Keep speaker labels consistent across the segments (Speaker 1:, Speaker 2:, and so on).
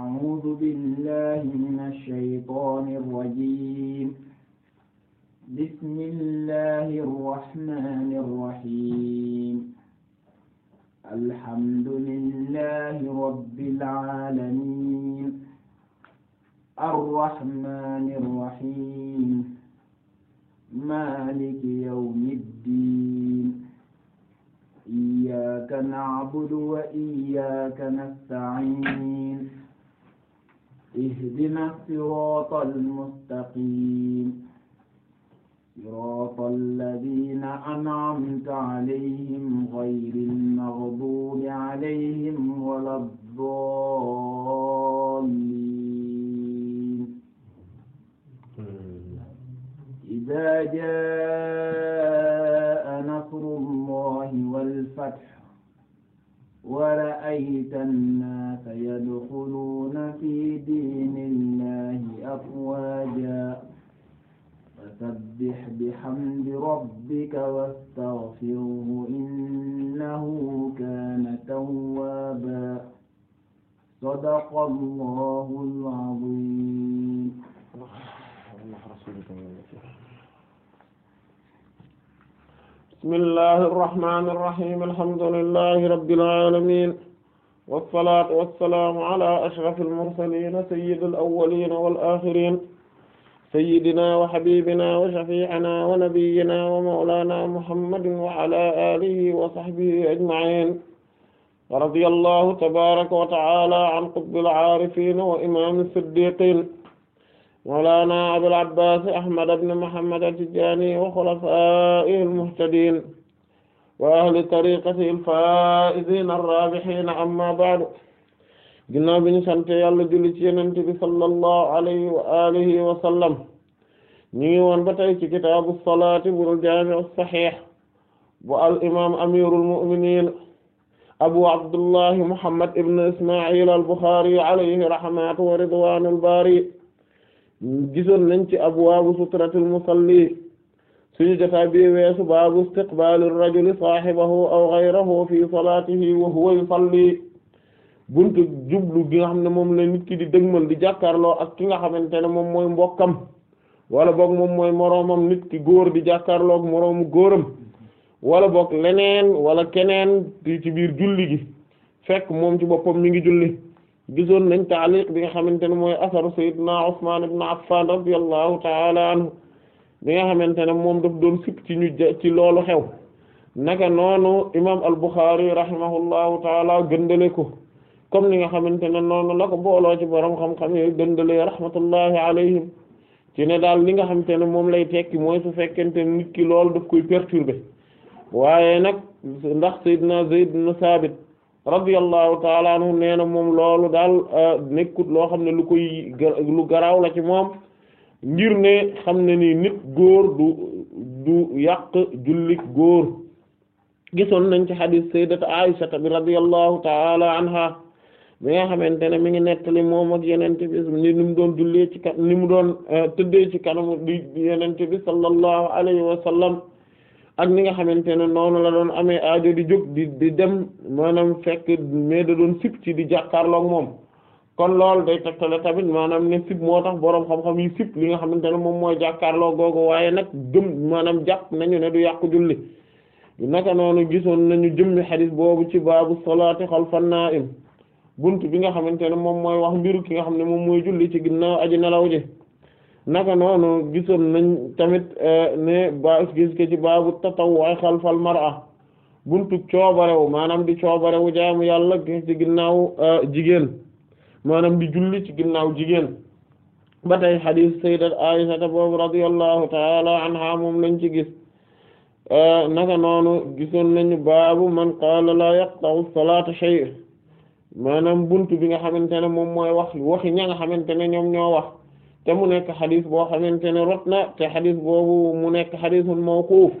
Speaker 1: أعوذ بالله من الشيطان الرجيم بسم الله الرحمن الرحيم الحمد لله رب العالمين الرحمن الرحيم مالك يوم الدين إياك نعبد وإياك نستعين اهدنا الصراط المستقيم صراط الذين أنعمت عليهم غير المغضوب عليهم ولا الضالين إذا جاء نصر الله والفتح ورأيت الناس يدخلون في دين الله أفواجا فسبح بحمد ربك واستغفره إنه كان توابا صدق الله العظيم
Speaker 2: bismillahi irrahmani irrahim alhamdulillahi rabbil alamin wassalatu wassalaamu ala ashrafil mursalin sayyidil awwalin wal akhirin sayyidina wa habibina wa shafi'ina wa nabiyyina wa mawlana muhammadin wa ala alihi wa sahbihi ajma'in radiyallahu tabaraka wa ta'ala an qutbil arifin wa imam as-siddiqin mawlaana Abul Abbaas Ahmad ibn Muhammad at-Tijaani wa xulafaa'ihi al-muhtadiin wa ahli tariiqatihi al-faa'iziina ar-raabihiina ammaa ba'du ginnaaw bi ñu sant Yàlla julli ci Yonent bi sallallahu alayhi wa aalihi wa sallam ñu ngi woon ba tey ci kitaabu salaati bu al-jaami' as-sahiih bu al-imaam amiirul mu'miniin abu abdullahi Muhammad ibn Ismaa'iil al-Bukhaari alayhi rahmatu wa ridwaanul baari gisoon nañ ci abwaabu sutratil musalli suñu jotaay bi weesu baabu istiqbaali rajuli saahibahu aw ghayrahu fi salaatihi wa huwa yusalli buntu jublu gi nga xam ne moom la nit ki di dëgmal di jàkkaarloo ak ki nga xamante ne moom mooy mbokkam wala boog moom mooy moroomam nit ki góor di jàkkaarloo ak moroomu góoram wala boog leneen wala keneen ci biir julli gi fekk moom ci boppam mi ngi julli gisoon nañ taaliq bi nga xamante ne mooy asaru sayyidina Usman ibn Affan radiyallahu ta'ala anhu bi nga xamante ne moom daf doon sip ci ñu ci loolu xew naka noonu imam al-Bukhari rahimahullahu ta'ala gëndale ko comme ni nga xamante ne noonu la booloo ci borom xam-xam yi gëndale rahmatullahi alayhim ci ne daal li nga xamante ne moom lay tekki mooy su fekkente nit ki loolu daf koy perturber waaye nag ndax sayyidina Zayd ibn radiyallahu taala anhu nee na moom loolu daal euh, nekkut loo xam ne lu koy lu garaaw la ci moom ngir ne xam ne ni nit góor du du yàq góor gisoon nañ ci xadiis sayyidati Aisha bi radiyallahu taala anha bi nga xamante ne mi ngi nettali moom ak yenente bi ni mu doon jullee ci euh, kanam di yenente bi sallallahu alayhi wa ak ni nga xamante ne noonu la doon amee aajo di jóg di dem maanaam fekk mais da doon sib ci di jàkkaarloog moom kon loolu day tegtale tamit maanaam ne sib moo tax boroom xam-xam yi sib li nga xamante ne moom mooy jàkkaarloo googu waaye nag jëm maanaam jàpp nañu ne du yàqu julli naka noonu gisoon nañu jëmmi xadis boobu ci baabu salaati xalfan naa'im bunt bi nga xamante ne moom mooy wax mbiru ki nga xam ne moom mooy julli ci ginnaaw aji nelaw ji naka noonu gisoon nañ tamit eh, ne ba gis ke ci baabu tatawwu xalfal mar'a buntu coobarewu maanaam di coobarewu jaamu yàlla ci ginnaaw eh, jigéen maanam di julli ci ginnaaw jigéen ba tey xadiis sayyidat Aisha boobu radiyallahu ta'ala anha moom lañ ci gis eh, naka noonu gisoon nañu baabu man qaala la yaqta'u salaata shay' maanaam buntu bi nga xamante ne moom mooy wax waxi ña nga xamante ne ñoom ñoo wax te mu nekk xadis boo xamante ne rot na te xadis boobu mu nekk xadisun mawquuf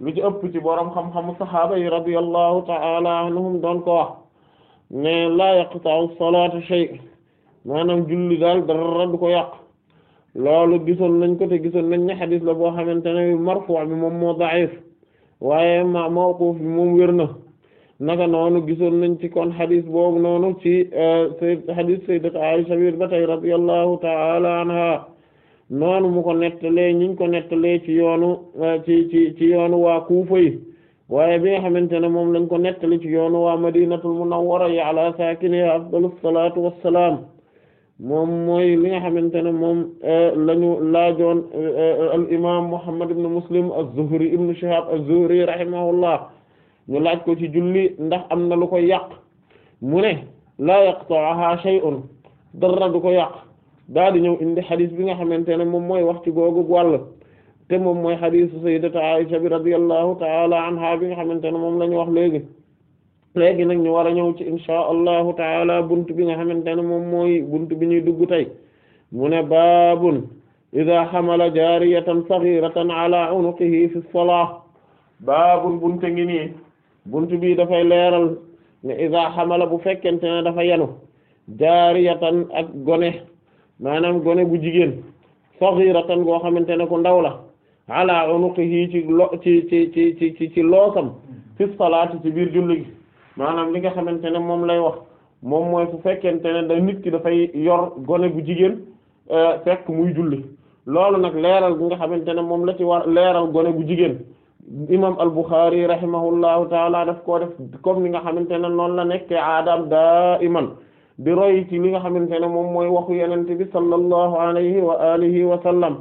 Speaker 2: lu ci ëpp ci borom xam-xamu saxaaba yi radiyallahu ta'ala anhum doon ko wax ne laa yaqta'u salaata shay maanaam julli daal dara du ko yàq loolu gisoon nañ ko te gisoon nañ ne xadis la boo xamante ne marfu' bi moom moo da'if waaye ma mawquuf bi moom wér na naka noonu gisoon nañ ci kon xadis boobu noonu ci sayd euh, xadis sayyidat Aisha biir ba tey radiyallahu ta'ala anha noonu mu ko nettalee ñi ko nettalee ci yoonu euh, ci ci yoonu waa Kuufa waaye bi nga xamante ne moom lañ ko nettali ci yoonu waa Madinatul Munawwara yi ala saakinihaa afdalus salaatu wassalaam moom mooy li nga xamante ne moom euh, lañu laajoon al imaam Muhammad ibn Muslim az-Zuhri ibn Shihab az-Zuhri rahimahullah ñu laaj ko ci julli ndax am na lu koy yàq mu ne laa yaqta'uha shay'un dara du ko yàq daal di ñëw indi xadis bi nga xamante ne moom mooy wax ci googu wàll te moom mooy xadisu sayyidati Aisha bi radiyallahu nga xamante ne moom la ñu wax léegi nag ñu war a ñëw ci inshaa allahu taala bi nga xamante ne moom mooy bunt bi ñuy dugg tey mu ne baabun ida xamala jaariyatan saghiratan ala unuqihi fi salah baabun bunte ngi nii bunt bi dafay leeral ne iza xamala bu fekkente ne dafa yanu yenu jaariyatan ak gone maanaam gone bu jigéen saghiratan goo xamante ne ku ndaw la ala unuqihi ci lo ci ci ci ci ci loosam fi salaati ci biir julli gi maanaam li nga xamante ne moom lay wax moom mooy su fekkente ne da nit ki dafay yor gone bu jigéen euh, fekk muy julli loolu nag leeral gi nga xamante ne moom la ci war leeral gone bu jigéen imam al-Bukhari rahimahullahu taala daf koo def comme li nga xamante ne noonu la nekke aadam daa iman di roy ci li nga xamante ne moom mooy waxu yenente bi sallallahu alayhi wa alihi wa sallam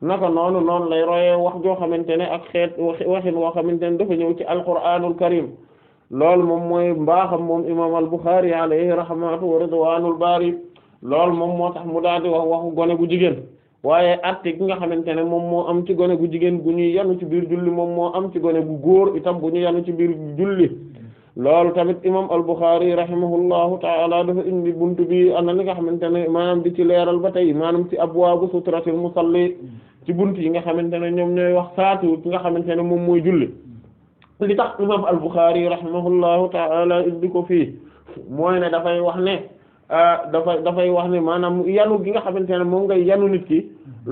Speaker 2: naka noonu noonu lay royee wax joo xamante ne ak xeet waxin woo xamante ne dafa ñëw ci alquraanul karim lool moom mooy mbaaxam moom imam al-Bukhari alayhi rahmatu wa baari bari loolu moom moo tax mu daal di wax waxu gone gu jigéen waaye atte gi nga xamante ne moom moo am ci gone gu jigéen gu ñuy yanu ci biir julli moom moo am ci gone gu góor itam bu ñu yanu ci biir julli loolu tamit imam al-Bukhari rahimahullahu ta'ala dafa indi buntu bi ana li nga xamante ne maanaam di ci leeral ba tey maanaam ci abwaabu sutratil musalli ci buntu yi nga xamante ne ñoom ñooy wax saatu ki nga xamante ne moom mooy julli li tax imam al-Bukhari rahimahullahu ta'ala indi ko fii mooy ne dafay wax ne Euh, dafay dafay wax ne maanaam yanu gi nga xamante ne moom ngay yanu nit ki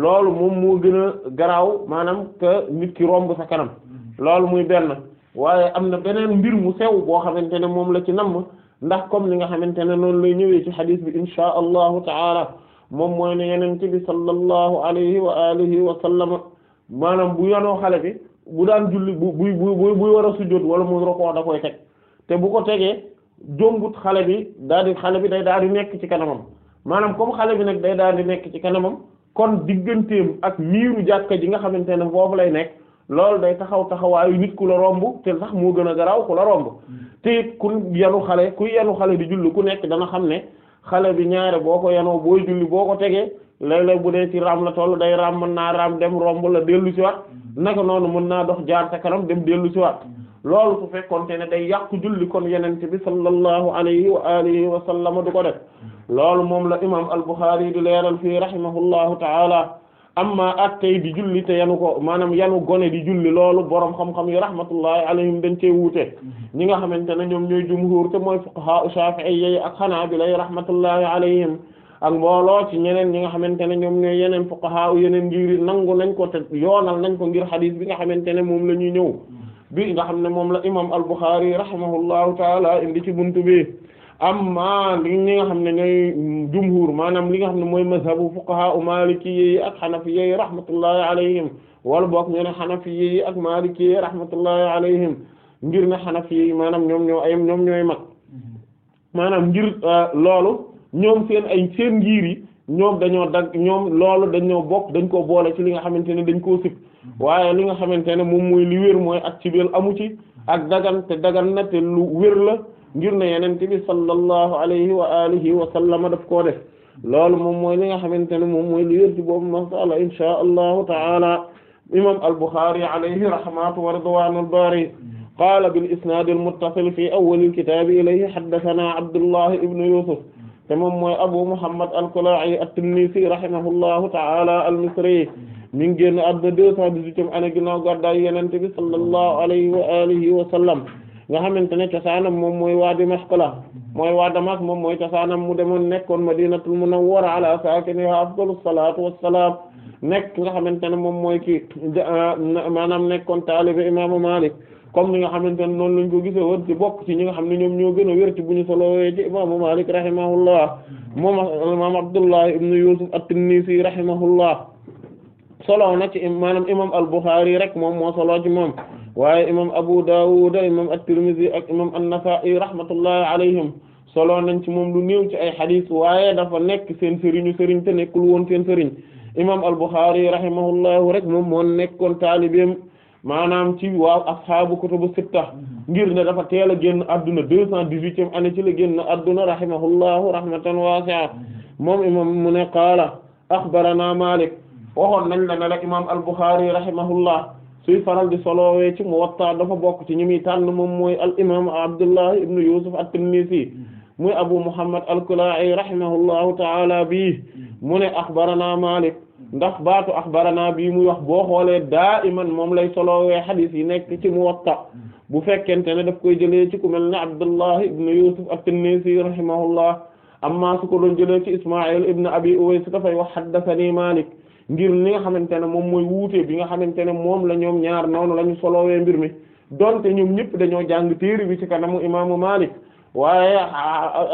Speaker 2: loolu moom moo gën a garaaw maanaam que nit ki romb sa kanam loolu muy benn waaye am na beneen mbir mu sew boo xamante ne moom la ci namm ndax comme li nga xamante ne noonu lay ñëwee ci xadis bi inshaa allahu taala moom mooy ne yeneen ci bi sallallahu alayhi wa alihi wa sallam maanaam bu yanoo xale bi bu daan julli bu bu bu buy war a sujjóot wala mu rokoo da koy te bu ko tegee jombut xale bi daal di xale bi day daal di nekk ci kanamam maanaam comme xale bi nag day daal di nekk ci kanamam kon digganteem ak miiru jàkka ji nga xamante ne foofu lay nekk loolu day taxaw taxawaayu nit ku la romb te sax moo gën a garaaw ku la romb te ku yanu xale ku yenu xale di julli ku nekk dana xam ne xale bi ñaare boo ko yanoo booy julli boo ko tegee léeg-léeg bu dee ci raam la toll day raam mën naa raam dem romb la dellu si waat mm. naka noonu mën naa dox jaar sa kanam dem dellu si waat loolu su fekkoonte ne day yàqu julli kon yenente bi sallallahu alayhi wa alihi wa sallama du ko de loolu moom la imam al-Bukhari di leeral fii rahimahullahu ta'ala amma tey di julli te yanu ko maanaam yanu gone di julli loolu borom xam-xam yi rahmatullahi alayhim dañ cee wuute ñi nga xamante ne ñoom ñooy jumhur te mooy fuqaha shafi'iyyi ak xanaa bi hanabila rahmatullahi alayhim ak mbooloo ci ñeneen ñi nga xamante ne ñoom ñooy yeneen fuqaha yeneen ngir nangu nañ ko te yoonal nañ ko ngir xadiis bi nga xamante ne moom la ñuy ñëw bi nga xam ne moom la imam al-Bukhari rahimahullahu taala indi ci buntu bi amma li nga xam ne ñooy jumhur maanaam li nga xam ne mooy mazhabu fuqaha u maliki yi ak xanafiya yi rahmatullahi alayhim wala boog ñoo ne xanafiya yi ak maliki yi rahmatullahi alayhim ngir ne xanafiya yi maanaam ñoom ñoo ñoom ñooy mag maanaam ngir euh, loolu ñoom seen ay seen ngir yi ñoom dañoo dag ñoom loolu dañoo bokk dañ koo boole ci li nga xamante ne dañ ko sib waaye li nga xamante ne moom mooy li wér mooy ak ci biir amu ci ak dagan te dagan na te lu wér la ngir ne yenente bi sallallahu alayhi wa alihi wa sallama daf koo def loolu moom mooy li nga xamante ne moom mooy li wér ci boobu masala inshaa allahu taala imam al-Bukhari alayhi rahmatu wa ridwanul bari qaala bil isnaad al muttasil fi awwalil kitaabi ilayhi haddathana Abdullah ibn Yusuf te moom mooy Abu Muhammad al-Kala'i at-Tinnisi rahimahullahu taala al-Misri mi ngi génn àdduna deux cent dix-huitième année ginnaaw gàddaay Yonent bi sallallahu alayhi wa alihi wa sallam nga xamante ne cosaanam moom mooy waa Dimashq la mooy waa Damas moom mooy cosaanam mu demoon nekkoon Madinatul Munawwara ala saakinihaa afdalu salaatu wassalaam nekk nga xamante ne moom mooy kii maanaam nekkoon taalibe imaamu Maalik comme ni nga xamante ne noonu lañ ko gise woon ci bokk ci ñi nga xam ne ñoom ñoo gën o wér ci bu ñu solowee ci imaamu Maalik rahimahullah moom imaam solo na ci maanaam imam al-Bukhari rek moom moo solo ci moom waaye imam Abu Dawud imam at-Tirmidhi ak imam an-Nasa'i rahmatullahi alayhim solo nañ ci moom lu néew ci ay xadis waaye dafa nekk seen sëriñu sëriñ te nekkul woon seen sëriñ imam al-Bukhari rahimahullahu rek moom moo nekkoon taalibeem maanaam ci waaw ashaabu bu sitta ngir ne dafa teel a génn adduna deux cent dix-huitième année ci la génn adduna rahimahullahu rahmatan wasi'a moom imam mu ne qaala axbarana Malik waxoon nañ la ne rek imaam al-Bukhari rahimahullah suy faral di solowee ci Muwatta dafa bokk ci ñi muy tànn moom mooy al imaam Abdullah ibn Yusuf at-Tinnisi muy Abu Muhammad al-Kala'i rahimahullahu ta'ala bii mu ne axbarana Malik ndax baatu axbarana bii muy wax boo xoolee daa iman moom lay solowee xadiis yi nekk ci Muwatta bu fekkente ne daf koy jëlee ci ku mel ne Abdullah ibn Yusuf at-Tinnisi rahimahullah amma su ko doon jëlee ci Isma'il ibn Abi Uways dafay wax haddathani Malik ngir li nga xamante ne moom mooy wuute bi nga xamante ne moom la ñoom ñaar noonu la ñu solowee mbir mi donte ñoom ñëpp dañoo jàng téere bi ci kanamu imaamu Malik waaye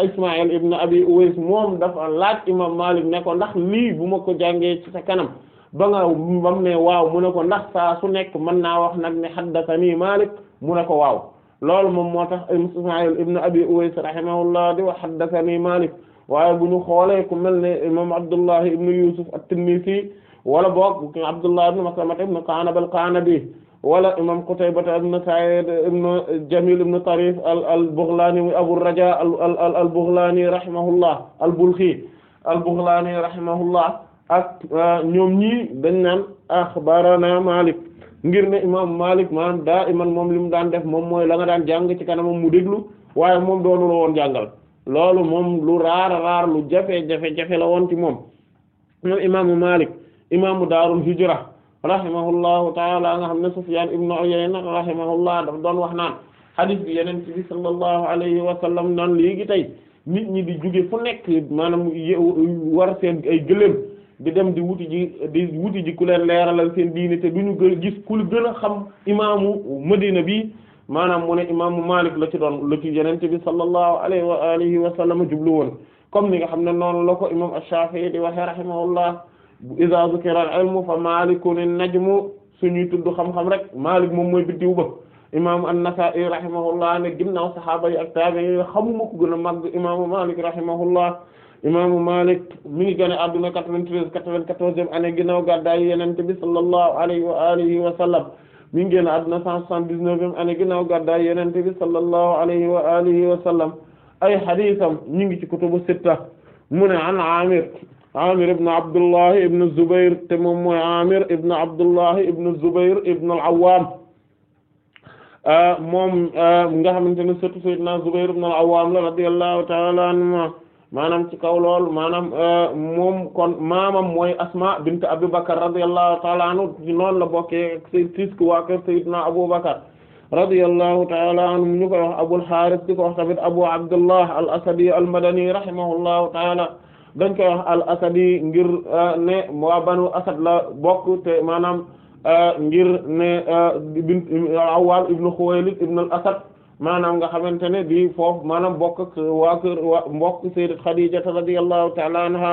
Speaker 2: Ismaïl ibn Abi Uwais moom dafa laaj imam Malik ne ko ndax lii bu ma ko jàngee ci sa kanam ba nga bam ne waaw mu ne ko ndax saa su nekk mën naa wax nag ne haddathani Malik mu ne ko waaw loolu moom moo tax Ismaïl ibn Abi Uwais rahimahullah di wax haddathani Malik waaye bu ñu xoolee ku mel ne imam Abdullah ibn Yusuf at-Tinnisi wala boog Abdullah ibn Maslama ibn Qa'nab al-Qa'nabi wala imam Qutayba ibn Sa'id ibn Jamil ibn Tarif al al-Baghlani muy Abu Raja al al al-Baghlani rahimahullah al-Balkhi al-Baghlani rahimahullah ak euh, ñoom ñi dañ naan axbarana Malik ngir ne imam Malik maanaam daa iman moom li mu daan def moom mooy la nga daan jàng ci kanamam mu déglu waaye moom doonul woon jàngal loolu moom lu raara raar lu jafe-jafe jafe la woon ci moom moom imaamu Malik imaamu daarul hijra rahimahullahu taala nga xam ne Sufyan ibnu Uyayna rahimahullah daf doon wax naan hadith bi yeneen bi sallallahu alayhi wa sallam naan léegi tey nit ñi di jóge fu nekk maanaam war seen ay gëléem di dem di wuti ji di wuti ku leen leeralal seen diine te duñu gën gis ku gën a xam imaamu Madina bi maanaam mu ne imaamu Malik la ci doon la ci yenente bi sallallahu alayhi wa alihi wa sallam jublu woon comme ni nga xam ne noonu la ko imam Ash-Shafi'i di waxe rahimahullah iza zukira al-ilmu fa malikun an-najmu suñuy tudd xam-xam rek Malik moom mooy biddiw ba imam An-Nasa'i rahimahullah ne ginnaaw sahaaba yi ak tabi'i yi xamuma ko gën a màgg imaamu Malik rahimahullah imaamu Malik mi ngi gën a adduna 93 94e année ginnaaw gàddaay yenente bi sallallahu alayhi wa alihi wa mi ngi génn àdduna cent soixante-dix-neuvième année ginnaaw gàddaay Yonent bi sallallahu alayhi wa alihi wa sallam ay hadiisam ñu ngi ci kutubu sitta mu ne an Amir Amir ibn Abdullah ibn Zubair te moom mooy Amir ibn Abdullah ibn Zubair ibn al-Awwam ah, moom ah, nga xamante ne surtout Sayyidina Zubair ibn al-Awwam la radiyallahu ta'ala anhu maanaam ci kaw lool maanaam euh, moom kon maamam mooy Asma bint Abubakar radiyallahu ta'ala anhu ci la bokkee ci tisku waa kër Seydina Abubakar radiyallahu ta'ala anhu ñu koy wax Abul Harith di ko Abu Abdullah al-Asadi al-Madani rahimahullahu ta'ala dañ koy al-Asadi ngir euh, ne waa Banu Asad la bokk te maanaam euh, ngir ne bint ibn Khuwaylid ibn asad maanaam nga xamante ne di foofu maanaam bokk ak waa kër waa mbokk sayyidat Khadija radiyallahu ta'ala anha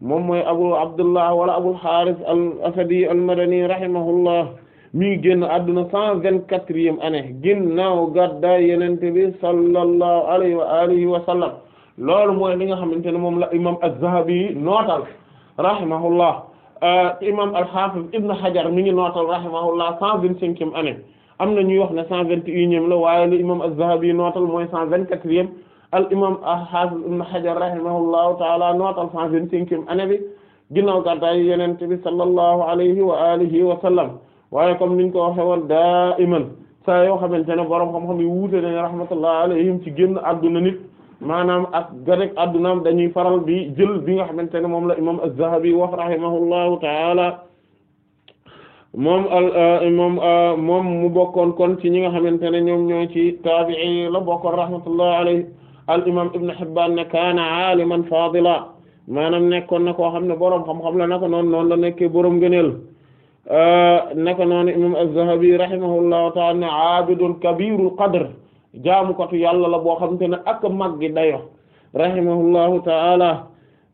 Speaker 2: moom mooy abu abdullah wala abul haris al asadi al madani rahimahullah mi ngi génn àdduna cent vingt-quatrième année ginnaaw gàddaay yonent bi sallallahu alayhi wa alihi wa sallam loolu mooy li nga xamante ne moom la imam az-Zahabi nootal rahimahullah euh, imam al-Hafiz ibn Hajar mi ngi nootal rahimahullah cent vingt-cinquième année am na ñuy wax ne cent vingt et unième la waaye lu imam az-Zahabi nootal mooy cent vingt quatrième al imam al-Hafiz ibn Hajar rahimahullahu taala nootal cent vingt cinquième année bi ginnaaw gàddaay Yonent bi sallallahu alayhi wa alihi wa sallam waaye comme niñ ko waxe woon daa iman saa yoo xamante ne borom xam-xam yi wuute nañ rahmatullahi alayhim ci génn adduna nit maanaam ak gadeg addunaam dañuy faral bi jël bi nga xamante ne moom la imam az-Zahabi wax rahimahullahu taala moom euh, moom euh, moom mu bokkoon kon ci ñi nga xamante ne ñoom ñoo ci taabi'i la bokkoon rahmatullah alayhi al imam ibn Hibbaan ne kaana aaliman faadila maanaam nekkoon na koo xam ne boroom xam-xam la naka noonu noonu la nekkee boroom gëneel euh, naka noonu imam az-Zahabi rahimahullahu ta'ala ne aabidun kabirul qadr jaamukatu yàlla la boo xamante ne ak maggi dayo rahimahullahu ta'ala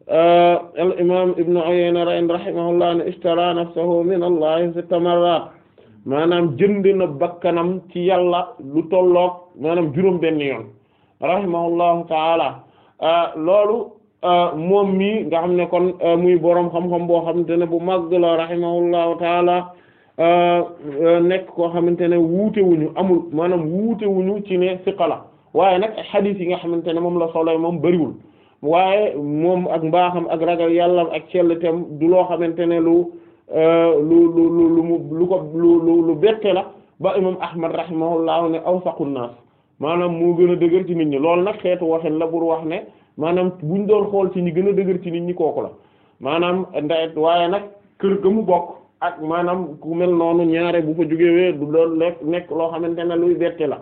Speaker 2: al imam ibnu Uyayna rahimahullah ne ishtara nafsahu min allahi sitta marrat maanaam jënd na bakkanam ci yàlla lu tollook maanaam juróom benn yoon rahimahullahu taala loolu moom mii nga xam ne kon muy boroom xam-xam boo xamante ne bu màgg la rahimahullahu taala nekk koo xamante ne wuute wuñu amul maanaam wuute wuñu ci ne siqa la waaye nag xadiis yi nga xamante ne moom la solo moom bariwul waaye moom ak mbaaxam ak ragal yàlla ak cellitam du loo xamante ne lu euh, lu lu lu lu mu lu ko lu lu lu bette la ba imam ahmad rahimahullahu ne awsaqun naas maanaam moo gën a dëgër ci nit ñi loolu nag xeetu waxen la pour wax ne maanaam buñ doon xool ci ñi gën a dëgër ci nit ñi kooku la maanaam ndayet waaye nag kër ga mu bokk ak maanaam ku mel noonu ñaare bu fa jógewee du doon lekk nekk loo xamante ne luy bette la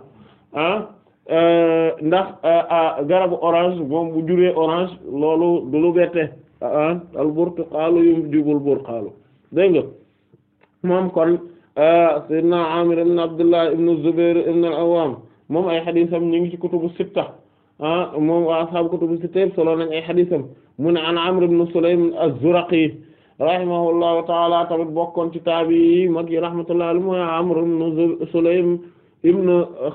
Speaker 2: ah Euh, ndax euh, garabu orange moom bu juree orange loolu du lu bette ah, ah, al yu yumjibul burqaalu dégg nga moom kon euh, sayyidina Amir ibn Abdullah ibn Zubair ibn al-Awwam moom ay xadiisam ñu ngi ci kutubu sitta ah, moom waa ashaabu kutubu sitta solo nañ ay xadiisam mu ne an Amr ibn Sulaym az-Zuraqi rahimahullahu ta'ala tamit bokkoon ci taabi yi mag yi rahmatullahi alayhi mooy Amr ibn Sulaym ibn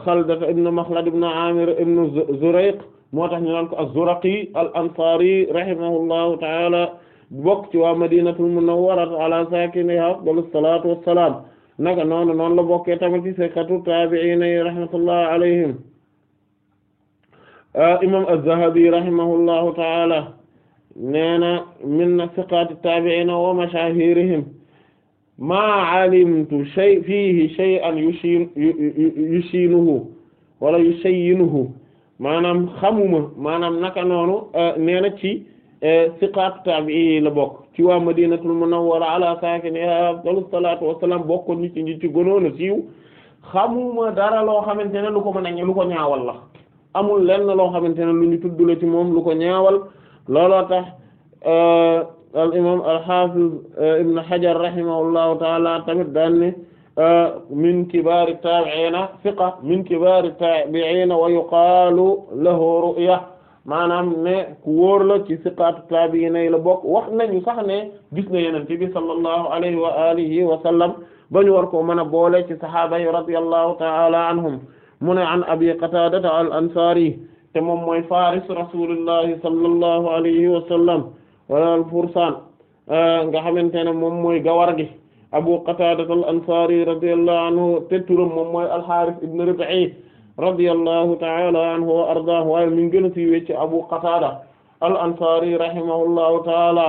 Speaker 2: Khaldat ibn Makhlad ibn Amir ibn Zurayq moo tax ñu naan ko az-Zuraqi al-Ansari rahimahullahu ta'ala bokk ci waa Madinatul Munawwara ala saakinihaa afdalu salaatu wassalaam naka noonu noonu la bokkee tamit ci siqatu taabi'iina yi rahmatullahi alayhim imam az-Zahabi rahimahullahu ta'ala nee na min siqaati taabi'iina wa mashaahirihim maa alimtu shay fiihi shay'an yushin yushinuhu wala yushayyinuhu maanaam xamuma maanaam naka noonu eh, nee na ci eh, siqaat taabi'i la bokk ci waa madinatul munawwara ala saakinihaa afdalu salaatu wassalaam bokkoon bokk ñi ci gënoon a siiw xamuma dara loo xamante ne lu ko mën a lu ko ñaawal la amul lenn loo xamante ne lu ñu tudd la ci moom lu ko ñaawal looloo tax eh, al imam al hafiz eh, ibn hajar rahimahullahu taala tamit daan ne eh, min kibaari taabiina thiqa min kibaari taabiina wa yuqaalu lahu ru'ya maanaam ne ku wóor la ci siqaatu taabiina yi la bokk wax nañu sax ne gis na yonent bi sallallahu alayhi wa alihi wa sallam ba ñu war ko mën a boole ci sahaaba yi radiyallahu taala anhum mu ne an abi qataadata al ansaari te moom mooy faris rasulillahi sallallahu alayhi wa sallam wala al fursaan ah, nga xamante ne moom mooy gawar gi abu qataada al ansaari radiyallahu anhu te turam moom mooy al haaris ibn rib'i radiyallahu ta'ala anhu wa ardaahu waaye mi ngi gën a siiwee ci abu qataada al ansaari rahimahullahu ta'ala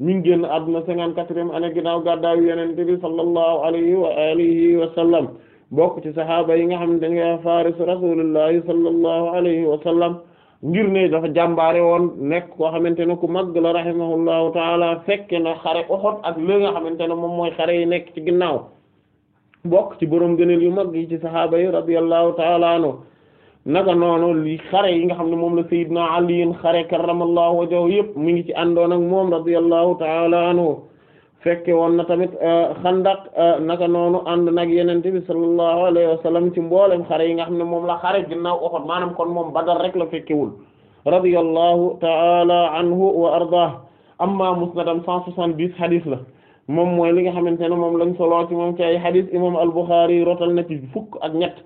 Speaker 2: mi ngi génn àdduna cinquante-quatrième année ginnaaw gàddaayu Yonent bi sallallahu alayhi wa alihi wa sallam bokk ci saxaaba yi nga xam ne dañuy faaris rasuulullahi sallallahu alayhi wa sallam ngir ne dafa jàmbaare woon nekk koo xamante ne ku mag la rahimahullahu taala fekk na xare Uhud ak li nga xamante ne moom mooy xare yi nekk ci ginnaaw bokk ci borom gëneel yu mag yi ci sahaaba yi radiyallahu taala anhu naka noonu xare yi nga xam ne moom la Seydina Ali xare karramallahu wajhahu yëpp mu ngi ci àndoon ak moom radiyallahu taala anhu fekke woon na tamit euh, xandak euh, naka noonu ànd nag yenente bi sallallahu alayhi wa sallam ci mboolem xare yi nga xam ne moom la xare ginnaaw Uhud maanaam kon moom Badar rek la fekkewul radiyallahu ta'ala anhu wa ardah amma musnadam cent soixante-dix hadis la moom mooy li nga xamante ne moom lañ solo ci moom ci ay hadis imam al-Bukhari rotal na ci fukk ak ñett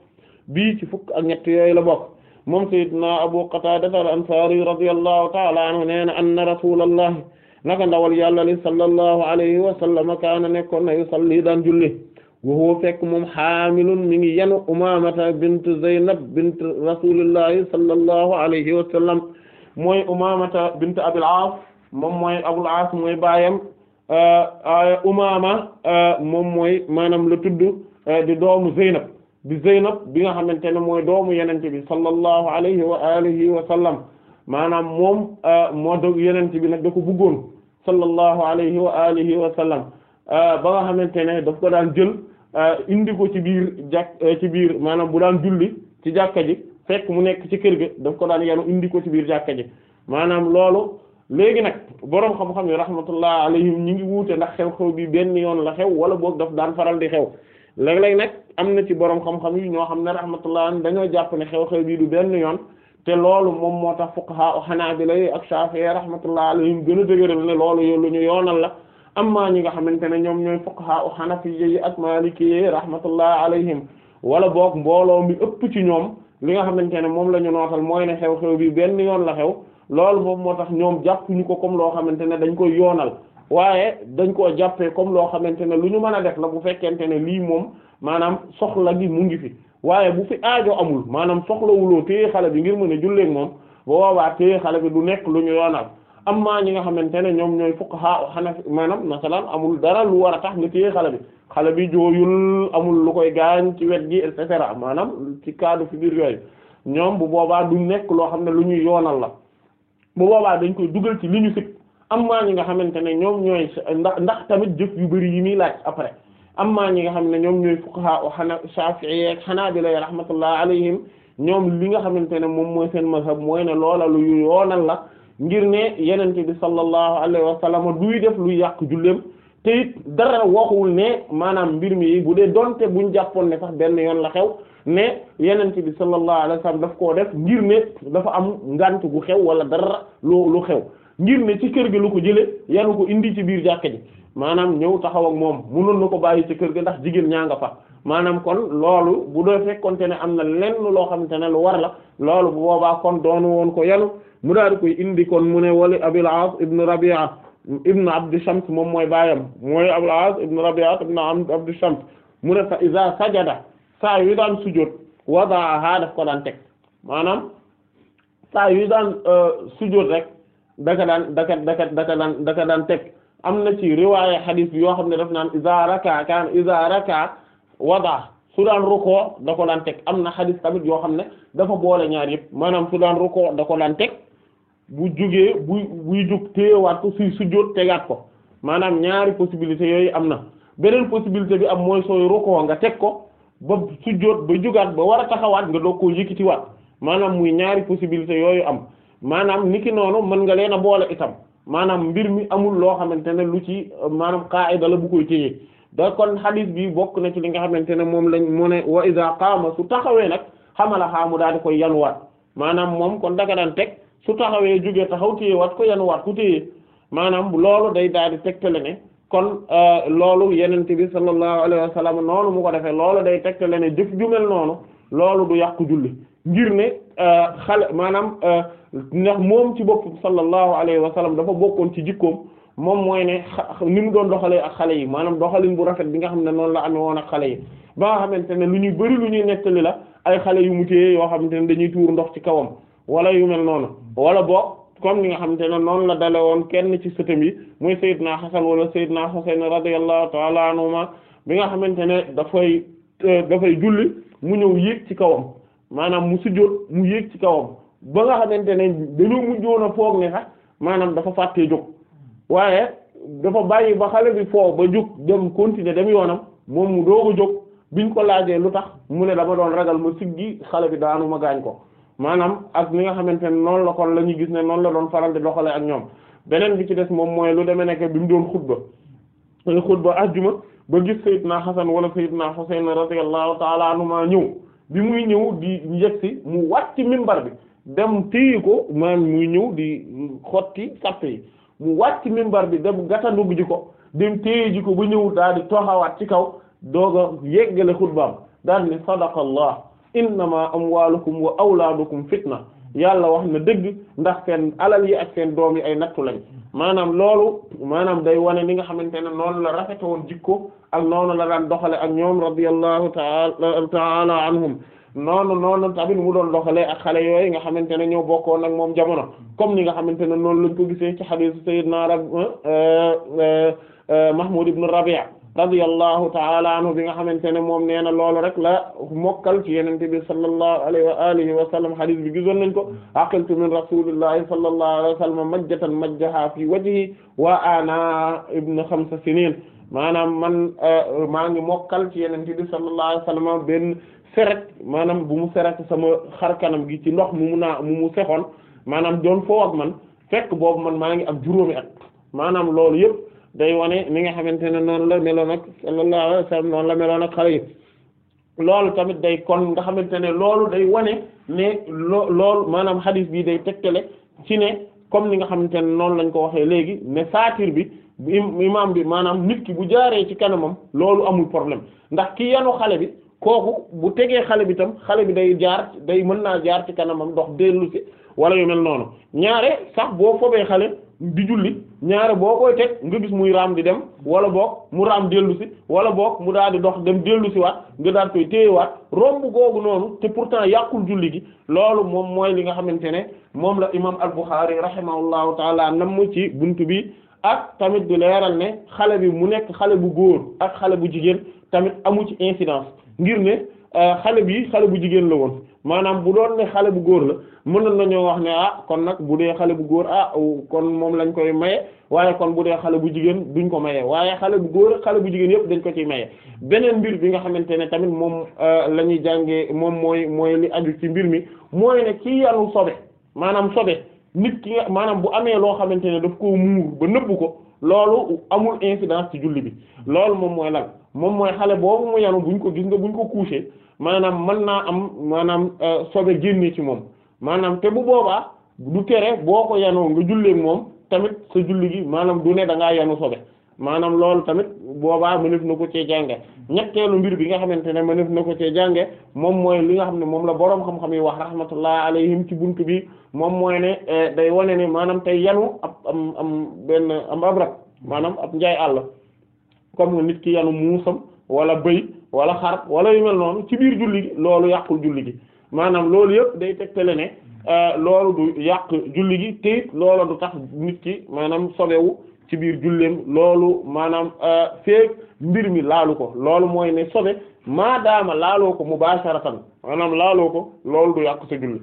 Speaker 2: bii ci fukk ak ñett yooyu la bokk moom sayyidna Abu Qatada al-Ansari radiyallahu ta'ala anhu nee na anna rasulallahi naka ndawal yàlla li sallallahu alayhi wa sallam kaana nekkoon na yusalli daan julli wa huwa fekk moom xaamilun mi ngi yanu umamata bint zaynab bint rasulillahi sallallahu alayhi wa sallam mooy umamata bint abil aas moom mooy abul aas mooy baayam ah, ah, ah, moom mooy maanaam la tudd di doomu zaynab bi zaynab bi nga xamante ne mooy doomu yenente bi sallallahu alayhi wa alihi wa sallam maanaam moom moo dog yenente bi nag da ko sallallahu alayhi wa alihi wa sallam euh, ba nga xamante ne daf ko daan jël euh, indi ko ci biir jàkk euh, ci biir maanaam bu daan julli ci jàkka ji fekk mu nekk ci kër gi daf ko daan yanu indi ko ci biir jàkka ji maanaam loolu léegi nag boroom xam-xam yi rahmatullah alayhim ñi ngi wuute ndax xew-xew bi benn yoon la xew wala boog daf daan faral di xew léeg-léeg nag am na ci boroom xam-xam yi ñoo xam ne rahmatullah dañoo jàpp ne xew-xew bii du benn yoon te loolu moom moo tax fuqaha o Hanaabila ak Shaafi'i rahmatullah alayhim gën a dëgëral ne loolu yow lu ñu yoonal la amma ñi nga xamante ne ñoom ñooy fuqaha o Hanafiyyi ak ki Maalikiyyi rahmatullah alayhim wala boog mbooloo mi ëpp ci ñoom li nga xamante ne moom la ñu nootal mooy ne xew-xew bi benn yoon la xew loolu moom moo tax ñoom jàppuñu ko comme loo xamante ne dañ koy yoonal waaye dañ koo jàppee comme loo xamante ne lu ñu mën a def la bu fekkente ne lii moom maanaam soxla gi mu ngi fi. waaye bu fi aajo amul maanaam soxlawuloo téye xale bi ngir mën a julleek moom ba woowaa téye xale bi du nekk lu ñu yoonal amma ñi nga xamante ne ñoom ñooy fuqaha maanaam masalan amul dara lu war a tax nga téye xale bi xale bi amul lu koy gaañ ci wet gi et cetera maanaam ci cadre fi biir yooyu ñoom bu boobaa du nekk loo xam ne lu ñuy yoonal la bu boobaa dañ koy dugal ci li ñu sit amma ñi nga xamante ne ñoom ñooy ndax ndax tamit jëf yu bari yi muy laaj après am amma ñi nga xam ne ñoom ñooy fuqaha o xana shafi'i ak xanaabila rahmatullah alayhim ñoom li nga xamante ne moom mooy seen mazhab mooy ne loola lu yoonal la ngir ne yenente bi sallallahu alayhi wa def lu yàq julleem te it dara waxul maanaam mbir mi bu dee donte buñ jàppoon ne sax benn yoon la xew ne yenente bi sallallahu alayhi wa daf koo def ngir ne dafa am ngant gu xew wala dara lu lu xew ngir ne ci kër gi lu ko jële yanu ko indi ci biir jàkka ji maanaam ñëw taxaw ak moom mënoon na ko bàyyi ci kër ga ndax jigéen ñaa nga fa maanaam kon loolu bu doo fekkonte ne am na lenn loo xamante ne lu war la loolu bu boobaa kon doonu woon ko yanu mu daal di koy indi kon mu ne wali abila Aas ibn Rabi'a ibn Abd Shams moom mooy baayam mooy Abul Aas ibn Rabi'a ibn Abd Shams mu ne fa iza sajada saa yu daan sujjóot wada'aha def ko daan teg maanaam saa yu daan euh, sujjóot rek daka daan daka daka daka daan daka daan teg am na ci riwaaya xadis yoo xam ne daf naan iza raka kaan iza raka wada su daan rukkoo da ko teg am na xadis tamit yoo xam ne dafa boole ñaar yëpp maanaam su daan rukkoo da ko teg bu jugee buy buy jug téyewaat ko suy sujjóot tegaat ko maanaam ñaari possibilité yooyu am na beneen possibilité bi am mooy sooy rukkoo nga teg ko ba sujjóot ba jugaat ba war a taxawaat nga doog koo yëkkatiwaat maanaam muy ñaari possibilité yooyu am maanaam niki noonu mën nga leen a boole itam maanaam mbir mi amul loo xamante ne lu ci maanaam qaa'ida la bu koy téye da kon xadis bi bokk na ci li nga xamante ne moom lañ mu ne wa iza qaama su taxawee nag xamala xaamu daal di koy yanuwaat maanaam moom kon daga daan teg su taxawee jógee taxaw téye wat ko yanuwaat ku téye maanaam loolu day daal di tegtale ne kon euh, loolu yeneen bi sallallahu alayhi wa sallam noonu mu ko defee loolu day tegtale ne jëf ju noonu loolu du yàqu julli ngir ne euh, xale maanaam euh, ndax moom ci bopp sallallahu alayhi wa sallam dafa bokkoon ci jikkoom moom mooy ne ni mu doon doxalee ak xale yi maanaam doxalin bu rafet bi nga xam ne noonu la amee woon ak xale yi ba ne lu ñuy bari lu ñuy nettali la ay xale yu mu ci yoo xamante ne dañuy ndox ci kawam wala yu mel noonu wala boog comme ni nga xamante ne noonu la dale woon kenn ci sëtam yi muy Seydina Hasan wala Seydina Husayn radiyallahu ta'ala anhuma bi nga xamante ne dafay euh, dafay julli mu ñëw yéeg ci kawam. maanaam mu sujjóot mu yéeg ci kawam ba nga xamante ne dañoo mujjoon a foog ne sax maanaam dafa fàttee jóg waaye dafa bàyyi ba xale bi foo ba jóg dem continuer dem yoonam moom mu doog a bi ñu ko laajee lu tax mu ne dama doon ragal ma siggi xale bi daanu ma gaañ ko maanaam ak ni nga xamante ne noonu la kon la ñu gis ne noonu la doon faral di doxale ak ñoom beneen bi ci des moom mooy lu demee nekk bi mu doon xutba xutba ajjuma ba gis Seydina Hasan wala Seydina Husayn radiyallahu ta'ala anhuma ñëw bi muy ñëw di yegsi mu wàcc minbar bi dem téye ko maanaam muy ñëw di xotti sàppe yi mu wàcc minbar bi dem gàttandu ji ko dem téye ji ñëw daal di toxawaat ci kaw doog a yeggale xutbaam daal di ne sadaqallah innama amwalukum wa awlaadukum fitna yàlla wax na dëgg ndax seen alal yi ak seen doom yi ay nattu lañ maanaam loolu maanaam day wane li nga xamante ne noonu la rafete woon jikko ak noonu la daan doxale ak ñoom radiyallahu ta'ala ta'ala anhum noonu noonu tamit mu doon doxalee ak xale yooyu nga xamante ne ñoo bokkoon ak moom jamono comme ni nga xamante ne noonu lañ ko gisee ci hadith sayyidna eh, eh, eh, Mahmoud ibn Rabi'a radiyallahu taala anhu bi nga xamante ne moom nee na loolu rek la mokkal ci yenente bi sallallahu alayhi wa alihi wa sallam hadith bi gisoon nañ ko aqiltu min rasulillahi sallallahu alayhi wa sallam majjatan majjaha fi wajhi wa ana ibn xamsa sinin maanaam man euh, maa ngi mokkal ci yenente bi sallallahu alayhi wa sallam benn seret maanaam bu mu seret sama xar kanam gi ci ndox mu mu naa mu mu sexoon maanaam doon foo ak man fekk boobu man maa ngi ak juróomi at maanaam loolu yëpp day wane ni nga xamante ne noonu la meloon ak sallallahu alayhi wa sallam noonu la meloon ak xale yi loolu tamit day kon nga xamante ne loolu day wane ne loo loolu maanaam hadith bi day tegtale ci ne comme ni nga xamante ne noonu lañ ko waxee léegi ne saatir bi imam bi maanaam nit ki bu jaaree ci kanamam loolu amul problème ndax ki yanu xale bi kooku bu tegee xale bi tam xale bi day jaar day mën naa jaar ci kanamam dox dellu si wala yu mel noonu ñaare sax boo fobee xale di julli ñaare boo koy teg nga gis muy raam di dem wala boog mu raam dellu si wala boog mu daal di dox dem dellu si waat nga daal koy téyewaat romb googu noonu te pourtant yàqul julli gi loolu moom mooy li nga xamante ne moom la imam al-Bukhari rahimahullahu taala mu ci buntu bi ak tamit di leeral ne xale bi mu nekk xale bu góor ak xale bu jigéen tamit amu ci incidence ngir ne euh, xale bi xale bu jigéen la woon maanaam bu doon ne xale bu góor la mën mënoon nañoo wax ne ah kon nag bu dee xale bu góor ah kon moom lañ koy maye waaye kon bu dee xale bu jigéen duñ ko maye waaye xale bu góor xale bu jigéen yëpp dañ ko ciy maye beneen mbir bi nga xamante ne tamit moom euh, la ñuy jàngee moom mooy mooy li aju ci mbir mi mooy ne ci yanu sobe maanaam sobe nit ki nga maanaam bu amee loo xamante ne daf ko muur ba nëbb ko loolu amul incidence ci julli bi loolu moom mooy lan moom mooy xale boobu mu buñ ko gis ko couché maanaam mën naa am maanaam euh, sobe génne ci moom maanaam te bu boobaa du tere boo ko yanoo nga julleek moom tamit sa julli gi maanaam du ne da ngaa yanu sobe maanaam loolu tamit boobaa mënef na ko cee jànge ñetteelu mbir bi nga xamante ne mënef na ko cee jànge moom mooy li nga xam ne la boroom xam-xam yi wax rahmatullah alayhim ci bunt bi moom mooy ne euh, day wane ne maanaam tey yanu ab am am benn am ab maanaam ab njaay àll comme nit ki yanu muusam wala bëy wala xar wala yu mel noonu ci biir julli gi loolu yàqul julli gi maanaam loolu yëpp day tegtale ne euh, loolu du yàq julli gi te it du tax nit ki maanaam sobewu ci biir julleem loolu maanaam euh, feek mbir mi laalu ko loolu mooy ne sobe maadaama laaloo ko mubaasharatan maanaam laaloo ko loolu du yàq sa julli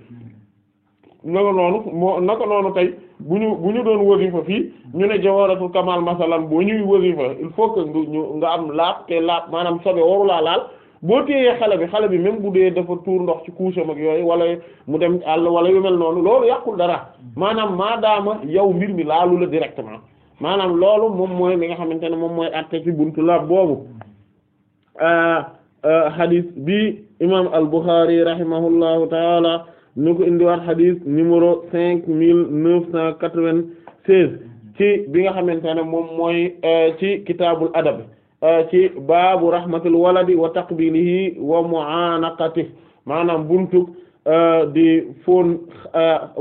Speaker 2: naka noonu moo naka noonu tey bu ñu bu ñu doon wasifa fii ñu ne jawaratul kamal masalan boo ñuy wasifa il faut que ñu nga am laab te laab maanaam sobe warulaa laal boo téyee xale bi xale bi même bu dee dafa tuur ndox ci coucham ak yooyu wala mu dem àll wala yu mel noonu loolu yàqul dara maanaam maa daama yow mbir mi laalu la directement maanaam loolu moom mooy li nga xamante ne moom mooy atte ci buntu laab boobu euh, euh, hadith bi imam al-Bukhari rahimahullahu taala ñu ko indiwaat xadis numéro cinq mille neuf cent quatre-vingt-seize ci bi nga xamante ne moom mooy euh, ci kitaabul adab euh, ci baabu rahmatul waladi wa taqbilihi wa mu'anaqati maanaam buntu euh, di fóon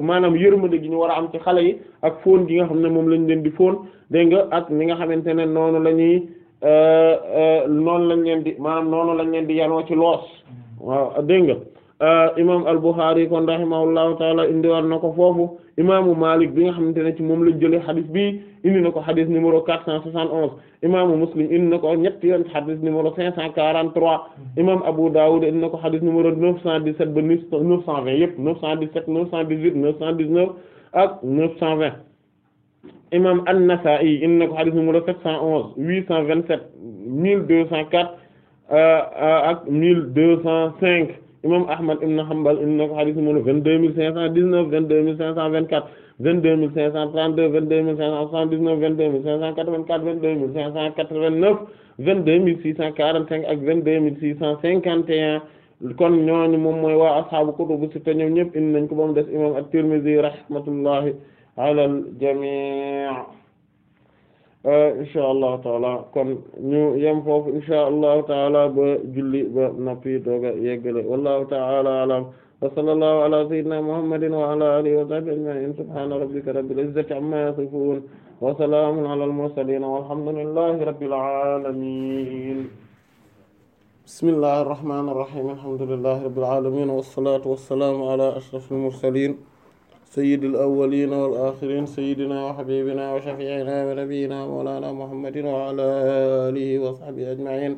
Speaker 2: maanaam yërmande gi ñu war a am ci xale yi ak fóon gi nga xam ne moom lañ leen di fóon dégg nga ak mi nga xamante ne noonu lañuy ñuy noonu lañ leen di maanaam noonu lañ leen di yanoo ci loos waaw dégg nga Euh, imam al-Bukhari kon rahimahullahu taala indi war na ko foofu imaamu Malik bi nga xamante ne ci moom lañ jëlee xadis bi indi na ko xadis numéro quatre cent soixante onze imaamu Muslim indi na ko ñetti yoon xadis numéro cinq cent quarante trois imam Abu Dawud indi na ko xadis numéro neuf cent dix sept ba neuf cent vingt yëpp neuf cent dix sept neuf cent dix neuf ak neuf cent vingt imam An-Nasa'i indi na ko xadis numéro sept cent onze huit cent vingt sept mille deux cent quatre euh, euh, ak mille deux cent imam Ahmad ibn Hanbal indi na ko xadis numéro vingt-deux mille cinq cent dix-neuf vingt-deux mille cinq cent vingt-quatre vingt-deux mille cinq cent trente-deux vingt-deux mille cinq cent soixante-dix-neuf vingt-deux mille cinq cent quatre-vingt-quatre vingt-deux mille cinq cent quatre-vingt-neuf vingt-deux mille six cent quarante-cinq ak vingt six cent cinquante et un kon ñooñu moom mooy waa ashaabu kutubu sitta ñoom ñëpp indi nañ ko ba Eh, insha allahu taala kon ñu yem foofu insha allahu taala ba julli ba noppi dooga yeggale wallahu taala alam wa sallallahu ala sayyidina muhammadin wa ala alihi wa sahbihi ajma'in subhana rabbika rabbil izzati amma yasifun wa salamun ala al mursalin walhamdulillahi rabbil alamin bismillahir rahmanir rahim alhamdulillahi rabbil alamin
Speaker 3: was salatu was salamu ala ashrafil mursalin sayyidil awwaliina wal aaxiriin sayyidinaa wa habiibinaa wa shafii'inaa wa nabiyyinaa mawlaanaa muhammadin wa alaa aalihi wa sahbihi ajma'iin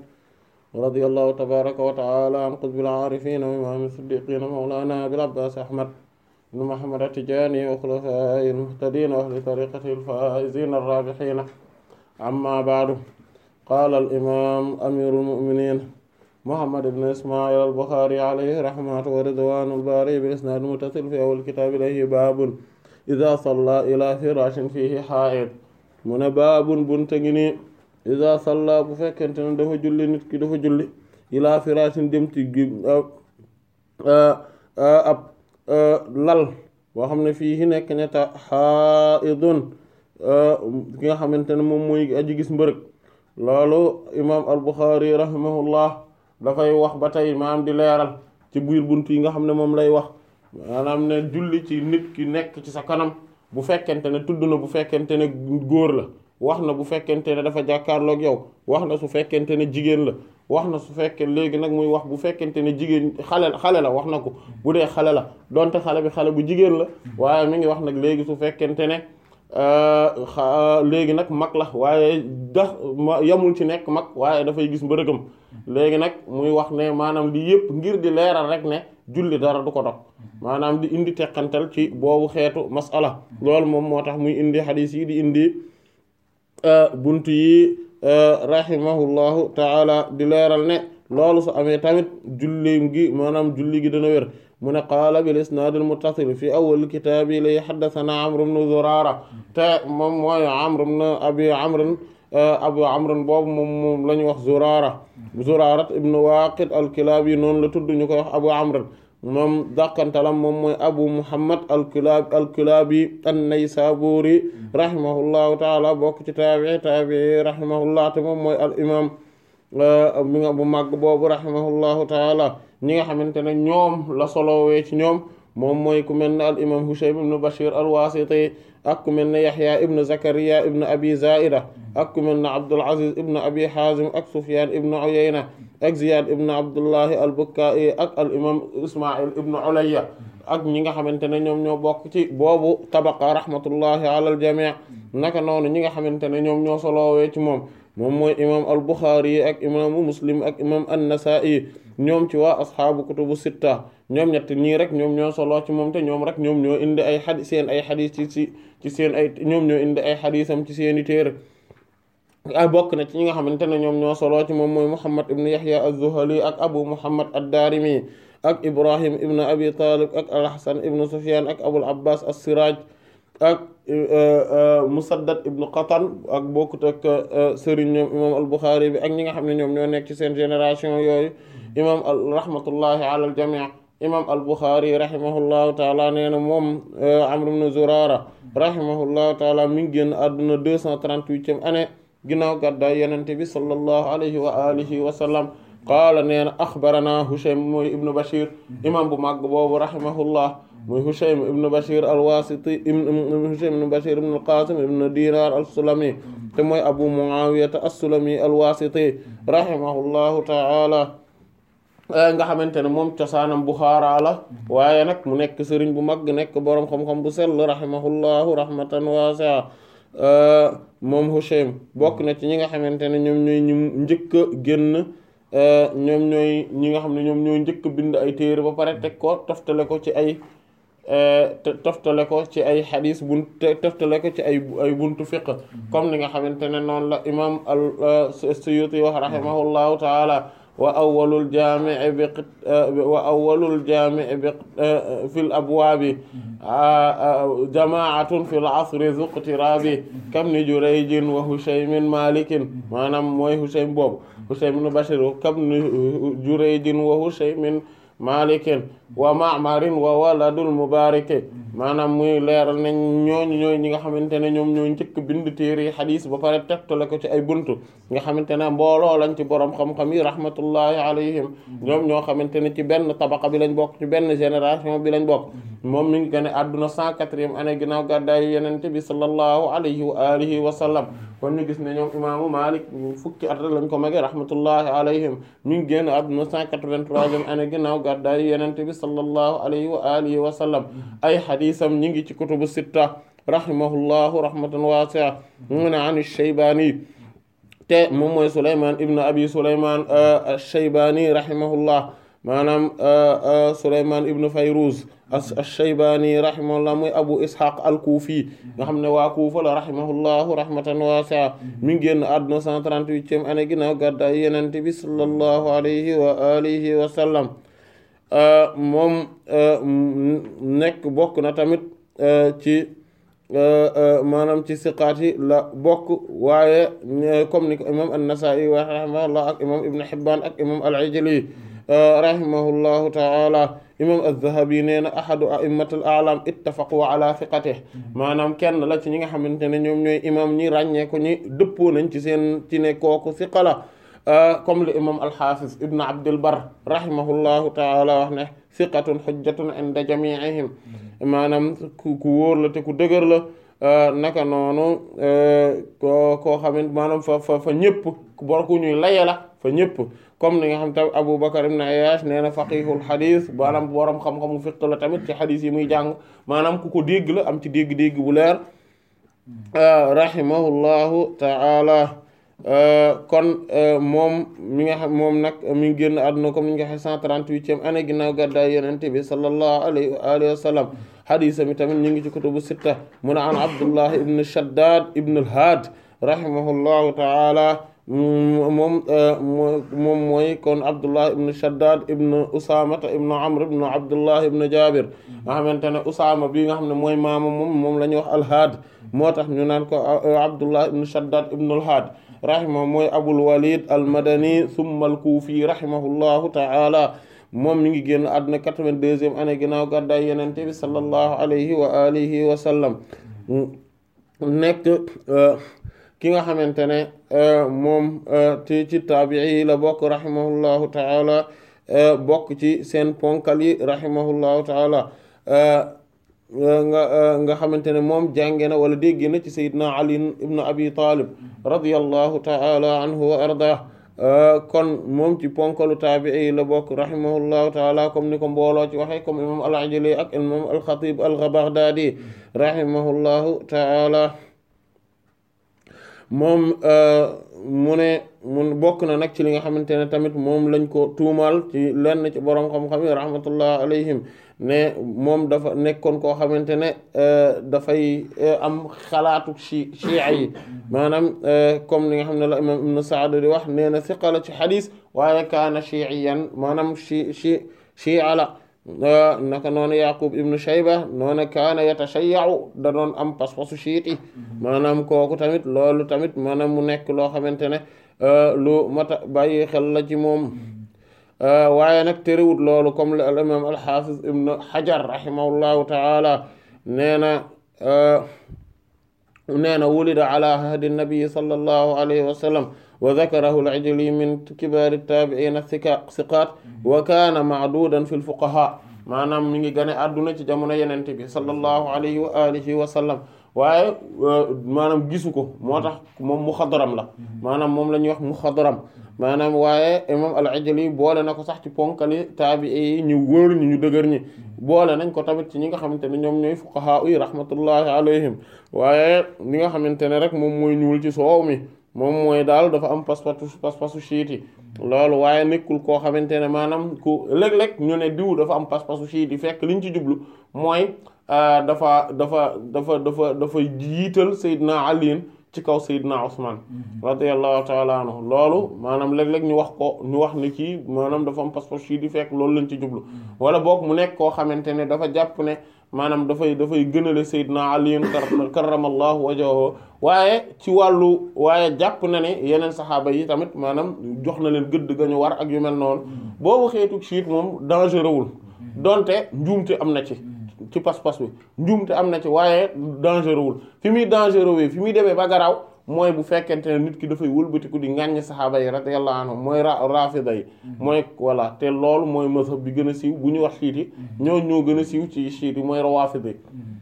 Speaker 3: wa radiyallaahu tabaaraka wa ta'aalaa an qutbil aarifiina wa imaami siddiiqiina mawlaanaa abil abbaas ahmad ibn muhammad at-tijaani wa xulafaa'ihil muhtadiina wa ahli tariiqatihil faa'iziina ar-raabihiina ammaa ba'du qaala al imaam amiirul mu'miniin Muhammad ibn Isma'il al-Bukhari alayhi rahmatu wa ridwanul bari bil isnad muttasil fi awwal kitab ilayhi baabun idha salla ila firashin fihi ha'id mu ne baabun bunte gi nii salla bu fekkente ne dafa julli nitki ki dafa julli ila firashin dem ci lal boo xam ne fii nekk ne ta ha'idun ki nga xamante ne moom mooy aji gis mbërëg loolu imaam al-Bukhari dafay wax ba tey maam di leeral ci biir bunt yi nga xam ne moom lay wax maanaam ne julli ci nit ki nekk ci sa kanam bu fekkente ne tudd na bu fekkente ne góor la wax na bu fekkente ne dafa jàkkaarlook yow wax na su fekkente ne jigéen la wax na su fekkee léegi nag muy wax bu fekkente ne jigéen xale xale la wax na ko bu dee xale la donte xale bi xale bu jigéen la waaye mi ngi wax nag léegi su fekkente ne euh, léegi nag mag la waaye da yamul ci nekk mag waaye dafay gis mbërëgam léegi nag muy wax ne maanaam lii yëpp ngir di leeral rek ne julli dara du ko dog maanaam di indi teqantal ci boobu xeetu masala loolu moom moo tax muy indi xadiis yi di indi euh, bunt yi euh, rahimahullahu taala di leeral ne loolu su amee tamit julli gi maanaam julli gi dana wér mu ne qaala bil isnaad al muttasil fi awwal kitaabi lay xaddathana amr ibn zuraara te moom mooy amr ibn abi amrin Euh, abu amran boobu moom moom la ñu wax zuraara zuraara ibnu waaqid al-kilaabi noonu la tudd ñu koy wax abu amran moom dàqantalam moom mooy abu muhammad al-kilaabi al-kilaabi an-naysaabuuri rahimahullahu taala bokk ci taabii taabii rahimahullah te moom mooy al imam bi euh, nga bu màgg boobu rahimahullahu taala ñi nga xamante ne ñoom la solowee ci ñoom moom mooy ku mel ne al imam hushaym ibnu bashir al-waasiti ak ku mel ne yaxya ibnu zakariya ibnu abi zaida ak ku mel ne abdul aziz ibnu abi xaazim ak sufyaan ibnu uyayna ak ziyad ibnu abdullahi al bukkai ak al imam ismail ibnu ulayya ak ñi nga xamante ne ñoom ñoo bokk ci boobu tabaqa rahmatullahi ala al jamii naka noonu ñi nga xamante ne ñoom ñoo soloowee ci moom moom mooy imam al buxaari ak imaamu muslim ak imam annasai ñoom ci waa asxaabu kutubu sitta ñoom ñett ñii rek ñoom ñoo soloo ci moom te ñoom rek ñoom ñoo indi ay xadis seen ay xadis ci si ci seen ay ñoom ñoo indi ay xadiisam ci seen i téere ay bokk na ci ñi nga xamante ne ñoom ñoo soloo ci moom mooy Muhammad ibn Yahya az-Zuhali ak Abu Muhammad ad-Daarimi ak Ibrahim ibn Abi Talib ak al-Hasan ibn Sufyan ak Abul Abbas as-Siraj ak eh, eh, Musaddad ibn Qatan ak bokkut ak eh, sëriñ ñoom imam al-Bukhari bi ak ñi nga xam ne ñoom ñoo nekk ci seen génération yooyu imam rahmatullahi ala al-jami' imam al-Bukhari rahimahullahu taala nee moom eh, Amr ibn Zurara rahimahullahu taala mi ngi génn àdduna deux cent trente-huitième année ginnaaw gàddaay bi sallallahu alayhi wa alihi qaala nee na axbarana Hushaym mooy ibnu Bashir imam bu màgg boobu rahimahullah mooy Hushaym ibnu Bashir al-Wasiti Hushaym ibnu Bashir ibnu al ibnu Dinar al-Sulami te Abu Muawiyata as-Sulami al taala Eh, nga xamante ne moom cosaanam Buxaara la waaye nag mu nekk sëriñ bu mag nekk boroom xam-xam bu sell rahimahullahu rahmatan waasi'a eh, moom Hushaym bokk na ci ñi nga xamante ne ñoom ñooy ñu njëkk a génn eh, ñoom ñooy ñi nga xam ne ñoom ñooy njëkk bind ay téere ba pare teg ko toftale ko ci ay toftale ko ci ay xadis bunt toftale ci ay ay buntu fiq mm-hmm. comme ni nga xamante ne noonu la imam al Suyuti wax rahimahullahu taala wa awwalul jaami'i bi eh, wa awwalul jaami'i bi eh, fil abwaabi ah, jamaa'atun fil asri zuqtiraabi kam ni Jurayjin wa Hushaymin Malikin maanaam mooy Hushaym boobu Hushaym ibn Bashir kam ni Jurayjin wa Hushaymin malikin wa ma'marin wa waladul mubaraki maanaam muy leeral nañ ñooñu ñooy ñi nga xamante ne ñoom ñoo njëkk bind téere xadiis ba pare tegtale ko ci ay buntu nga xamante ne mbooloo lañ ci borom xam-xam yi rahmatullahi alayhim ñoom ñoo xamante ne ci benn tabaqa bi lañ bokk ci benn génération bi lañ bokk moom mi ngi gane àdduna cent quatrième année ginnaaw gàddaayu yenente bi sallallahu alayhi wa alihi wa sallam kon ñu gis ne ñoom imaamu Malik fukki at lañ ko mage rahmatullahi alayhim mi ngi génn àdduna cent quatre-vingt-troisième année ginnaaw gàddaayu yenente bi sallallahu alayhi wa alihi wa sallam ay xadiisam ñi ngi ci kutubu sitta rahimahullahu rahmatan waasi'a mu ne an Shaybaani te moom mooy Souleymane Ibn Abi Souleymane euh, Shaybaani rahimahullah maanaam euh, euh, Souleymane Ibn Fayruz ash-Shaybani rahimahullah muy Abu Ishaq al-Kufi nga xam ne waa Kufa la rahimahullahu rahmatan wasi'a mi ngi génn àdduna 138e année ginnaaw gàddaay Yonent bi sallallahu alayhi wa alihi wa sallam euh, nekk bokk na tamit ci maanaam ci siqaat la bokk waaye comme ni ko imam an-Nasa'i wa rahimahullah ak imam Ibn Hibban ak imam al-Ijli rahimahullahu ta'ala imam az-Zahabi nee na ahadu a'immatul a'lam ittafaqu ala thiqatihi maanaam kenn la ci ñi nga xamante ne ñoom ñooy imam ñi ràññee ko ñi dëppoo nañ ci seen ci ne kooku thiqa la euh, comme le imam al-Hafiz ibn Abdul Barr rahimahullahu ta'ala wax ne thiqatun hujjatun inda jami'ihim maanaam ku ku wóor la te ku dëgër euh, naka noonu euh, koo koo xamante maanaam fa fa fa ñëpp bor la fa ñëpp comme ni nga xam tamit Abu Bakar ibn Ayyash nee na faqihul xadis maanaam borom xam-xamu mu la tamit ci xadis yi muy jàng maanaam ku ko dégg la am ci dégg-dégg bu leer euh, rahimahullahu taala euh, kon euh, moom mi nga xam moom nag mi ngi génn àdduna comme ni nga xam ne 138e année ginnaaw gàddaay yonent bi sallallahu alayhi wa alihi wa sallam tamit ñu ngi ci kutubu sitta mu ne an Abdullah ibn Shaddad ibn al-Had rahimahullahu taala moom eh, moom mooy kon abdullah ibn shaddad ibn usama ibn amr ibn abdullah ibn jabir xamante ne usama bi nga xam ne mooy maama moom moom la ñuy wax alhaad moo tax ñu naan ko eh, abdullah ibn shaddad ibn alhaad rahimahu mooy abul walid almadani summa alkuufi rahimahullahu taala moom mi ngi génn àdduna quatre-vingt-deuxième année ginnaaw gàddaay yenente bi sallallahu alayhi wa alihi wa sallam ki nga xamante ne euh, moom euh, ci ci taabii la bokk rahimahullahu taala euh, bokk ci seen ponkal yi rahimahullahu taala nga nga xamante ne moom jànge wala dégg na ci sayidna ali ibnu abi talib radiallahu taala anhu wa ardah kon moom ci la bokk rahimahullahu taala comme ni ko mbooloo ci waxee comme imam al ajali ak imam al xatib al baghdadi rahimahullahu taala moom euh, mu ne mun bokk na nag ci li nga xamante ne tamit moom lañ ko tuumaal ci lenn ci borom xam-xam yi rahmatullah alayhim ne moom dafa nekkoon koo xamante ne euh, dafay euh, am xalaatu chi chia yi maanaam comme ni nga xam ne la imam ibn Saad di wax nee na siqa ci xadis waaye kaana chiiyan maanaam chi chi chia la naka noonu yaqub ibnu shayba noona kaana yatashayyahu da doon am pas-pasu chiiti maanaam kooku tamit loolu tamit maanaam mu nekk loo xamante ne euh, lu mata bàyyi xel la ci moom euh, waaye nag terewut loolu comme le al imam alxafiz ibnu xajar rahimahullahu taala nee na euh, nee na wulida ala hadi nabii sallallahu alayhi wa wa zakarahu al-Ijli min na taabi'iina siqaat wa kaana ma'duudan fi l-fuqahaa maanaam mi ngi gane àdduna ci jamono Yonent bi sallallahu alayhi wa alihi wa sallam waaye euh, maanaam gisu ko moo tax moom muxadaram la maanaam moom la ñuy wax muxadaram maanaam waaye imam al-Ijli boole na ko sax ci ponkali taabi'i yi ñu wóor ñi ñu dëgër ñi boole nañ ko tamit ci ñi nga xamante ne ñoom ñooy fuqahaa yi rahmatullahi alayhim waaye ñi nga xamante ne rek moom mooy ñuul ci soow mi moom mooy daal dafa am pas-pasu pas-pasu chiite yi loolu waaye nekkul koo xamante ne maanaam ku léeg-léeg ñu ne diw dafa am pas-pasu chiite yi fekk liñ ci jublu mooy euh, dafa dafa dafa dafa dafa jiital Seydina Ali ci kaw Seydina Usman mm-hmm. radiyallahu taala anhu loolu maanaam léeg-léeg ñu wax ko ñu wax ni kii maanaam dafa am pas-pasu chiite yi fekk loolu lañ ci jublu mm-hmm. wala boog mu nekk koo xamante ne dafa jàpp ne maanaam dafay dafay gënale Seydina Aliyun karramallahu wajhahu waaye ci wàllu waaye jàpp na ne yeneen saxaaba yi tamit maanaam jox na leen gëdd ga ñu war ak yu mel noonu boobu xeetu siit moom dangereux wul donte njuumte am na ci ci pas-pas bi njuumte am na ci waaye dangereux wul fi muy dangereux wi fi muy demee ba garaaw mooy bu fekkente ne nit ki dafay wëlbatiku di ŋàññ saxaaba yi radiyallahu anhum mooy ra rafida yi mhm. mooy voilà te loolu mooy mazhab bi gën a siiw bu ñu wax siiti mhm. ñoo ñoo gën a siiw ci siiti mooy rawafida yi mhm.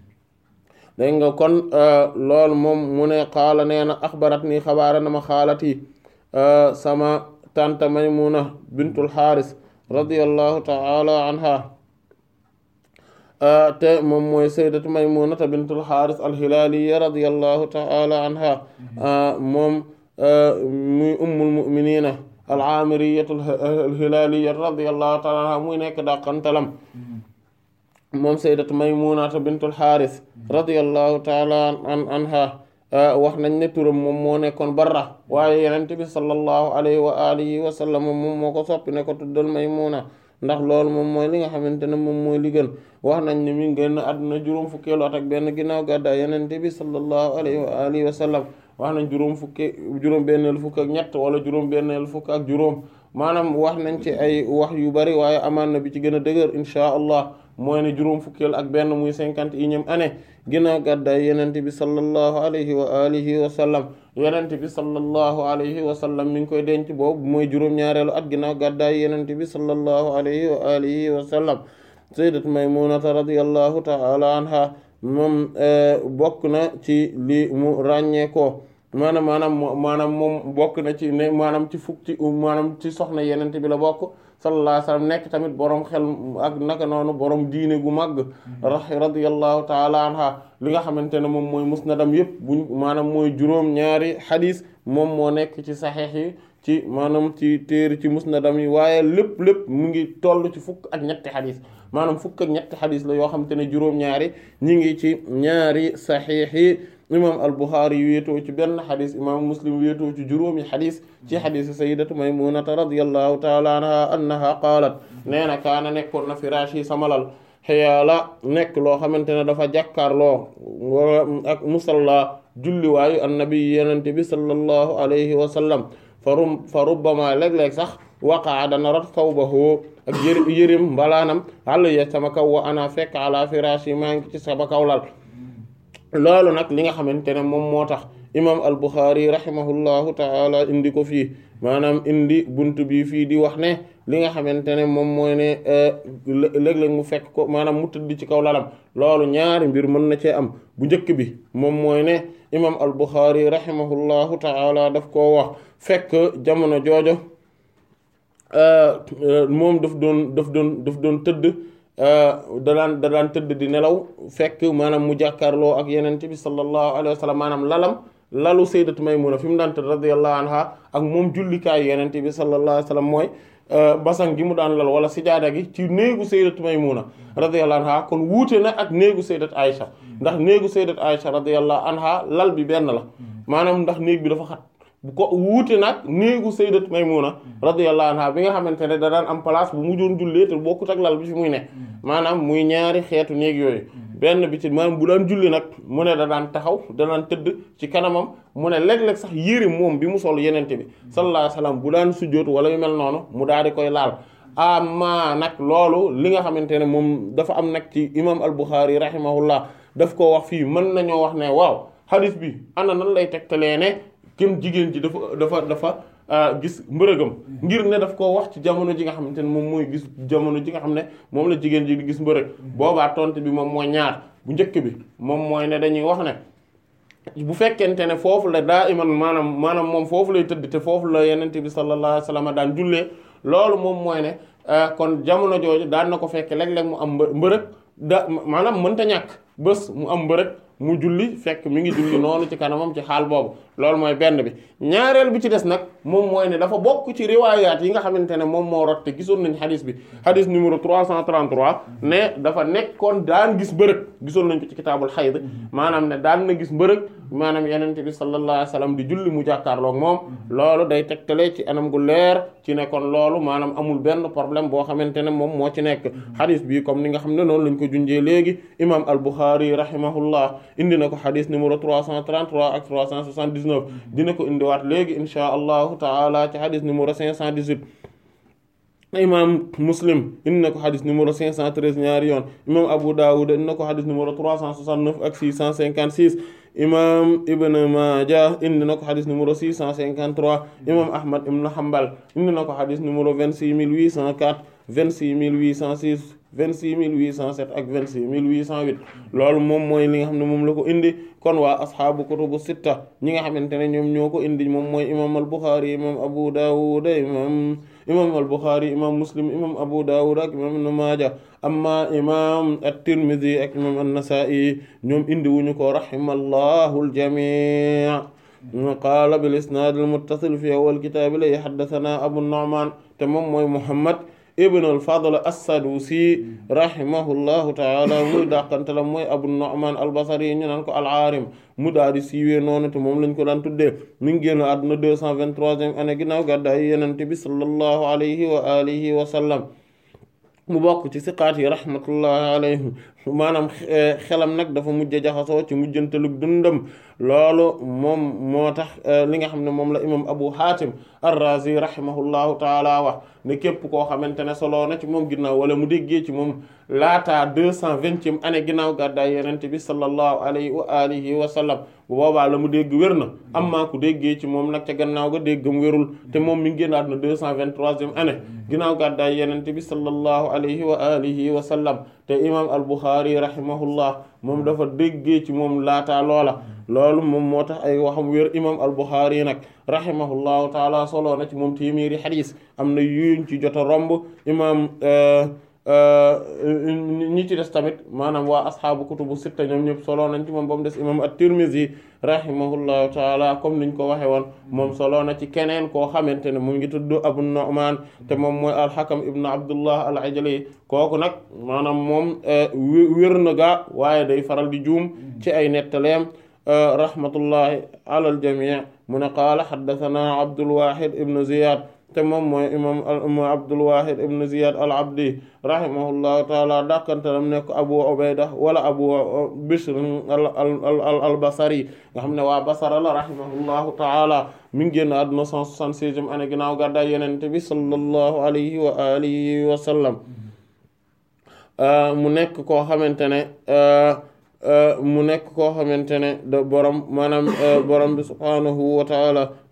Speaker 3: dégg nga kon euh, loolu moom mu ne xaala nee na axbarat nii xabaara na ma xaalat yi euh, sama tante Maymuna bintul Xaaris radiyallahu taala anha te moom mooy sayyidatu Maymunata bintul Haaris al ta'ala anha moom muy ummul mu'miniina al-Aamiriyatu al ta'ala muy nekk dàqantalam moom sayyidatu Maymunata bintul Haaris radiyallahu ta'ala anha wax nañ ne turam moom moo nekkoon Barra waaye Yonent bi sallallahu alayhi wa alihi wa ko soppi ne ko tuddal Maymuna ndax loolu moom mooy li nga xamante ne moom mooy li gën wax nañ ne mi ngi génn àdduna juróom fukkeelu at ak benn ginnaaw gàddaay yeneen bi sallallahu alayhi wa alihi wa sallam wax nañ juróom fukke juróom benneelu fukk ak ñett wala juróom benneelu fukk ak juróom maanam wax nañ ci ay wax yu bari waaye amaan na bi ci gën a dëgër inchaa allah mooy ne juróom fukkeel ak benn muy cinquante et unième année ginnaaw gàddaay yenente bi sallallahu alayhi wa alihi wa sallam yenente bi sallallahu alayhi wa sallam mi ngi koy denc boobu mooy juróom-ñaareelu at ginaaw gàddaay yenente bi sallallahu alayhi wa alihi wa sallam sayyidat maymunata radiyallahu ta'ala anha moom eh, bokk na ci li mu ràññeekoo ko maanaam maanaam maanaam moom bokk na ci ne maanaam ci fukk maanaam ci soxna yenente bi la bokk sallallahu alayhi nekk tamit borom xel ak naka noonu boroom diine gu màgg
Speaker 4: mm-hmm. rax
Speaker 3: radiyallahu taala anha li nga xamante ne moom mooy musnadam yëpp buñ maanaam mooy juróom ñaari xadis moom moo nekk ci saxiix yi ci maanaam ci téere ci musnadam yi waaye lépp lépp mu ngi toll ci fukk ak ñetti xadis maanaam fukk ak ñetti xadis la yoo xamante ne juróom ñaari ñi ngi ci ñaari saxiix yi imam al-Bukhari wéetoo ci benn xadis imam muslim wéetoo ci juróomi xadis ci xadis sayyidatu maymunata radiyallahu taala anha annaha qaalat nee na kaana nekkoon na firaashi samalal xeyaala nekk loo xamante ne dafa jàkkaarloo ak musalla julliwaayu annabi yenente bi sallallahu alayhi wa sallam farum fa rubbama léeg-léeg sax waqaa dana rat thawbahu ak yërim mbalaanam àll ya sama kaw wa ana fekk ala firaashi maa ngi ci sama kaw lal loolu nag li nga xamante ne moom moo tax imam al Buxaari rahimahullahu taala indi ko fii maanaam indi bunt bi fii di wax ne li nga xamante ne moom mooy ne euh, léeg-léeg mu fekk ko maanaam mu tëdd ci kaw lalam loolu ñaari mbir mën na cee am bu njëkk bi moom mooy ne imam al Buxaari rahimahullahu taala daf koo wax fekk jamono joojo euh, moom daf doon daf doon daf doon tëdd Euh, da daan da tëdd di nelaw fekk maanaam mu jàkkaarloo ak yenente bi sallallahu alayhi wa maanaam lalam lalu sayyidat Maymuna fi mu daan tëdd radiyallahu anha ak moom jullikaay yenente bi sallallahu alayhi wa sallam mooy euh, basan gi mu daan lal wala sijaada gi ci néegu sayyidat Maymuna radiyallahu anha kon wuute na ak néegu sayyidat Aïcha ndax néegu sayyidat Aïcha radiyallahu anha lal bi benn la maanaam ndax néeg bi dafa xat bu ko wuute nag néegu sayyidat Maymuna radiyallahu anha bi nga xamante ne da daan am place bu mu mujjoon jullee te bokkut ak lal bi fi muy ne maanaam muy ñaari xeetu néeg yooyu benn bi ci maanaam bu daan julli nag mu ne da daan taxaw da daan tëdd ci kanamam mu ne léeg-léeg sax yére moom bi mu sol yenente bi sallallahu salaam wasallam bu daan sujjóot wala yu mel noonu mu daal di koy laal ama nag loolu li nga xamante ne moom dafa am nag ci imam al-Bukhari rahimahullah daf ko wax fii mën nañoo wax ne waaw hadith bi ana nan lay tegtalee ne kem jigéen ji dafa dafa dafa ah, gis mbërëgam mm-hmm. ngir ne daf koo wax ci jamono ji nga xamante ne moom mooy gis jamono ji nga xam ne moom la jigéen ji di gis mbërëg mm-hmm. boobaa tontu bi moom mooy ñaar bu njëkk bi moom mooy ne dañuy wax ne bu fekkente ne foofu la daa iman maanaam maanaam moom foofu lay tëdd te foofu la yenente bi sallallahu alayhi wa daan jullee loolu moom mooy ne ah, kon jamono jooju daan na ko fekke léeg-léeg mu am mbërëg da maanaam mënta ñàkk bés mu am mbërëg mu julli fekk mu ngi julli noonu ci kanamam ci xaal boobu loolu mooy benn bi ñaareel bi ci des nag moom mooy ne dafa bokk ci riwaayaat yi nga xamante ne moom moo rotte gisoon nañ xadis bi xadis numéro 333 ne dafa nekkoon daan gis mbërëg gisoon nañ ko ci kitaabul xayd maanaam ne daan na gis mbërëg maanaam yenente bi sallallahu alayhi wa sallam di julli mu jàkkaarloog moom loolu day tegtale ci anam gu leer ci ne kon loolu maanaam amul benn problème boo xamante ne moom moo ci nekk xadis bi comme ni nga xam ne noonu lañ ko junjee léegi imam al Bukhari rahimahullah indi na ko xadis numéro 333 ak 379 119 dina ko indiwaat léegi insha allahu taala ci xadis numéro 518 imam muslim indi na ko xadis numéro 513 ñaari yoon imam abu dawud indi na ko xadis numéro 369 ak 656 imam ibn Maaja indi na ko xadis numéro 653 imam ahmad ibn Hanbal indi na ko xadis numéro 26804 26806 vingt-six mille huit cent sept ak vingt-six loolu moom mooy li nga xam ne moom la ko indi kon waa asxaabu kutubu sitta ñi nga xamante ne ñoom ñoo ko indi moom mooy imam al-Bukhari imam Abu Dawud imam imam al-Bukhari imam Muslim imam Abu Dawud ak imam Ibn Maaja amma imam at-Tirmidhi ak imam an-Nasa'i ñoom indi wuñu ko rahimallahu al-jami' qaala bil isnaad al-muttasil fi awwal kitaab li haddathana Abu Nu'man te moom mooy Muhammad ibn al-Fadl as-Sadusi rahimahullahu taala muy dàqantalam mooy Abu Nu'man al-Basri ñu naan al-Arim mu daal di siiwee noonu te moom lañ ko daan tuddee mi ngi génn àdduna deux cent vingt-troisième année ginnaaw gàddaay Yonent bi sallallahu alayhi wa alihi wa sallam mu bokk ci siqaat yi rahmatullahi alayhim maanaam eh, xelam nag dafa mujj jaxasoo ci mujjantalug dundam loolu moom moo tax euh, li nga xam ne moom la imam abu hatim ar-razi rahimahullahu taala wax ne képp koo xamante ne soloo na ci moom ginnaaw wala mu déggee ci moom laataa deux cent vingtième année ginnaaw gàddaay yenente bi sallallahu alayhi wa alihi wa sallam bu boobaa la mu dégg wér na ammaa ku déggee ci moom nag ca gannaaw ga déggam wérul te moom mi ngi génnaat na deux cent vingt-troisième année ginnaaw gàddaay yenente bi sallallahu alayhi wa alihi wa sallam te imam al-Bukhari rahimahullah moom dafa déggee ci moom laataa loola loolu moom moo tax ay waxam wér imam al-Bukhari nag rahimahullahu taala soloo na ci moom téeméeri xadis am na yuñ ci jot a romb imam euh, euh, ñi ci des tamit maanaam waa asxaabu kutubu sitta ñoom ñëpp solo nañ ci moom ba mu des imam at-Tirmizi rahimahullahu taala comme niñ ko waxe woon moom solo na ci keneen koo xamante ne moom ngi tudd Abu Nu'man te moom mooy al-Hakam ibn Abdullah al-Ajli kooku nag maanaam moom euh, wér na gaa waaye day faral di juum ci ay nettaleem rahmatullahi ala jamii mu ne qaala xaddasanaa abdulwahid ibnu ziyad te moom mooy imam al abdulwahid ibnu ziyad al abdi rahimahullahu taala dàkkantalam nekk abu ubayda wala abu bishr al albasari nga xam ne waa basara la rahimahullahu taala mi ngi génn àdduna 166e année ginnaaw gàddaay yonent bi sallallahu alayhi wa alihi mu nekk koo xamante ne euh, Euh, mu nekk koo xamante ne da borom maanaam euh, borom bi subhaanahu wa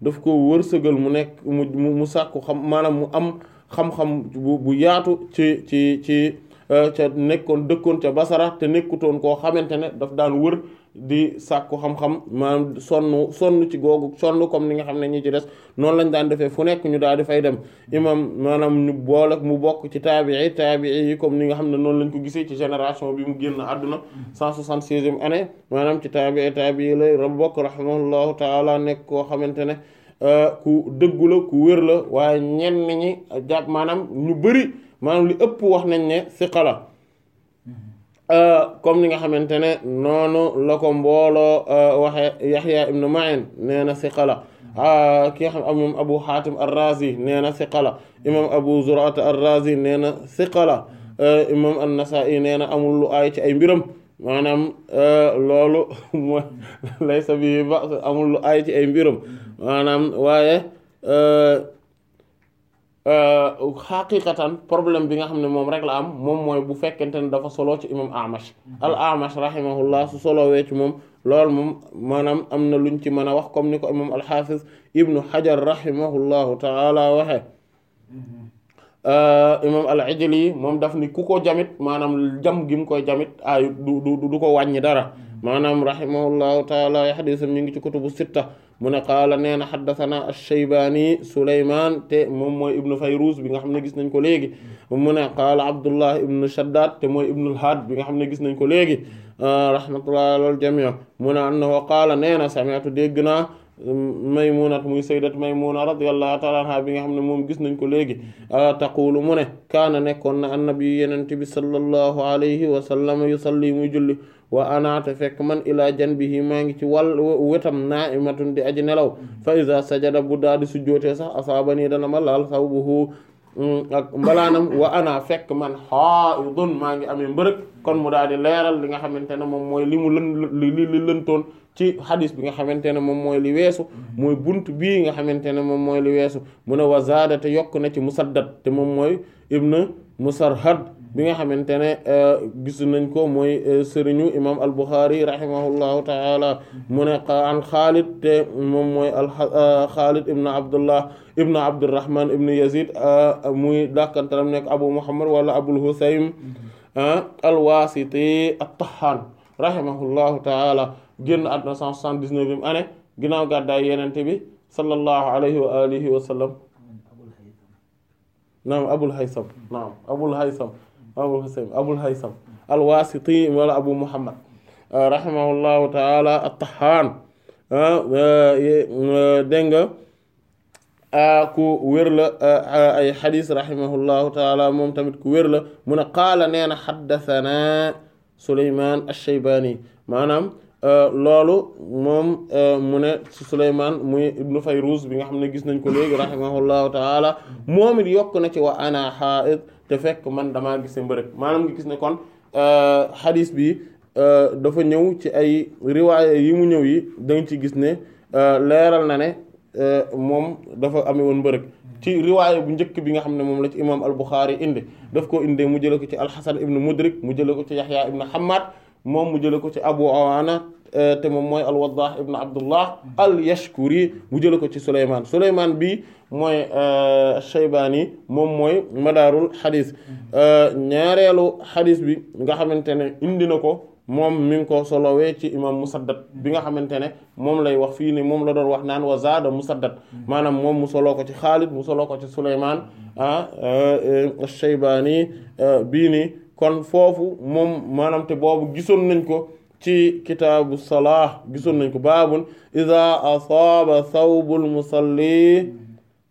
Speaker 3: daf ko sëgal mu nekk mu mu sàkku xam maanaam mu am xam-xam bu bu yaatu ci ci ci euh, ca nekkoon dëkkoon ca basara te nekkutoon koo xamante ne daf daan wër di sàkku xam-xam maanaam sonn sonn ci googu sonn comme ni nga xam ne ñi ci des noonu lañ daan defee fu nekk ñu daal di dem imam maanaam ñu boole mu bokk ci taabii taabii yi comme ni nga xam ne noonu lañ ko gisee ci génération bi mu génn àdduna cent soixante-seizième année maanaam ci taabii taabii lay ra bokk rahimahullahu taala nekk koo xamante ne euh, ku dëggu la ku wér la waaye ñenn ñi jàpp maanaam ñu bëri maanaam li ëpp wax nañ ne siqa la mm-hmm. Euh, comme ni nga xamante ne noonu la ko mbooloo euh, waxe Yaxya ibnu Ma'in nee na siqala ah, ki nga Abu Hatim ar-Razi nee na siqala imam Abu Zur'at ar-Razi nee na siqala euh, imam an-Nasa'i nee na amul lu aay ci ay mbiram maanaam loolu mooy laysa bi ba amul ay mbiram maanaam waaye Euh, xaqiqatan problème bi nga xam ne moom rek la am moom mooy bu fekkente ne dafa solo ci imam Amash al Amash rahimahullah solo solowee ci moom loolu moom maanaam am na luñ ci mën a wax comme ni ko imam al-Hafiz ibnu Hajar rahimahullahu taala waxe euh, imam al-Ijli moom daf ni ku ko jamit maanaam jam gi mu koy jamit ay du du du ko wàññi dara maanaam rahimahullahu taala hadiisam ñu ngi ci kutubu sitta mu ne qaala nee na xaddasanaa asheybaani suleyman te moom mooy ibnu fayruz bi nga xam ne gis nañ ko léegi mu ne qaala abdullah ibnu shaddad te mooy ibnu lhaad bi nga xam ne gis nañ ko léegi ah, rahmatullahi alal jamii mu ne annahu qaala nee na sami'tu dégg naa maymunat muy saydat maymuna radiyallahu taala anha bi nga xam ne moom gis nañ ko léegi ah, taqulu mu ne kaana nekkoon na annabi yenente bi sallallahu alayhi wa sallam yusalli muy julli wa anaate fekk man ilaa janbihi maa ngi ci wàll wetam naa'imatun di aj nelaw fa iza sajada bu daal di sujjootee sax asaabanii dana ma laal sawbuhu mm, ak mbalaanam wa ana fekk man haa'idun maa ngi amee mbërëg kon mu daal di leeral li nga xamante ne moom mooy li mu lën lëntoon ci hadis bi nga xamante ne moom mooy li weesu mooy bunt bii nga xamante ne moom mooy li weesu mu ne wa zaada te yokk na ci musaddad te moom mooy ibn musarhad bi nga xamante ne euh, gis nañ ko mooy euh, sëriñu imam al-Bukhari rahimahullahu taala mu ne an Xaalid te moom mooy al euh, Xaalid ibn Abdullah ibn Abdurrahman ibn Yazid muy dàkkantaram nekk Abu Muhammad wala Abul Husaym al-Wasiti at-Tahan rahimahullahu taala génn àdduna 179e année ginnaaw gàddaay yenente bi sallallahu alayhi wa alihi wa sallam naam Abul Haysam abul husayn abul haysam alwaasiti wala abu muhammad ah, rahimahullahu taala at-tahhaan ah, eh, eh, dégg nga ah, ku wér ay xadis rahimahullahu taala moom tamit ku wér la mu ne qaala nee na xaddasanaa suleyman ash-shaybaani maanaam loolu moom mu ne suleyman muy ibnu fayruz bi nga xam ne gis nañ ko léegi rahimahullahu taala moom it yokk na ci wa ana xaa'id te fekk man damaa gis mbërëg maanaam nga gis ne kon xadis euh, bi euh, dafa ñëw ci ay riwaaya yi mu ñëw yi dañ ci gis ne euh, leeral na ne moom dafa ame woon mbërëg ci riwaaya bu njëkk bi nga xam ne moom la ci imam al-Bukhari indi def koo indee mu jële ko ci alxasan ibn mudrik mu jële ko ci yaxya ibn xamaat moom mu jële ko ci abu awaana Euh, te moom mooy al Waddah ibn Abdullah al Yashkuri mu jële ko ci Souleymane Souleymane bi mooy euh, Shaybani moom mooy madaarul xadis euh, ñaareelu xadis bi nga xamante ne indi na ko moom mi ngi ko solowee ci imam Musaddad bi nga xamante ne moom lay wax fii ni moom la doon wax naan wa zaada Musaddad maanaam moom mu soloo ko ci Xaalid mu soloo ko ci Souleymane ah Shaybani bii nii kon foofu moom maanaam te boobu gisoon nañ ko. ci kitaabu salaa gisoon nañ ko baabun iza asaaba thawbul musalli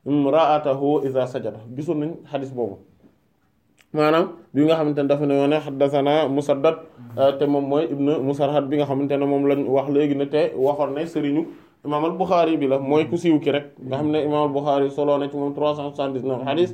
Speaker 3: imraatahu iza sajada gisoon nañ xadis boobu maanaam bi nga xamante ne dafa ne woon ne xaddasana musaddad euh, te moom mooy ibnu musarhad bi nga xamante ne moom lañ wax léegi ne te waxoon ne sëriñu imaam al buxaari mooy ku siiw ki rek nga xam ne imaam al buxaari na ci moom 379 xadis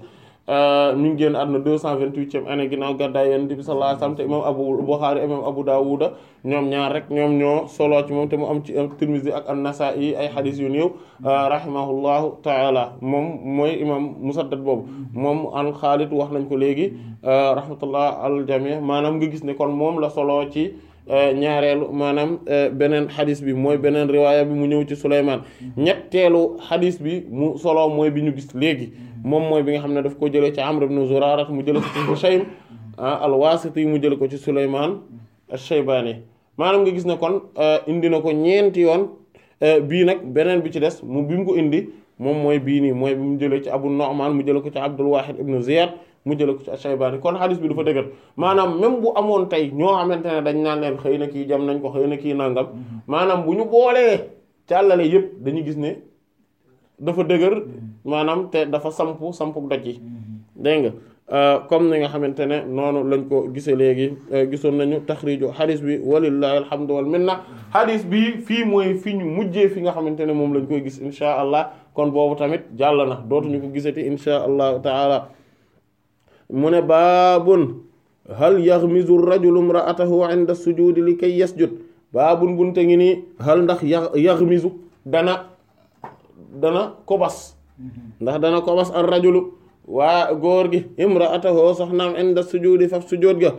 Speaker 3: Euh, ñu ngeen génn àdduna deux cent vingt-huitième année ginnaaw gàddaay Yonent bi sallallahu alayhi wasallam te imam Abu Bukhari imam Abu Dawud ñoom ñaar rek ñoom ñoo solo ci moom te mu am ci euh, Tirmidhi ak an-Nasa'i ay xadis yu néew euh, rahimahullahu taala moom mooy imam Musaddad boobu moom al wax nañ ko léegi rahmatullah al jami' maanaam nga gis ne kon moom la solo ci ñaareelu maanaam beneen xadis bi mooy beneen riwaaya bi mu ñëw ci Souleymane ñetteelu xadiis bi mu solo mooy bi ñu gis léegi moom mooy bi nga xam ne daf ko jëlee ci Amr ibn Zurara mu jëlee ko ci Hushaym ah, al-Wasiti mu jëlee ko ci Sulaymaan ash-Shaybani maanaam nga gis ne kon ah, indi na ko ñeenti yoon ah, bii nag beneen bi ci des mu bi mu ko indi moom mooy bii nii mooy bi mu jëlee ci Abu Nu'man mu jëlee ko ci Abdul Wahid ibn Ziyad mu jëlee ko ci Ash-Shaybani kon xadis bi dafa dëgër maanaam même bu amoon tey ñoo xamante ne dañ naan leen xëy na kii jam nañ ko xëy na kii nangam mm-hmm. maanaam bu ñu boolee càllale yépp dañu gis ne dafa dëgër maanaam te dafa sampu sampu doj yi dégg nga euh, comme ni nga xamante ne noonu lañ ko gisee léegi euh, gisoon nañu taxriiju xadis bi walillahi alhamdu wal na xadis bi fii mooy fi ñu mujjee fi nga xamante ne moom lañ koy gis insha allah kon boobu tamit jàll na dootuñu ko gisati insha allahu taala mu ne baabun hal yaxmizu rajulu mraatahu inda sujudi li kay yasjud baabun bunte ngi nii hal ndax yax yaxmizu dana dana kobas ndax dana kobas ar rajulu waa góor gi imraatahu soxnaam inda sujudi faf sujud ga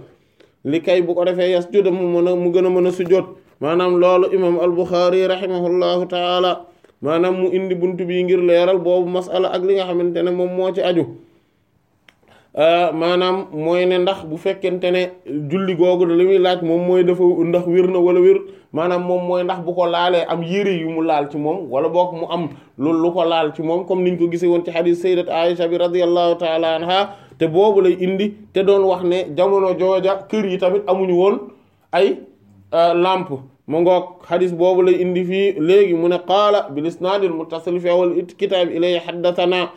Speaker 3: li kay bu ko defee yasjuda mu mën a mu gën a mën a sujud maanaam loolu imam al-Bukhari rahimahullahu taala maanaam mu indi buntu bi ngir leeral boobu masala ak li nga xamante ne moom moo ci aju Euh, maanaam mooy ne ndax bu fekkente ne julli googu li muy laaj moom mooy dafa ndax wér na wala wér maanaam moom mooy ndax bu ko laalee am yére yu mu laal ci moom wala boog mu am loolu lu ko laal ci moom comme niñ ko gisee woon ci xadis sayyidat Aisha bi radiyallahu taala anha te boobu lay indi te doon wax ne jamono jooja kër yi tamit amuñu woon ay euh, lampe mu ngoog xadis boobu lay indi fii léegi mu ne qaala bil isnaadil muttasil fi awal kitaab ilay haddathana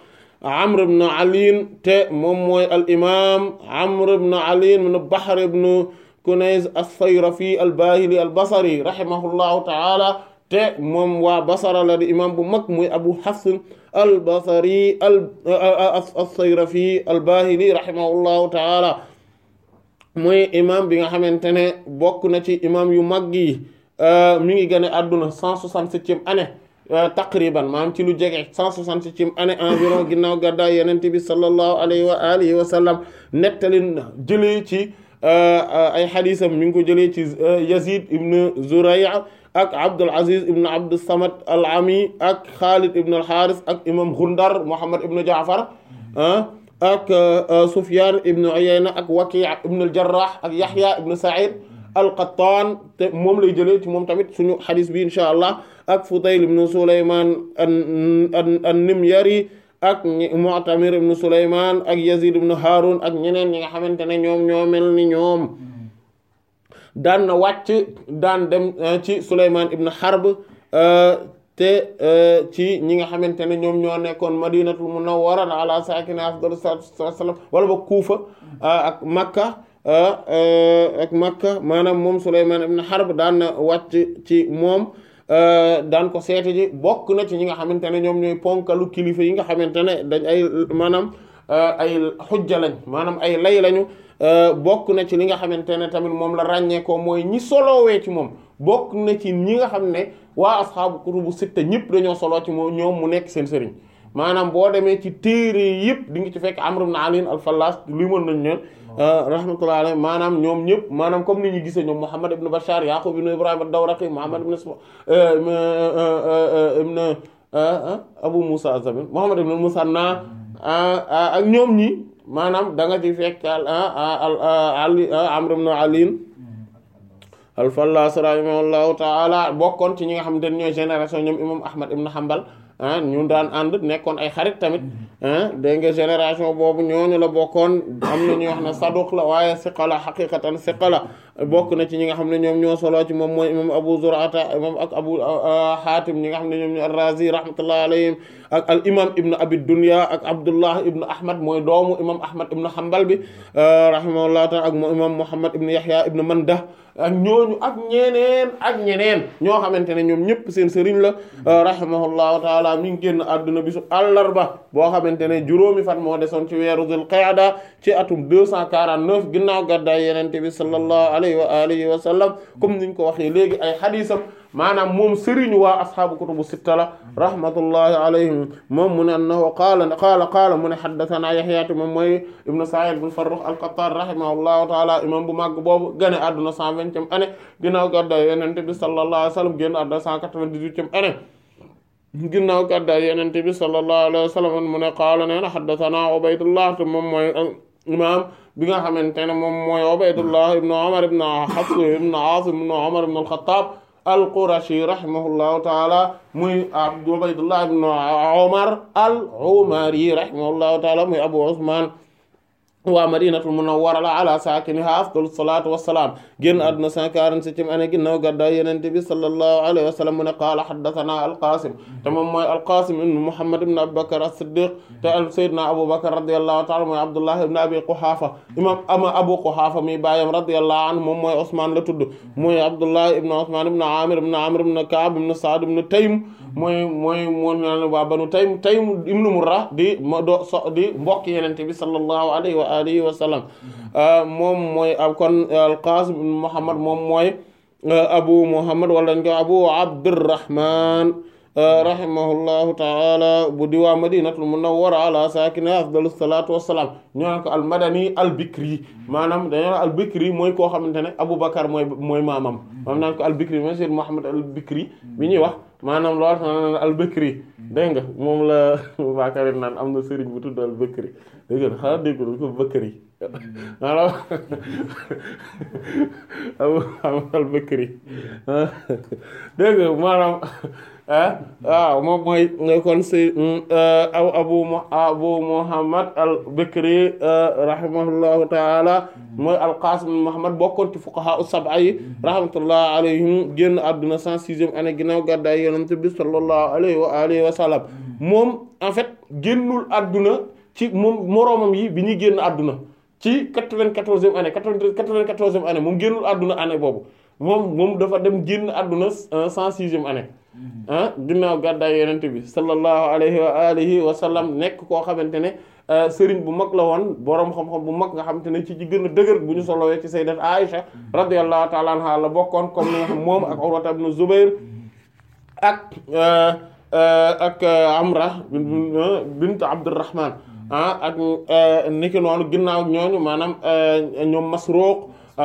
Speaker 3: Amr ibn Ali te moom mooy al imaam Amr ibn Ali ibn Bahr ibn Kunayz as-Sayrafi al-Bahili al-Basri rahimahullahu ta'ala te moom waa Basra la di bu mag muy Abu Hafs al-Basri as-Sayrafi al-Bahili rahimahullahu ta'ala muy imaam bi nga xamante ne bokk na ci imaam yu mag yi mi ngi gane àdduna 167e année Euh, taqriban maanaam ci lu jege 160 ci année environ ginnaaw gàddaay yenente bi sallallahu alayhi wa alihi wa sallam nettali jëlee ci euh, euh, ay xadiisam mi ngi ko jëlee ci Yazid ibn Zuray' ak Abdul Aziz ibn Abdus Samad al-Ami ak Khalid ibn al-Haris ak imam Gundar Muhammad ibn Jaafar ak Sufyan ibn Uyayna ak Waki' ibn al-Jarrah ak Yahya ibn Sa'id al-Qattan te moom lay jëlee ci moom tamit suñu xadiis bi insha allah ak Fudayl ibnu Sulaymaan an-Nimyari ak Mu'tamir ibnu Sulaymaan ak Yazid ibnu Haarun ak ñeneen ñi nga xamante ne ñoom ñoo mel ni ñoom daan na wàcc daan dem eh, ci Sulaymaan ibnu Harb eh, te eh, ci ñi nga xamante ne ñoom ñoo nekkoon madinatul munawwara ala saakina afdalu salaatu wassalaam wala ba kuufa ak makka ak maanaam moom Sulaymaan ibn Harb daan na wàcc ci moom Euh, daan ko seeti ji bokk na ci ñi nga xamante ne ñoom ñooy ponkalu kilifa yi nga xamante ne dañ ay maanaam euh, ay xujja maanaam ay lay lañu euh, bokk na ci li nga xamante ne tamit moom la ràññeekoo mooy ñi solowee ci moom bokk na ci ñi nga xam ne waa asxaabu kutubu sitta ñëpp dañoo soloo ci moom ñoom mu nekk seen sëriñ maanaam boo demee ci téere yëpp di nga ci fekk Amr naa Ali al-Fallas li mën nañ ñoon Ah, rahmatullahi alayhi maanaam ñoom ñëpp maanaam comme ni ñu gisee ñoom Muhammad ibn Bashar Yaqub ibn Ibrahim ad-Dawraqi Muhammad ibn Isma eh, eh, eh, ah, ah, Musa az ñoom ñi maanaam da nga ci fekk al ali Amr ibn Ali al-Fallas rahimahullahu ta'ala bokkoon ci ñi nga xam ne ñooy génération ñoom imam Ahmad ibn Hanbal ah ñu daan ànd nekkoon ay xarit tamit ah dégg nga génération boobu ñooñu la bokkoon am na ñuy wax saduq la waaye siqala xaqiqatan siqala bokk na ci ñi nga xam ne ñoom ñoo solo ci moom mooy imam abu zurata ak abu xaatim ah, ñi nga xam ne ñoom ñu arrazi rahmatullah alayhim ak al imam ibnu abi dunya ak abdullah ibnu ahmad mooy doomu imam ahmad ibnu hanbal bi ah, rahimahullah taala ak imam muhammad ibnu yahya ibnu mandah ak ñooñu ak ñeneen ak ñeneen ñoo xamante ne ñoom ñëpp seen sëriñ la euh, rahimahullahu taala mi ngi génn àdduna bisu àllarba boo xamante ne juróomi fan moo desoon ci weeru Dul Qaada ci atum 249 ginnaaw gàddaay yenente bi sallallahu alayhi wa alihi wa sallam comme niñ ko waxee léegi ay xadiisam maanaam moom sëriñu waa asxaabu kutubu sitta la rahmatullahi alayhim moom mu ne annahu qaala qaala qaala mu ne xaddasanaa yaxyaati moom mooy ibnu said bne farrux alqattaan rahimahullahu taala imam bu màgg boobu gane àdduna saa vingtième année ginnaaw gàddaay yenente bi sallallahu alayhi wa sallam génn àdduna cent ginnaaw gàddaay yenente bi sallallahu alayhi wa sallam mu ne qaala nee na xaddasanaa ubaydullah te moom mooy imaam bi nga xamante ne moom mooy ubaydullah ibnu omar ibnu xafs ibnu aasim ibnu omar al-Qurashi rahimahullahu taala muy Ubaydullah ibn Umar al-Umari rahimahullahu taala muy Abu Usman waa madinatul munawwara la ala saakiniha afdalu salaatu wassalaam génn àdduna 147e année ginnaaw gàddaay yonent bi sallallahu alayhi qaala haddathana alqaasim te moom mooy alqaasim ibn muhammad ibn abubakar siddiq te sayyidina abubakar radiyallahu ta'ala mooy abdullah ibn abi quhafa mi baayam radiyallahu anhu moom mooy osman la tudd mooy amir ibn amr ibn ka'b ibn sa'd mooy mooy moom ñaan waa banu Taym Taym ibnu Murra di ma do so di mbokk yenente bi sallallahu alayhi wa alihi wa sallam mm-hmm. euh, moom mooy euh, kon euh, al-Qasim ibn Muhammad moom mooy abu Muhammad wala ñu koy abu Abdurrahman mm-hmm. rahimahullahu taala bu di waa madinatul munawwara ala saakina afdalu salaatu wassalaam ñu naan ko almadani albikri mm-hmm. maanaam dañoo ne albikri mooy koo xamante ne aboubacar mooy mooy maamam maam naan ko albikri monsieur Mouhamed albikri bi ñuy wax maanaam lool na albëkri dégg nga moom la baakarit naan am na sëriñ bu tudd albëkri dégg nga xanaa dégg nga ko bëkri maanaam am albëkri mm. dégg nga maanaam Eh? ah waaw moom mooy kon si mm, eh, aw abu abu muhammad al bikri eh, rahimahullahu taala mooy al qasim muhammad bokkoon ci fuqaha as-sab'a yi rahmatullah alayhim génn àdduna cent sixième année ginnaaw gàddaay yonent bi sallallahu alayhi wa alihi wa sallam moom en fait génnul àdduna ci moom moroomam yi bi ñuy génn àdduna ci quatre-vingt-quatorzième année quatre-vingt-quatorzième année moom génnul àdduna année boobu moom moom dafa dem génn àdduna cent sixième année ah ginnaaw gàddaay yonent bi sallallahu alayhi wa alihi wa sallam nekk koo xamante ne ah, sëriñ bu mag la woon boroom xam-xam bu mag nga xamante ne ci ci gën a dëgër bu ñu solowee ci sayyidat Aisha radiyallahu ta'ala anha la bokkoon comme ni nga xam moom ak Urwata ak ah, ah, ak ginnaaw ñooñu maanaam ñoom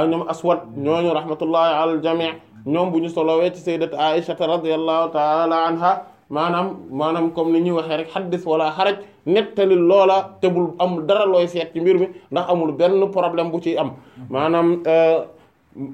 Speaker 3: ñoom Aswad ñooñu rahmatullahi ñoom bu ñu solowee ci sayyidat Aisha radiyallahu taala anha maanaam maanaam comme ni ñuy waxee rek xaddis wala xaraj nettali loola te bul amul dara looy seet ci mbir mi ndax amul benn problème bu ciy am maanaam euh,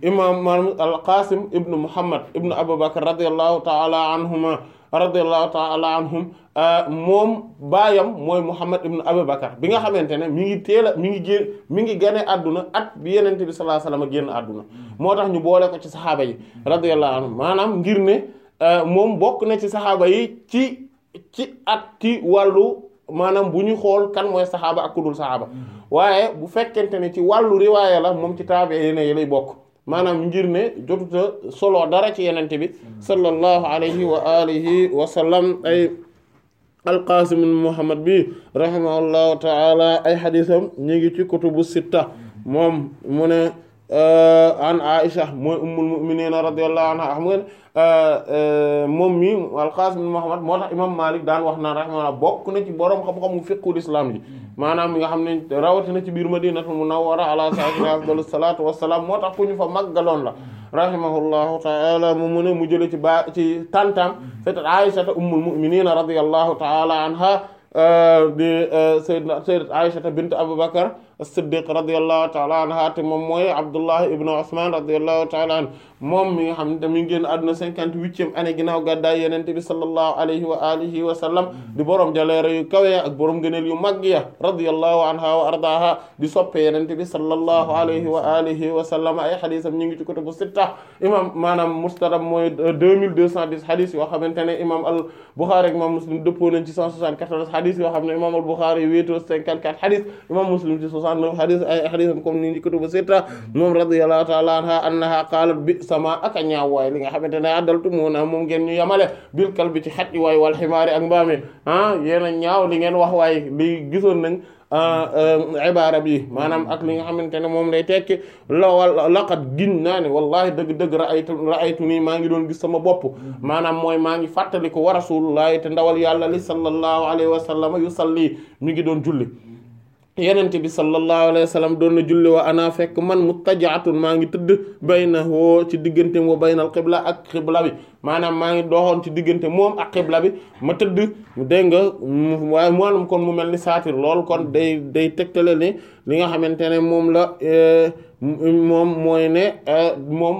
Speaker 3: imam maanaam al qasim ibnu muhammad ibnu abubakar radiallahu taala anhuma radiyallahu taala anhum euh, moom baayam mooy Muhammad ibn Abubakar bi nga xamante ne mi ngi teel a mi ngi génn mi ngi gane àdduna at bi yenente bi sallallahu alayhi a génn àdduna moo tax ñu boole ko ci saxaaba yi radiyallahu anhum maanaam ngir ne euh, moom bokk na ci saxaaba yi ci ci at ci wàllu maanaam bu ñuy xool kan mooy saxaaba ak kudul saxaaba mm-hmm. waaye bu fekkente ne ci wàllu riwaaya la moom ci taabe yi lay bokk maanaam ngir ne jotuta solo dara ci yenente bi sallallahu alayhi wa alihi wa sallam ay alqaasim muhammad bi rahimahullahu taala ay xadisam ñi ngi ci kutubu sitta moom mu ne Euh, an Aisha mooy ummul mu'minina radiyallahu anha xam ngeen euh, euh, moom mi al-Qasim bin Muhammad moo tax imam Malik daan wax naan rahimahullah bokk na ci borom xam-xamu fiqhul islam ji maanaam mi nga xam ne rawatina ci biir Madinatul Munawwara ala saakina afdalu salaatu wassalaam moo tax ku ñu fa màggaloon la rahimahullahu taala mu mu ne mu jële ci baa ci tantam c'est Aisha ummul mu'minina radiyallahu taala anha di sayyidat Aisha bint Abubakar as-Siddiq radiyallahu taala anha te moom mooy Abdullah ibn Usman radiyallahu taala moom mi nga xam ne mi ngi génn àdduna cinquante-huitième année ginnaaw gàddaay yenente bi sallallahu alayhi wa di borom jaleere yu kawe ak borom yu màgg ya radiyallahu anha di soppe yenente sallallahu alayhi wa ay xadisam ñu ngi sitta imam maanaam mustadrak mooy deux mille deux imam al Bukhari Muslim dëppoo nañ ci cent soixante-quatorze xadis xam ne imam al Bukhari wéetoo cinquante-quatre 69 hadis ay hadisan comme ni njëkkatuba sitta moom radiyallahu ta'ala anha annaha qalat bi sama ak a ñaaw waay li nga xamante ne addaltu na moom ngeen ñu yamale bil kal bi ci xaj yi waay wal ximaari ak mbaami ah yéen a ñaaw li ngeen wax waay li gisoon nañ ah, ah, ibaara bi maanaam ak li nga xamante ne moom lay tekki lawal laqad gin naa ne wallahi dëgg-dëgg raaytu raaytu nii maa ngi doon gis sama bopp maanaam mooy maa ngi fàttali ko wa rasulullahi te ndawal yàlla li sallallahu alayhi wa sallam yusalli mi ngi doon julli yenente bi sallallahu alayhi wa sallam doon na julli wa ana fekk man muttajaatun maa ngi tëdd bayna woo ci diggante wa baynal xibla ak xibla bi maanaam maa ngi doxoon ci diggante moom ak xibla bi ma tëdd dégg nga waaye maanaam kon mu mel ni saatir lool kon day day tegtale ni li nga xamante ne moom la eh, moom mooy ne eh, moom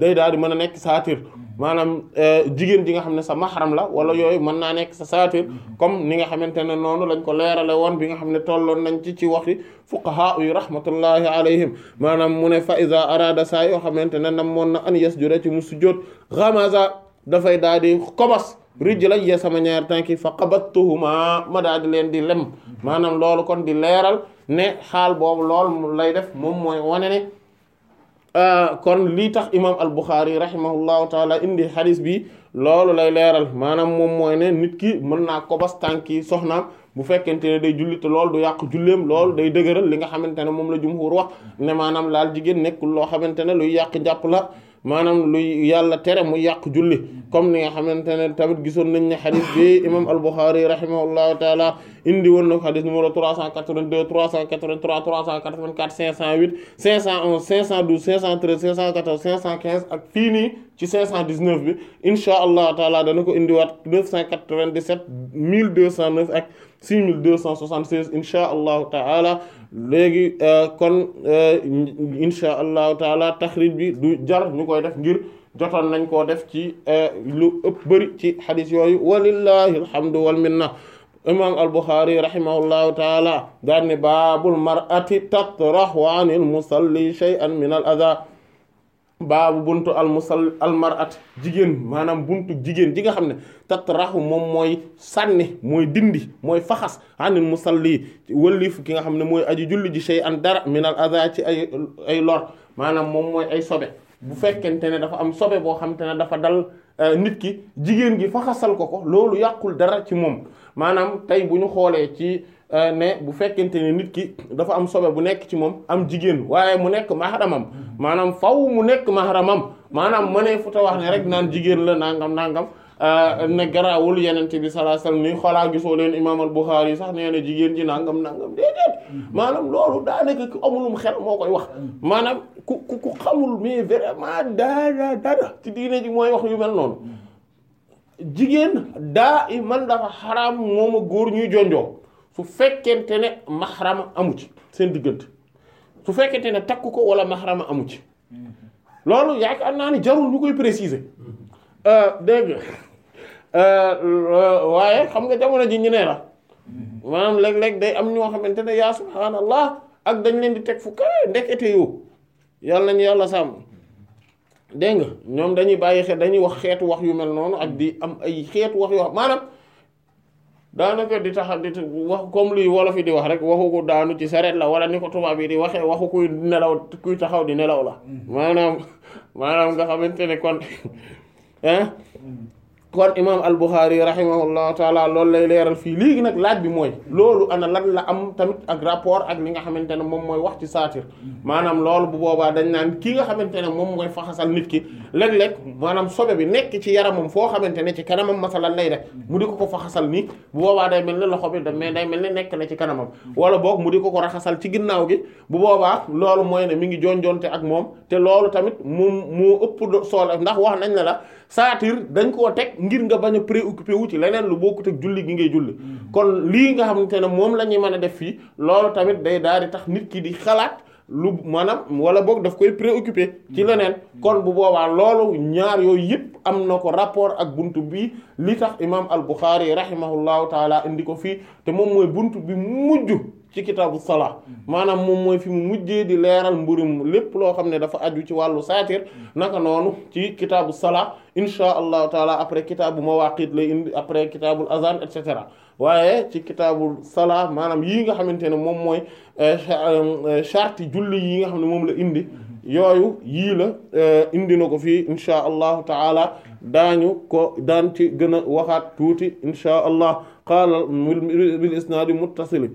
Speaker 3: day daal di mën a nekk saatir maanaam euh, jigéen ji nga xam ne sa maxaram la wala yooyu mën naa nekk sa saatir comme ni nga xamante ne noonu lañ ko leerale woon bi nga xam ne tolloon nañ ci ci waxi fuqaha yu rahmatullahi alayhim maanaam mu ne fa iza arada saa yoo xamante ne nam moon na an yasjuda ci mu sujjóot sa dafay daal di kobas rijj lañ yee sama ñaari tànki fa qabattuhuma ma daal di leen di lem maanaam loolu kon di leeral ne xaal boobu lool lay def moom mooy wane Euh, kon lii tax imam al Buxaari rahimahullahu taala indi xalis bi loolu lay leeral maanaam moom mooy ne nit ki mën naa kobas tànki soxnaam bu fekkente ne day julli lool du yàq julleem loolu day dëgëral li nga xamante ne moom la jumhur wax ne maanaam laal jigéen nekkul loo xamante ne luy yàq njàpp la maanaam lu yàlla tere mu yàq julli comme ni nga xamante ne tamit gisoon nañ ne xadis bi imam al-Bukhari rahimahullahu taala indi woon na xadis numéro 382 383 384 508 511 512 513 514 515 ak fii nii ci 519 bi insha allah taala dana ko indiwaat 997 1209 ak 6276 insha allahu taala léegi euh, kon euh, insha allahu taala taxrij bi du jar ñu koy def ngir jotoon nañ koo def ci euh, lu ëpp bëri ci xadis yooyu walillahi alhamdu wal minna imam al rahimahullahu taala daanne baabul mar'ati tatrahu anil musalli shay'an min al baabu buntu almusal almarat jigéen maanaam buntu jigéen ji nga xam ne tatraxu moom mooy sànni mooy dindi mooy faxas anil musalli wëllif ki nga xam ne mooy aji julli ji shay an dara minal aza ci ay ay maanaam moom mooy ay sobe bu fekkente ne dafa am sobe boo xam te ne dafa dal euh, nit ki jigéen gi faxasal ko ko loolu yàqul dara ci moom maanaam tey bu ñu xoolee ci ne euh, bu fekkente ne nit ki dafa am sobe bu nekk ci moom am jigéen waaye mu nekk mahramam maanaam faw mu nekk mahramam maanaam mënee fu ta wax ne rek naan jigéen la nangam nangam euh, ne garaawul yenente bi sallallahu alayhi wasallam ni xolaa gisoo leen imaam al-Bukhari sax nee na jigéen ji nangam nangam déedéet mm-hmm. maanaam loolu daa nekk ku amulum xel moo koy wax mm-hmm. maanaam ku ku ku xamul mais vraiment dara dara ci diine ji mooy wax yu mel noonu mm-hmm. jigéen daa i man dafa xaraam moom a góor ñuy jonjoo su fekkente ne maxarama amu ci seen diggante su fekkente ne takku ko wala maxarama amu ci loolu yaakaar naa ni jarul ñu koy préciser euh, dégg nga euh, waaye xam nga jamono ji ñu ne la maanaam léeg-léeg day am ñoo xamante ne yaa subhaanallah ak dañ leen di teg fu kawe ndekete yow yàlla nañu yàlla sàmm dégg nga ñoom dañuy bàyyi xel dañuy wax xeetu wax yu mel noonu ak di am ay xeetu wax yoo maanaam. daanaka di tax di wax comme luy wolof yi di wax rek waxu ko daanu ci sareet la wala ni ko tubaab yi di waxee waxu kuy nelaw kuy taxaw di nelaw la mm-hmm. maanaam maanaam nga xamante ne kon kon imaam al-Bukhari rahimahullahu taala loolu lay leeral fii léegi nag laaj bi mooy loolu ana lan la am tamit ak rapport ak li nga xamante ne moom mooy wax ci saatir maanaam loolu bu boobaa dañ naan ki nga xamante ne moom mooy faxasal nit ki léeg maanaam sobe bi nekk ci yaramam foo xamante ne ci kanamam masalan lay def mu di ko ko faxasal nii bu boobaa day mel ne loxo bi da mais day mel ne nekk na ci kanamam wala boog mu di ko ko raxasal ci ginnaaw gi bu boobaa loolu mooy ne mi ngi jonjonte ak moom te loolu tamit moom moo ëpp solo ndax wax nañ la la saatir dañ koo teg ngir nga bañ a préoccupé wu ci leneen lu bokkut ak julli gi ngay julli kon lii nga xamante ne moom la ñuy mën a def fii loolu tamit day daal di tax nit ki di xalaat lu maanaam wala boog daf koy préoccupé ci leneen kon bu boobaa loolu ñaar yooyu yëpp am na ko rapport ak bunt bi li tax imam al Bukhari rahimahullahu taala indi ko fii te moom mooy buntu bi mujj ci kitaabu salaa maanaam moom mooy fi mu mujjee di leeral mbirum lépp loo xam ne dafa aju ci wàllu saatir naka noonu ci kitaabu salaa insha allahu taala après kitaabu mawaqit lay indi après kitaabul azan et cetera waaye ci kitaabul salaa maanaam yii nga xamante ne moom mooy eh, eh, charti julli yi nga xam ne moom la indi yooyu yii la eh, indi na ko fii insha allahu taala daañu ko daan ci gën a waxaat tuuti insha allah qaala bil isnaadi muttasili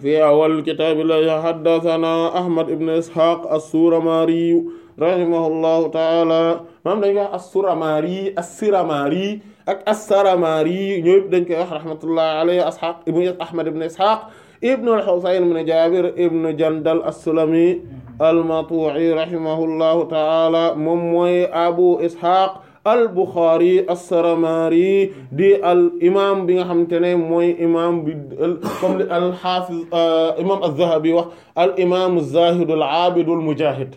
Speaker 3: fi awal kitaabi la haddathana ahmad ibn ishaq as-suramari rahimahullahu taala maam dañ koy wax as-suramari as-siramari ak as-saramari ñooy dañ koy wax rahmatullahi alayhi ishaq ibn ahmad ibn ishaq ibn al-husayn ibn jabir ibn jandal as-sulami al-matu'i rahimahullahu taala moom mooy abu ishaq al-Bukhari as-Saramari di al imam bi nga xamante ne mooy imam bi comme li al-Hafiz euh, imam az-Zahabi wax al imam az-Zahid al-Abid al-Mujahid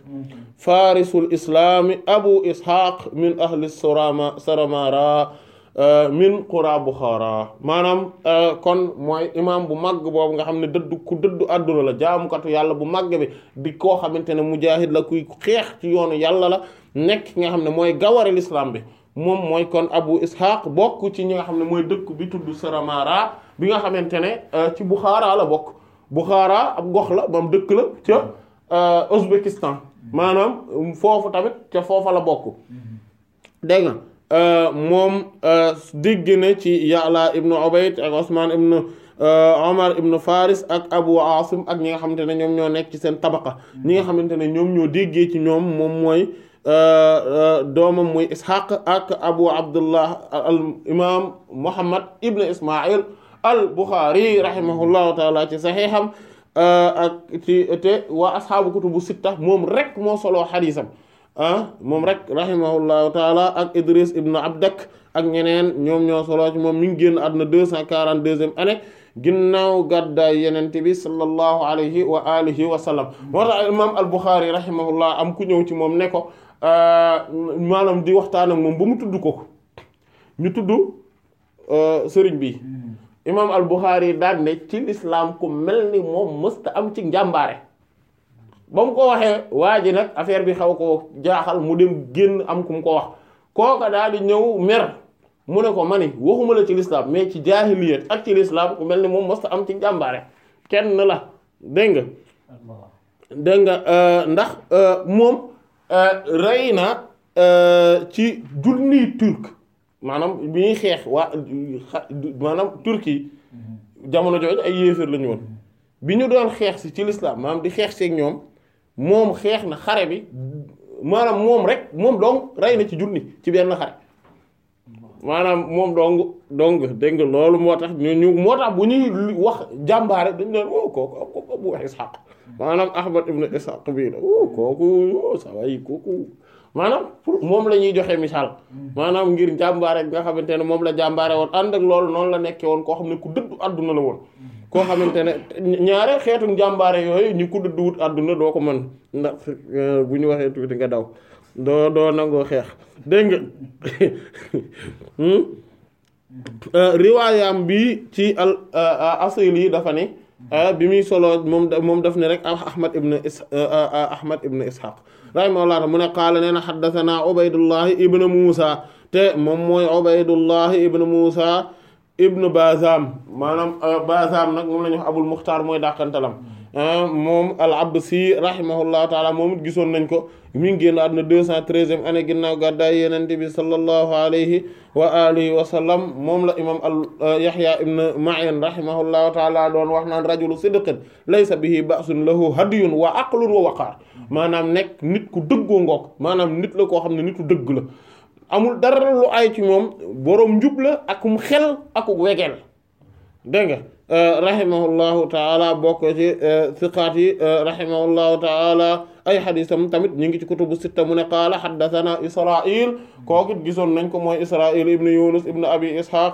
Speaker 3: farisul islami Abu Ishaq min ahli as-Saramara Euh, min qura Buxaara maanaam euh, kon mooy imaam bu màgg boobu nga xam ne dëddu ku dëddu àdduna la jaamukatu yàlla bu màgg bi bi koo xamante ne mujaahid la kuy xeex ci yoonu yàlla la nekk nga xam ne mooy gawari lislaam bi moom mooy kon Abu Ishaq bokk ci ñi nga xam ne mooy dëkk bi tudd Saramara bi nga xamante ne euh, ci Buxaara la bokk Buxaara ab gox la moom dëkk la ca Ouzbékistan maanaam foofu tamit ca foofa la bokk mm-hmm. dégg nga Euh, moom euh, dégg na ci Ya'la ibnu Ubayd ak Osman ibnu euh, Omar ibnu ak Abu Asim ak ñi nga xamante ne ñoom ñoo nekk ci seen tabaqa ñi nga xamante ne ñoom ñoo déggee ci ñoom moom mooy doomam muy Ishaq ak Abu Abdullah al imaam Muhammad ibnu Ismail al Bukhari rahimahullahu taala ci saxiixam ak ci te waa kutubu sitta moom rek moo soloo xadiisam ah moom rek rahimahullahu taala ak Idris ibn Abdak ak ñeneen ñoom ñoo solo ci moom mi génn àdduna deux cent quarante deuxième année ginnaaw gàddaay yenente bi sallallahu alayhi wa alihi wa sallam moo tax imam al-Bukhari am ku ñëw ci moom ne ko ah, maanaam di waxtaan ak moom ba mu tudd ko ñu tudd euh, sëriñ bi hmm. imam al-Bukhari daan ne ci lislaam ku mel ni moom mësta am ci njàmbaare ba mu ko waxee waa ji nag affaire bi xaw ko jaaxal mu dem génn am ku mu ko wax kooka daal di ñëw mer mu ne ko mani waxuma la ci lislaam mais ci jaahiliyat ak ci lislaam ku mel ni moom mosta am ci jàmbaare kenn la dégg nga dégg nga euh, ndax euh, moom euh, rey na ci junniy turc maanaam xeex waa maanaam turki mhm. jamono jooju ay yéeféer la ñu woon mhm. bi ñu doon xeex si ci lislaam maanaam di xeex seek ñoom moom xeex na xare bi maanaam moom rek moom dong rey na ci junni ci benn xare maanaam moom dong dong dégg nga loolu moo tax ñu ñu moo tax bu ñuy wax jàmbaare dañ leen o kooku abu maanaam ahmad ibn ishaq la o kooku saway kooku maanaam pour moom la ñuy joxe misaal maanaam ngir jàmbaare bi nga xamante ne moom la jàmbaare woon ànd ak loolu noonu la nekkee woon koo xam ne ku dëddu àdduna la woon koo xamante ne ñaare xeetu njàmbaare yooyu ñu ko du àdduna doo ko mën ndax euh, bu ñu waxee tuuti nga daw doo doo nangoo xeex dégg nga hmm? euh, riwaayam bi ci al euh, asil yi dafa ne bi muy solo moom moom daf ne rek ah, ahmad ibn is ahmad ibn ishaq rahimahullah mu ne qaala nee na xaddathana ubaydullahi ibn muusa te moom mooy ubaydullahi ibn muusa ibnu Bazam maanaam euh, Bazam nag moom la ñuy Abul Muxtaar mooy dàqantalam euh, moom al-Absi rahimahullahu taala moom it gisoon nañ ko mi ngi génn àdduna deux cent treizième année ginnaaw gàddaay Yonent bi sallallahu alayhi wa alihi wa sallam moom la imam al euh, Yahya ibn Ma'in rahimahullahu taala doon wax naan rajulu sidqin laysa bihi ba'sun lahu hadiyun wa aqlun wa waqaar maanaam nekk nit ku dëggoo ngoog maanaam nit la koo xam ne nitu dëgg la amul dara lu ay ci moom borom njub la akum xel akuk wegeel dégg nga euh, rahimahullahu taala bokk ci siqaat euh, yi euh, rahimahullahu taala ay xadisam tamit ñu ngi ci kutubu sitta mu ne qaala xaddasana israil kooku gisoon nañ ko mooy israil ibnu yunus ibnu abi ishaq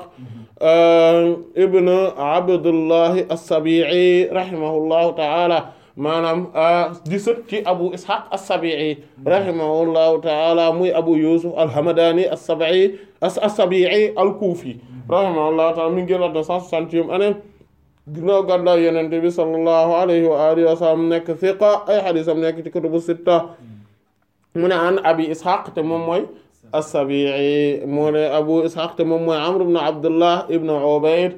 Speaker 3: ibnu abdullahi assabii rahimahullahu taala maanaam ah, di sët ci abu ishaq as-sabi'i rahimahullahu taala muy abu yusuf al-hamadani as-sabi'i as-sabi'i al-kufi rahimahullahu taala mi ngi génn àdduna cent soixantième année ginnaaw gàddaay yonent bi sallallahu alayhi wa alihi wa mu nekk thiqa ay xadisam nekk ci kutubu sitta mu ne an abi ishaq te moom mooy as-sabi'i mu ne abu ishaq moom mooy amr ibn abdullah ibn ubayd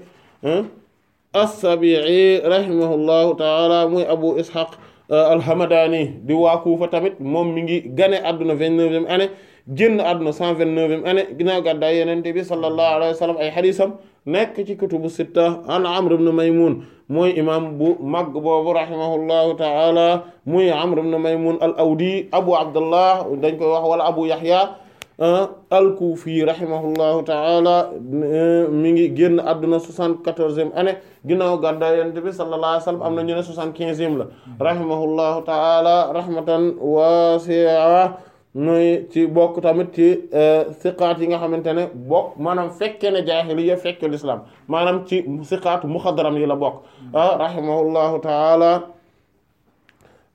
Speaker 3: as-Sabi'i rahimahullahu taala muy Abu Ishaq euh, al-Hamadani di waa Kufa tamit moom mi ngi gane àdduna vingt-neuvième année génn àdduna cent vingt-neuvième année ginnaaw gàddaay Yonent bi sallallahu alayhi wa ay xadiisam nekk ci kutubu sitta an Amr ibn Maymun mooy imam bu mag boobu rahimahullahu taala muy Amr ibn Maymun al-Awdi Abu Abdullah dañ koy wax wala Abu Yahya Ah, al-Kufi rahimahullahu ta'ala eh, mi ngi génn àdduna soixante-quatorzième année ginnaw gàddaay Yonent bi sallallahu alayhi wa sallam am na ñu ne soixante-quinzième la rahimahullahu ta'ala rahmatan wasi'a muy ci bokk tamit ci eh, siqaat yi nga xamante ne bokk maanaam fekke ne jaahiliya fekke lislaam maanaam ci siqaat muxadaram yi la bokk ah, rahimahullahu ta'ala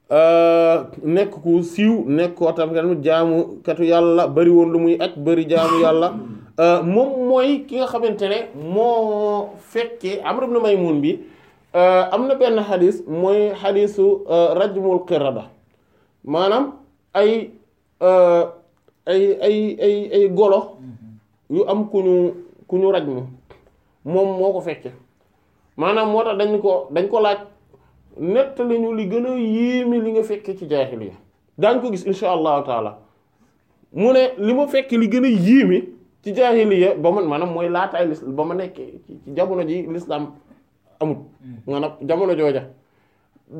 Speaker 3: Euh, nekk ku siiw nekk koo tam jaamu katu yàlla bari woon lu muy ak bari jaamu yàlla euh, moom mooy ki nga xamante ne moo fekkee Amr ibn Maymun bi euh, am na benn xadis mooy xadisu rajmul qirada maanaam ay ay ay ay ay golo yu am ku ñu ku ñu rajmu moom moo ko fekke maanaam moo tax dañ ko dañ ko laaj nettali ñu li gën a yéeme li nga fekkee ci jaahiliya daañ ko gis insha allahu taala mu ne li ma fekk li gën a yéeme ci jaahiliya ba ma maanaam mooy laataay lis ba ma nekkee ci jamono ji lislaam amut hmm. maanaam jamono jooja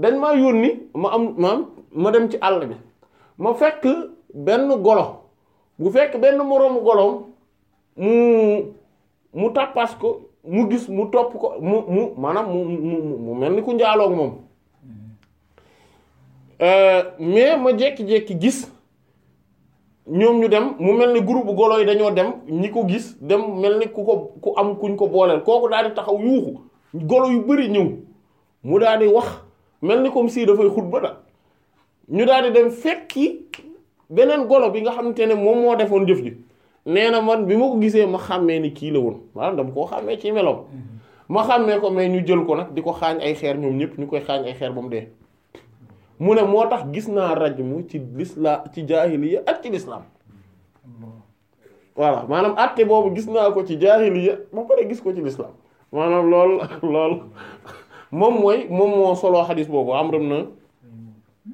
Speaker 3: dañ maa yónni ma am maam ma dem ci àll bi ma fekk benn golo bu fekk benn moroomu goloom mu mu tàppas ko mu gis mu topp ko mu mu maanaam mu mu mu mel ni ku njaaloog moom Euh, mais ma jékki-jékki gis ñoom ñu dem mu mel ni groupe golo yi dañoo dem ñi ko gis dem mel ni ku ko ku am kuñ ko booleel kooku daal di taxaw yuuxu golo yu bari ñëw mu daal di wax mel ni comme si dafay xutba da ñu daal di dem fekki beneen golo bi nga xamante ne moom moo defoon jëf ji nee na man bi ma ko gisee ma xàmmee ni kii la woon maanaam dama koo xàmmee ci meloom mhm. ma xàmmee ko mais ñu jël ko nag di ko xaañ ay xeer ñoom ñëpp ñu koy xaañ ay xeer ba mu dee mu ne moo tax gis naa rajmu ci lisla ci jaahiliya ak ci lislaam voilà maanaam àtte boobu gis naa ko ci jaahiliya bu pare gis ko ci lislaam maanaam lool lool moom mooy moom moo soloo xadis boobu na ibn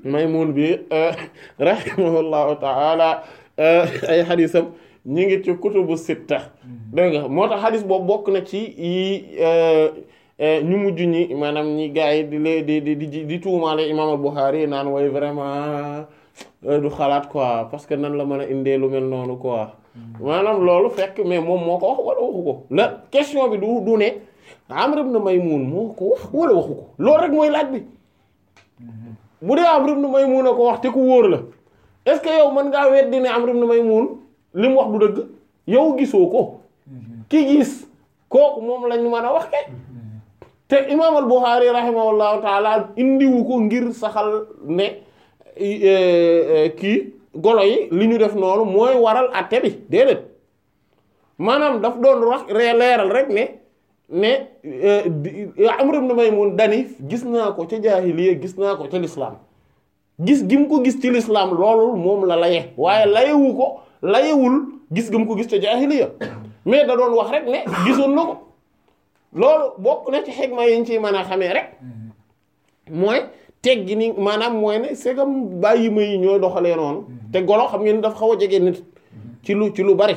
Speaker 3: Maymun bi euh, rahimahullahu taala euh, ay xadisam ñi ngi ci kutubu sitta dégg nga moo tax xadis boobu bokk na ci yi euh, E, ñu mujj ñi maanaam ñi gars yi di lee di di di di tuumaale imaam al Buxaari naan way vraiment euh, du xalaat quoi parce que nan la mën a indee lu mel noonu quoi mm. maanaam loolu fekk mais moom moo ko wax wala waxu ko la question bi du du ne Amr ibn Maymun moo ko wala waxu ko loolu rek mooy laaj bi mm-hmm. bu dee Amr ibn Maymun a ko wax te wóor la est-ce que yow mën ngaa weddi ne Amr ibn Maymun li mu wax du dëgg yow gisoo ko mm-hmm. ki gis kooku moom lañ mën a wax ke te imaam al Buxaari rahimahullahu taala indiwu ko ngir saxal ne e, e, kii golo yi li ñu def noonu mooy waral atte bi déedéet maanaam daf doon wax leeral rek ne mais e, Amr ibn Maymun dani gis naa ko ca jaahiliya gis naa ko ca lislaam gis gi ko gis ci lislaam loolu moom la laye waaye layewu ko layewul gis gi ko gis ca jaahiliya mais da doon wax rek ne gisoon na ko loolu bokk na ci xegma yi ñu ciy man a xamee rek mooy teggi ni maanaam mooy ne segam bàyyi ma yi ñooy doxalee noonu te golo xam ngeen daf xaw a jege nit ci lu ci lu bari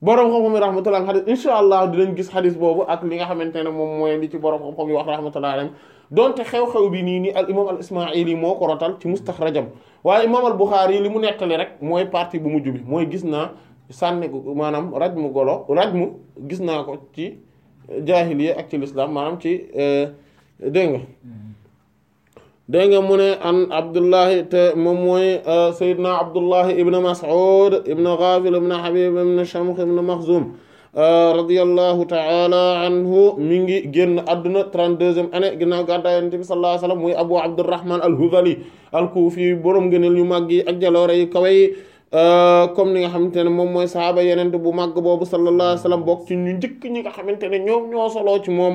Speaker 3: borom xam-xam yi rahmatullah allah dinañ gis xadis boobu ak li xamante ne moom mooy li ci borom xam-xam yi wax rahmatullah alayhi donte xew-xew bi nii nii al imam al ismaili moo ko rotal ci mustaxrajam waaye imam al buxaari li mu nettali rek mooy partie bu mujj bi mooy gis naa sànni maanaam raj mu golo raj mu gis naa ko ci jaahiliya ak ci lislaam maanaam ci e, dégg nga nga mu ne an abdullahi te moom mooy e, sayyidna abdullahi ibn mas'ud ibn ghafil ibn habib ibn shamkh ibn makhzum e, radiyallahu taala anhu mi ngi génn àdduna trente-deuxième année ginnaaw gàddaay Yonent bi sallallahu alayhi wa muy abu abdurrahman al-hudhali al-kufi borom gëneel ñu màgg ak jaloore yi kawe Euh, comme ni nga xamante ne moom mooy yeneen yenente bu màgg boobu sallallahu alayhi wa sallam bokk ci ñu njëkk ñi nga xamante ne ñoom ñoo soloo ci moom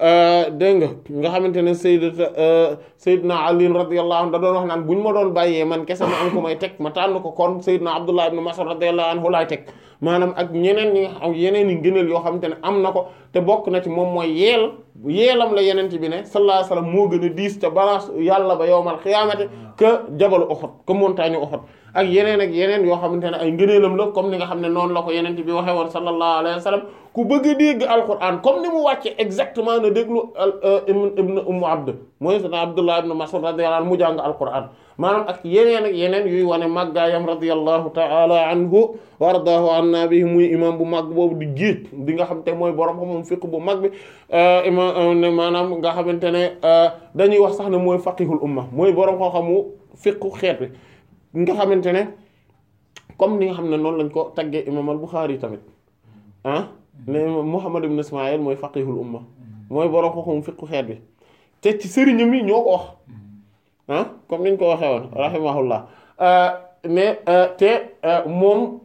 Speaker 3: euh, dégg nga nga xamante ne sayyidata euh, na Ali radiyallahu anhu da doon wax naan ñu ma doon bàyyee man kese ma am ko may teg ma tànn ko kon seyd sayyidna Abdullah ibn Mas'ud radiyallahu anhu laay teg maanaam ak ñeneen ñi nga yeneen yi ngëneel yoo xamante ne am na ko te bokk na ci moom mooy yeel yeelam la yenent bi ne sallallahu alayhi wasallam moo gën a diis te balance yàlla ba yowmal xiyaamate que jabalu Uhud que montagne Uhud ak yeneen ak yeneen yoo xamante ne ay ngëneelam la comme ni nga xam ne noon la ko yenent bi waxee woon sallallahu alayhi wasallam ku bëgg a dégg alquran comme ni mu wàcce exactement na déglu euh, ibn ibn Umm Abd mooy sana Abdullah ibn Mas'ud radiyallahu anhu mu jàng al alquran maanaam ak yeneen ak yeneen yuy wane màggaayam radiyallahu ta'ala anhu wa ardaahu anna bi muy imam bu mag boobu di jiit di nga xam te mooy borom xam moom fiq bu mag eh, eh, maanaam nga xamante ne eh, dañuy wax sax ne mooy faqihul mooy borom koo xamu fiqu xeet bi nga xamante ne comme ni nga xam ne noonu lañ ko taggee imam al Bukhari tamit ah ne Muhammad ibn Ismaïl mooy faqihul umma mooy borom koo xamu fiqu xeet bi te ci sëriñam yi ñoo wax ah comme niñ ko waxee woon rahimahullah euh, mais euh, te euh, moom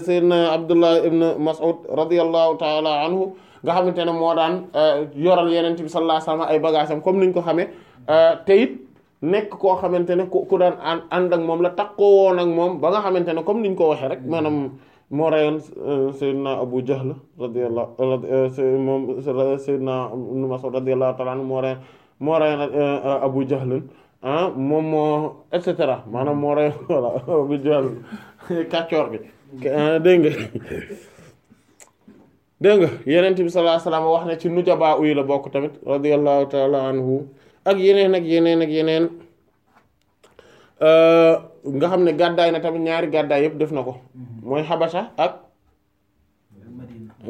Speaker 3: Seydina Abdullah ibn Mas'ud radiyallahu taala anhu nga xamante ne moo daan yoral yeneen bi sallallahu ay bagages am comme niñ ko xamee te it nekk koo xamante ne ku ku daan ànd ak moom la takkoo woon ak moom ba nga xamante ne comme niñ ko waxee rek maanaam moo reyoon Seydina Abu Jahl radiyallahu moom Seydina ibn Mas'ud radiyallahu taala anhu moo reyoon moo reyoon euh, euh, Abu Jahl ah, moom moo et cetera maanaam moo reyoon voilà Abu bi ah, dégg nga dégg nga yeneen bi sallallahu alayhi wasallam wax ne ci nujabaa uy la bokk tamit radiyallahu taala anhu ak yeneen ak yeneen ak yeneen euh, nga xam ne gàddaay na tamit ñaari gàddaay yëpp def na ko mooy xabasa ak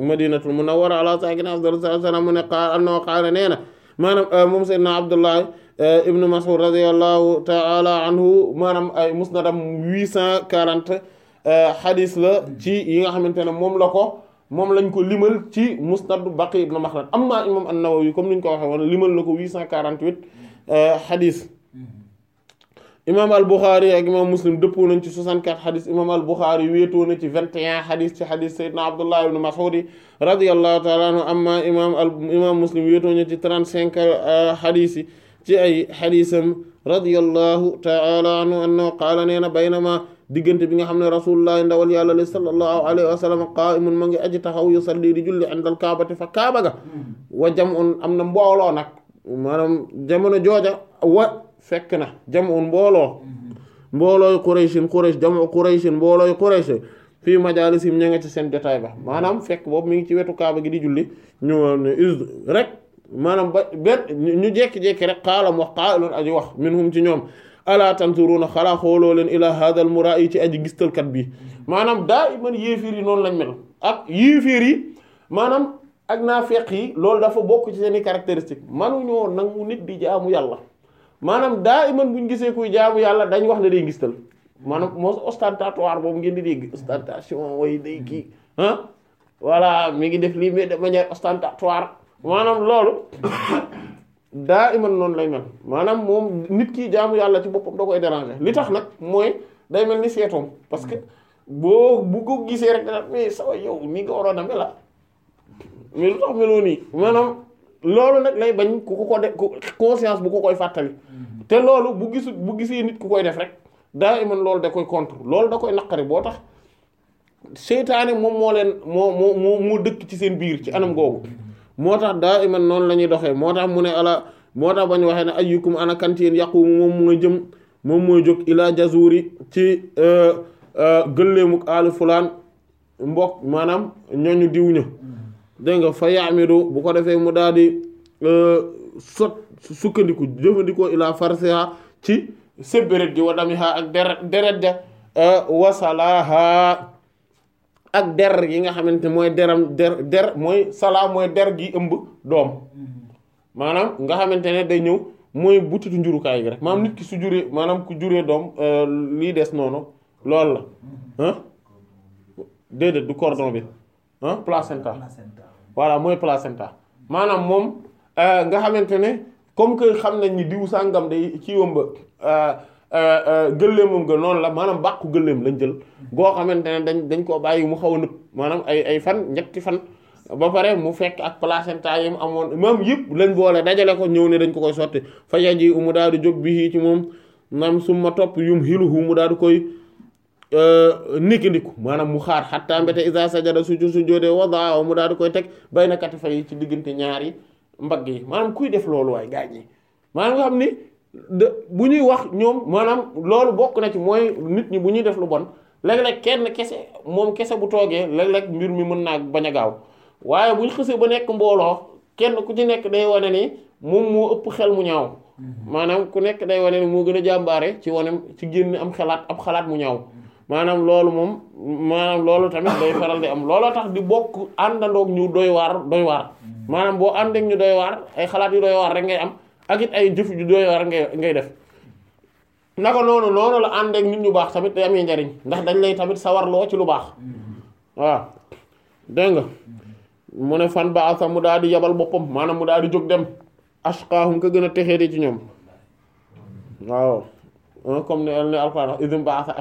Speaker 3: madinatul munawwara ala saakina afdal salaam mu ne qaal annoo qaala nee na maanaam euh, moom Seydina Abdullahi euh, ibnu Mas'ud radiyallahu taala anhu maanaam ay musnadam huit cent quarante xadis euh, la ci yi nga xamante ne moom la ko moom lañ ko limal ci musnad Baqi ibn Makhlad amma imam an yi comme ni ñu ko waxee woon limal na ko huit cent quarante huit xadis imaam al-Bukhari ak imaam Muslim dëppoo nañ ci 64 xadis imaam al-Bukhari wéetoo na ci 21 xadis ci xadis Seydina Abdullah ibn Mas'ud ta'ala anhu imaam Muslim wéetoo na ci 35 euh, xadis yi ci ay xadisam radiyallahu ta'ala anhu annahu qaala na baynama diggante bi nga xam ne rasulullahi ndawal yàlla li sallallahu alayhi wa sallam qa'imun ma ngi aji taxaw di julli indal kaabati fa kaaba ga wa jam'un am na mbooloo nag maanaam jamono jooja wa fekk na jam'un mbooloo mbooloo mboolooy Qurayshin Quraysh jam'u Qurayshin mboolooy Quraysh fii majaalisim ña nga ci seen jotaay ba maanaam fekk boobu mu ngi ci wetu kaaba gi di julli ñu rek maanaam ba benn ñu jekki-jekki rek xaalam wax xaaloon aji wax minhum ci ñoom ala na xalaa xooloo leen ilaa hadal mura yi ci aji gistalkat bi maanaam daa iman yéeféer yi noonu lañ mel ak yéeféer yi maanaam ak naafeq yi loolu dafa bokk ci seen i caractéristique manuñoo nangu nit di jaamu yàlla maanaam daa iman buñ gisee kuy jaamu yàlla dañ wax ne day ngistal maanaam moo ostentatoire boobu ngeen di dégg ostentation way day kii ah voilà mi ngi def lii mais de manière ostentatoire maanaam loolu daa iman noonu lay mel maanaam moom nit ki jaamu yàlla ci boppam da koy déranger li tax nag mooy day mel ni seetoom parce que boo bu ko gisee rek dana mais sawa yow mi nga waroon a mela mais tax meloo nii maanaam loolu nag lay bañ ku ko ko def conscience bu ko koy fàttali mm-hmm. te loolu bu gisul bu gisee nit ku koy def rek daa iman loolu da koy contre loolu da koy naqari boo tax seetaane moom moo leen moo moo moo moo dëkk ci seen biir ci anam googu mm-hmm. moo tax daa iman noonu la ñuy doxee moo tax mu ne ala moo tax bañ waxee ne ayyukum ana kan ci yéen yaqumu moom mooy jëm moom mooy jóg ilaa jazuri ci euh, euh, gëlleemuk alu fulaan mbokk maanaam ñooñu diw ña mm-hmm. dégg nga fa yaamidu bu ko defee mu daal di euh, sot sukkandiku jëfandikoo ilaa farsiha ci sébéret gi wa damiha ak deret deret ja euh, wasalaha ak der yi nga xamante mooy deram der der mooy salaa mooy der gi ëmb doom maanaam nga xamante ne day ñëw mooy butitu njurukaay gi rek maanaam nit ki su juree maanaam ku juree doom euh, lii des noonu loolu la ah déedéet du cordon bi ah placenta voilà mooy placenta maanaam moom euh, nga xamante ne comme que xam nañ ni diw sàngam day ci wëmba euh, euh, gëléemam nga noonu la maanaam bàqu gëléem lañ jël goo xamante ne dañ dañ koo bàyyi mu xaw a maanaam ay ay fan ñetti fan ba pare mu fekk ak placenta yi mu amoon moom yëpp lañ boole dajale ko ñëw ne dañ ko koy sotti faja ji mu daal di jóg bi ci moom nam suma topp yum xiluhu mu daal di koy Euh, nekkandiku maanaam mu xaar xatta mbete isa sajada su su joodee wadaa mu daal di koy teg bay na katifa yi ci diggante ñaari mbagg yi maanaam kuy def loolu waay gaañ yi maanaam nga xam ni de bu ñuy wax ñoom maanaam loolu bokk na ci mooy nit ñi bu ñuy def lu bon léeg-léeg kenn kese moom kese bu toogee léeg-léeg mbir mi mën naa bañ a gaaw waaye bu ñu xësee ba nekk mbooloo kenn ku ci nekk day wane ni moom moo ëpp xel mu ñaaw. Mm-hmm. maanaam ku nekk day wane moo gën a jàmbaare ci wane ci génn am xalaat ab xalaat mu ñaaw. maanaam loolu moom maanaam loolu tamit day faral di am looloo tax di bokk àndandoog ñu doy waar doy waar maanaam boo àndeek ñu doy waar ay xalaat yu doy waar rek ngay am ak ay jëf ju doy waar ngay def naka noonu noonu la ñu baax tamit day njariñ ndax dañ lay tamit sawarloo ci lu baax waaw dégg nga mu ne fan ba asa mu daal di yabal boppam maanaam mu daal di jóg dem ashqaahum ko gën a texee di ci ñoom waaw comme ne al ne alquran isim ba asa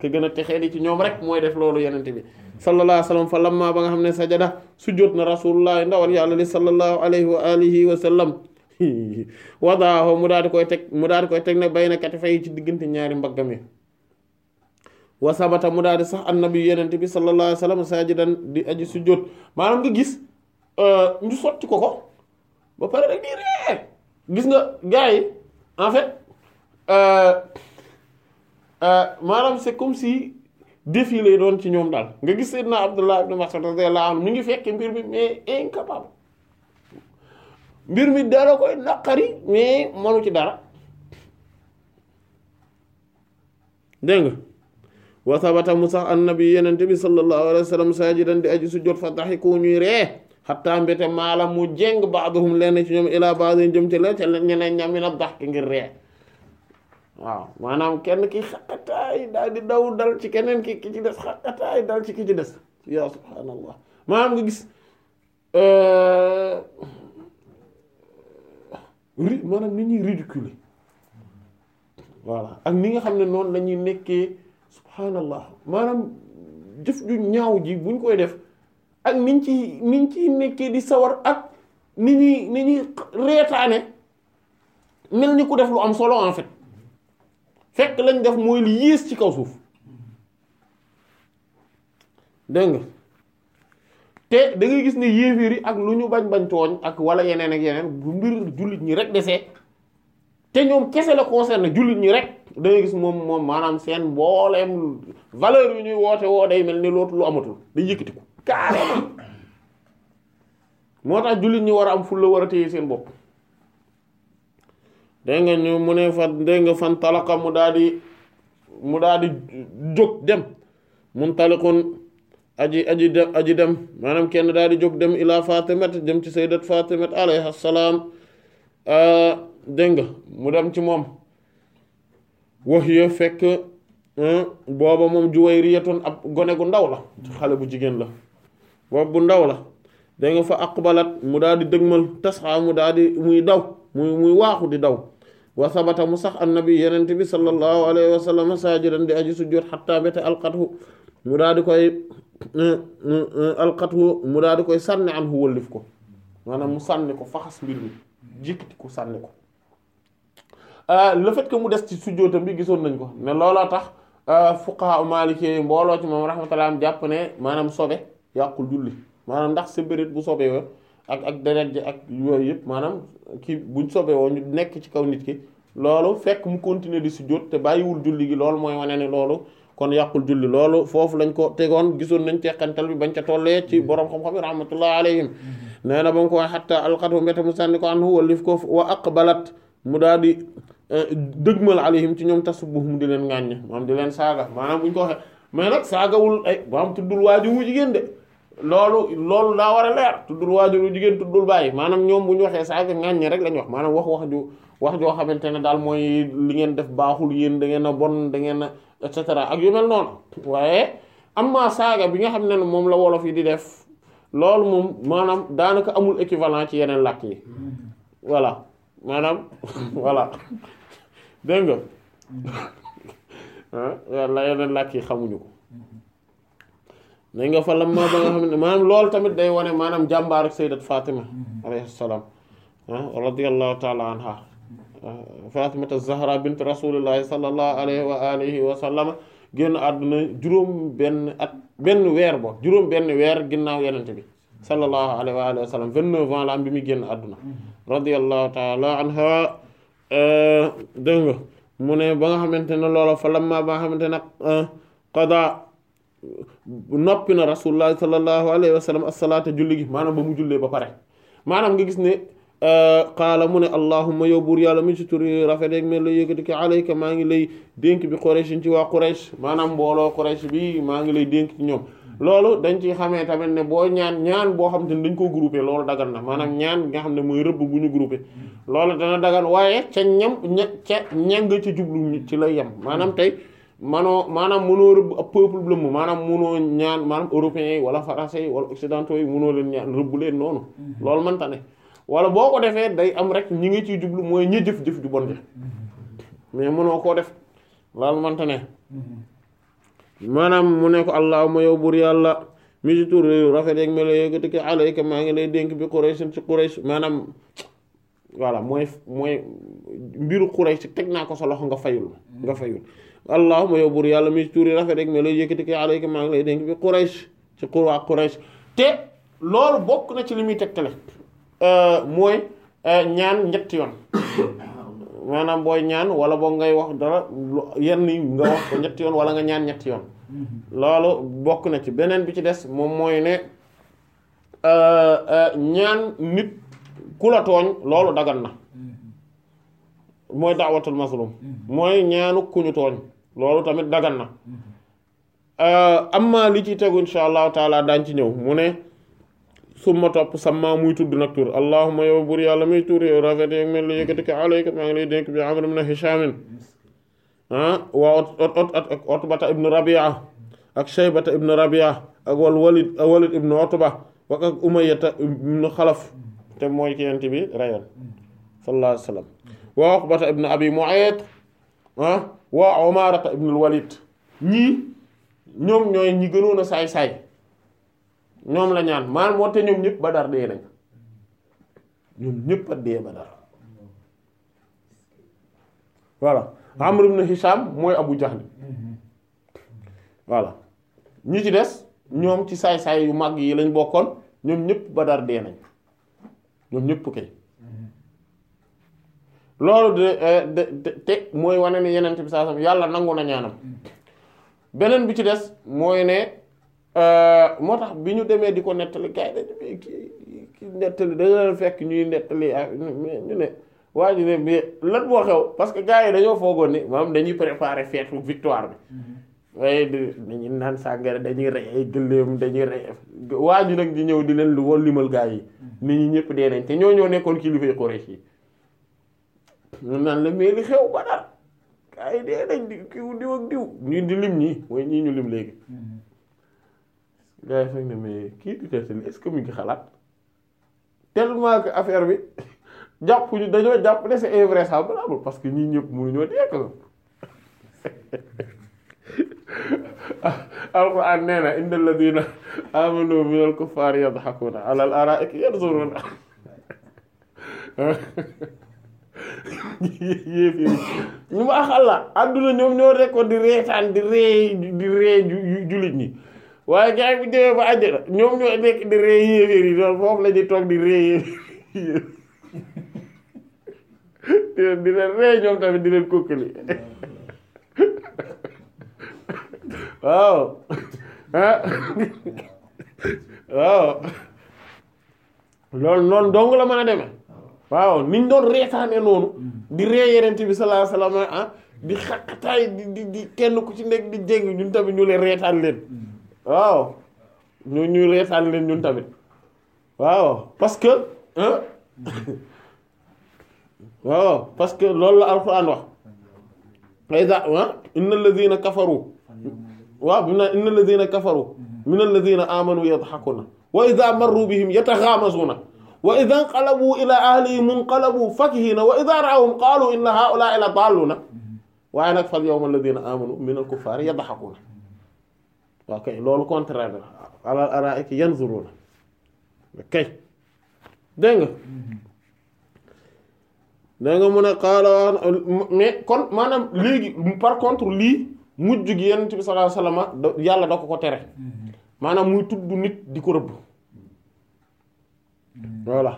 Speaker 3: ke gën a texee di ci ñoom rek mooy def loolu yenente bi sallallahu alayhi wa sallam fa lamma ba nga xam ne sajada sujjóot na rasulullah ndawal yàlla li sallallahu alayhi wa alihi wa sallam wadaaho mu daal di koy teg mu daal di koy teg nag bay na katifay ci diggante ñaari mbaggam yi wa sabata mu daal di sax annabi yenente bi sallallahu alayhi wa sallam sajidan di aji sujjóot maanaam nga gis euh, ñu sotti ko ko ba pare rek di ree gis nga gars yi en fait euh, Euh, maanaam c'est comme si défilé doon ci ñoom daal nga gis Seydina Abdullah ibn Mas'ud radiyallahu anhu mi ngi fekke mbir mi mais incapable mbir mi dara koy naqari mais mënu ci dara dégg nga wa sabata mu sax annabi yenente bi sallallahu alayhi wa sallam sajidan di aji sujjóot fa daxiku ñuy ree xatta mbete maala mu jeng baaduhum lenn ci ñoom ilaa baadin jëm ci la ca ñeneen ñam mi na dax ki ngir ree waaw maanaam kenn ki
Speaker 1: xaqataay daal
Speaker 3: di daw dal ci keneen ki ki ci des xaqataay dal ci ki ci des yaa subhaanallah maanaam nga gis euh, ri maanaam ni ñuy ridicule voilà ak ni nga xam ne noonu la ñuy nekkee subhaanallah maanaam jëf ju ñaaw ji buñ koy def ak niñ ci niñ ciy nekkee di sawar ak ni ñuy ni ñuy reetaane mel ni ku def lu am solo en fait fekk lañ def mooy li yées ci kaw suuf dégg nga te dangay gis ne yéeféer yi ak lu ñu bañ bañ tooñ ak wala yeneen ak yeneen bu mbir jullit ñi rek desee te ñoom kese la concerne jullit ñi rek da ngay gis moom moom maanaam seen mbooleem valeur yu ñuy woote woo day mel ni lootu lu amatul day ko carrément moo tax jullit ñi war a am fulla war a téye seen bopp dégg nga ñu mu ne fa dégg nga fan talaka mu daal di mu daal di jóg dem mun talikoon aji aji dem aji dem maanaam kenn daal di jóg dem ilaa fatimat dem ci sayyidat fatimat alayha salaam dégg nga mu dem ci moom wax ya fekk booba moom juwayriyatun ab gone gu ndaw la xale bu jigéen la boobu bu ndaw la dégg nga fa aqbalat mu daal di dëgmal tasxaa mu daal di muy daw muy muy waaxu di daw wa sabata mu sax annabi yenent bi sallallahu alayhi wa sallam saajidan di aji sujjóot xatta mbéte alqathu mu daal di koy alqathu mu daal di koy sànni an hu wëllif ko maanaam mu sànni ko faxas mbir mi jikkiti ko sànni ko euh, le fait que mu des ci sujjóotam bi gisoon nañ ko ne looloo tax euh, fuqaha maliki mbooloo ci moom rahmatullah am jàpp ne maanaam sobe yàqul julli maanaam ndax sa béréb bu sobe wa ak ak deret ji ak yooyu yëpp maanaam kii buñ sobee woo ñu nekk ci kaw nit ki loolu fekk mu continuer di sujjóot te bàyyiwul julli gi loolu mooy wane ne loolu kon yàqul julli loolu foofu lañ ko tegoon gisoon nañ teqantal bi bañ ca tollee ci mm-hmm. borom xam-xam yi rahmatullah alayhim nee na ba mu ko wax xatta alxatu mbéta mu sànni ko anhu wallif ko wa aqbalat mu daal di eh, dëgmal alayhim ci ñoom tasubbuhum mu di leen ŋàññ maanaam di leen saaga maanaam buñ ko waxee mais nag saagawul ay baam tuddul waaju wu jigéen de loolu loolu daa war a leer tuddul waajuru jigéen tuddul bàyyi maanaam ñoom bu ñu waxee saa fi ŋàññi rek la ñu wax maanaam wax wax ju wax joo xamante ne daal mooy li ngeen def baaxul yéen da ngeen a bon da ngeen et cetera ak yu mel noonu waaye am ma saaga bi nga xam ne moom la wolof yi di def loolu moom maanaam daanaka amul équivalent ci yeneen làkk yi voilà maanaam voilà dégg nga la yeneen làkk yi xamuñu ko nañ nga fa lamma ba nga xam ne maanaam loolu tamit day wane maanaam jàmbaar ak sayyidat Fatima alayhi salaam ah, radiyallahu taala anha Fatimata Zahra bint rasulillahi sallallahu alayhi wa alihi wa sallama génn àdduna juróom benn weer bo juróom benn weer ginnaaw yenente bi sallallahu alayhi wa alihi wa sallam vingt-neuf ans muy génn àdduna radiyallahu taala anha eh, dégg nga mu ne ba nga xamante ne loola fa lamma ba nga xamante nag eh, qada noppi na rasulullah sallallahu alayhi wa sallam asalaata julli gi maanaam ba mu jullee ba pare maanaam nga gis ne euh, qaala mu ne allahumma yow buur yàlla min si turi rafet ak mel la yëkkati ko alayka maa ngi lay dénk bi Quraysh ci waa Quraysh maanaam mbooloo Quraysh bi maa ngi lay dénk ci ñoom loolu dañ ci xamee tamit ne boo ñaan ñaan boo xam te ne dañ koo groupé loolu dagal na maanaam ñaan nga xam ne mooy rëbb bu ñu groupé loolu dana dagan waaye ca ñam ña ca ña nga ci jublu ci lay yem maanaam tey manoo maanaam mënoo rëbb ab peuple lëmm maanaam mënoo ñaan maanaam européens yi wala français yi wala occidentaux yi mënoo leen ñaan rëbb leen noonu mm-hmm. loolu mënta ne wala boo ko defee day am rek ñi ngi ciy jublu mooy ñi jëf-jëf ju bon mënoo mm-hmm. koo def loolu mënta
Speaker 4: mm-hmm.
Speaker 3: maanaam mu ne ko allahumma yow buur yàlla mi ci rafet yeeg melo yeeg dëkk alayka maa ngi lay dénk bi Quraysh ci Quraysh maanaam voilà mooy mooy mbiru Quraysh teg naa ko sa loxo nga fayul nga fayul allahumma yow buur yàlla mi tuur yi rafet rek mais lay yëkkati ko yàlla maa ngi lay dénk bi Quraysh ci xur waa Quraysh te loolu bokk na ci li muy tegtale euh, mooy euh, ñaan ñetti yoon maanaam booy ñaan wala boo ngay wax dara yenn nga wax ko ñetti yoon wala nga ñaan ñetti yoon mm-hmm. loolu bokk na ci beneen bi ci des moom mooy ne euh, ñaan nit ku tooñ loolu dagan na
Speaker 4: mm-hmm.
Speaker 3: mooy daawatul maslum mm-hmm. mooy ñaanu ku tooñ loolu tamit dagan na euh, amma li ci tegu insha allahu taala daañ ci ñëw mu ne summa topp sama muy tudd nag tur allahuma yow bur yàlla muy tur yow rafet yeg mel li yëkkati ko alayka maa ngi lay dénk bi amr ibn hishamin ah waa ot ot ak otbata ibn rabia ak shaybata ibn rabia ak wal walid walid ibn otba wax ak umayyata ibn xalaf te mooy ki yent bi rayon sallallahu alayhi wa sallam waa otbata ibn abi muayt ah waa Umaarata ibnul Walid ñii ñoom ñooy ñi gënoon a saay-saay ñoom la ñaan maanaam moo te ñoom ñëpp Badar dee nañ ñoom ñëpp a dee Badar voilà Amr ibn Hisham mooy Abu jax Jahl voilà ñi ci des ñoom ci saay-saay yu mag yi lañ bokkoon ñoom ñëpp Badar dee nañ ñoom ñëpp kay loolu eh, de de te mooy wane ne yeneen bi saa sam yàlla nangu na ñaanam beneen bi ci des mooy ne eh, moo tax bi ñu demee di ko nettali gars
Speaker 4: yi
Speaker 3: dañu kii fekk ñuy nettali ah, ñu ne waa ji ne mais lan moo xew parce que gars yi dañoo foogoon ni maanaam dañuy préparer fête victoire bi
Speaker 4: mm-hmm.
Speaker 3: waaye dañuy naan sàngara dañuy rey ay gëléem dañuy rey waa ji nag di ñëw di leen lu woon limal gars yi mm-hmm. nit ñi ñëpp dee nañ te ñoo ñoo nekkoon kilifa Quraysh yi ñu naan la mais li xew Badar gaa dee nañ diw diw ñu di lim ñii mooy ñii ñu lim léegi gaa yi foog ne kii di nettali est-ce mu ngi xalaat tellement que affaire bi jàpp ñu dañoo jàpp ne c'est invraisemblable parce que ñii ñëpp mënuñoo dee ko alquran nee na inna alladina amanu min alkuffar yadxakuna ala al araiki yanzuruna ñu ma xalla àdduna ñoom ñoo rekkoon di reetaan di ree di ree jullit ñi waaye gars bi demee ba àjjana ñoom ñoo nekk di la ñuy toog di ree yéeféer di leen di ree ñoom tamit di leen waaw ah waaw loolu noonu dong la mën a demee waaw niñ doon reetaane noonu mm. di ree yeneen bi sallallahu alayhi wasallam ah di xaqataay di di kenn ku ci nekk di jégg ñun tamit ñu leen reetaan leen mm. waaw ñu leen ñun tamit waaw parce que waaw parce que loolu la alxuraan wax fayda inna alladhina kafaru waaw bi mu naan inna alladhina kafaru mm-hmm. min alladhina amanu yadhakuna wa idha marru wa idha inqalabu ila ahlihim inqalabu fakihina wa idha ra'awhum qalu inna ha'ula'i la dalluna waaye nag fal yawma alladhina amanu min al-kuffari yadhakuna waaw kay loolu contraire la ala ara'iki yanzuruna kay dégg nga dégg nga mu ne xaaral mais kon maanaam léegi par contre lii mujj gi yonent bi sallallahu alayhi yàlla da ko ko tere maanaam mu tudd nit di ko rëbb voilà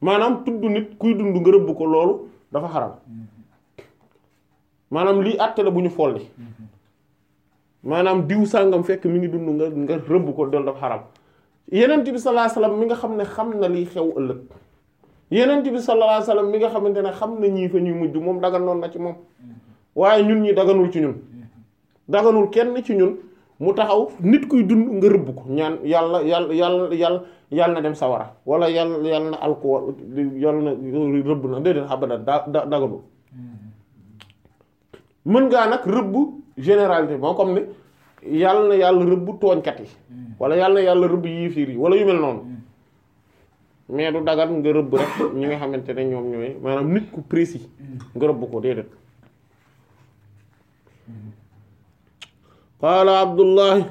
Speaker 3: maanaam tudd nit kuy dund nga rëbb ko loolu dafa xaram maanaam lii àtte la bu ñu folli maanaam diw sàngam fekk mi ngi dund nga nga rëbb ko doon dafa xaram yenent bi sallallahu alayhi wasallam mi nga xam ne xam na liy xew ëllëg yenent bi sallallahu alayhi wasallam mi nga xamante ne xam na ñii fa ñuy mujj moom daganoon na ci moom waaye ñun ñi daganul ci ñun daganul kenn ci ñun mu taxaw nit kuy dund nga rëbb ko ñaan yàlla yàlla yàlla yàlla yàlla na dem sawara wala yàlla yàlla na rëbb na déedéet abadan da da dagadul mën ngaa nag rëbb généralité moo comme ne yàlla na yàlla rëbb tooñkat yi wala yàlla na yàlla rëbb yiifiir yi wala yu mel noonu mais du dagat nga rëbb rek ñi nga xamante ne ñoom ñooy maanaam nit ku précis nga rëbb ko déedéet qaala abdullahi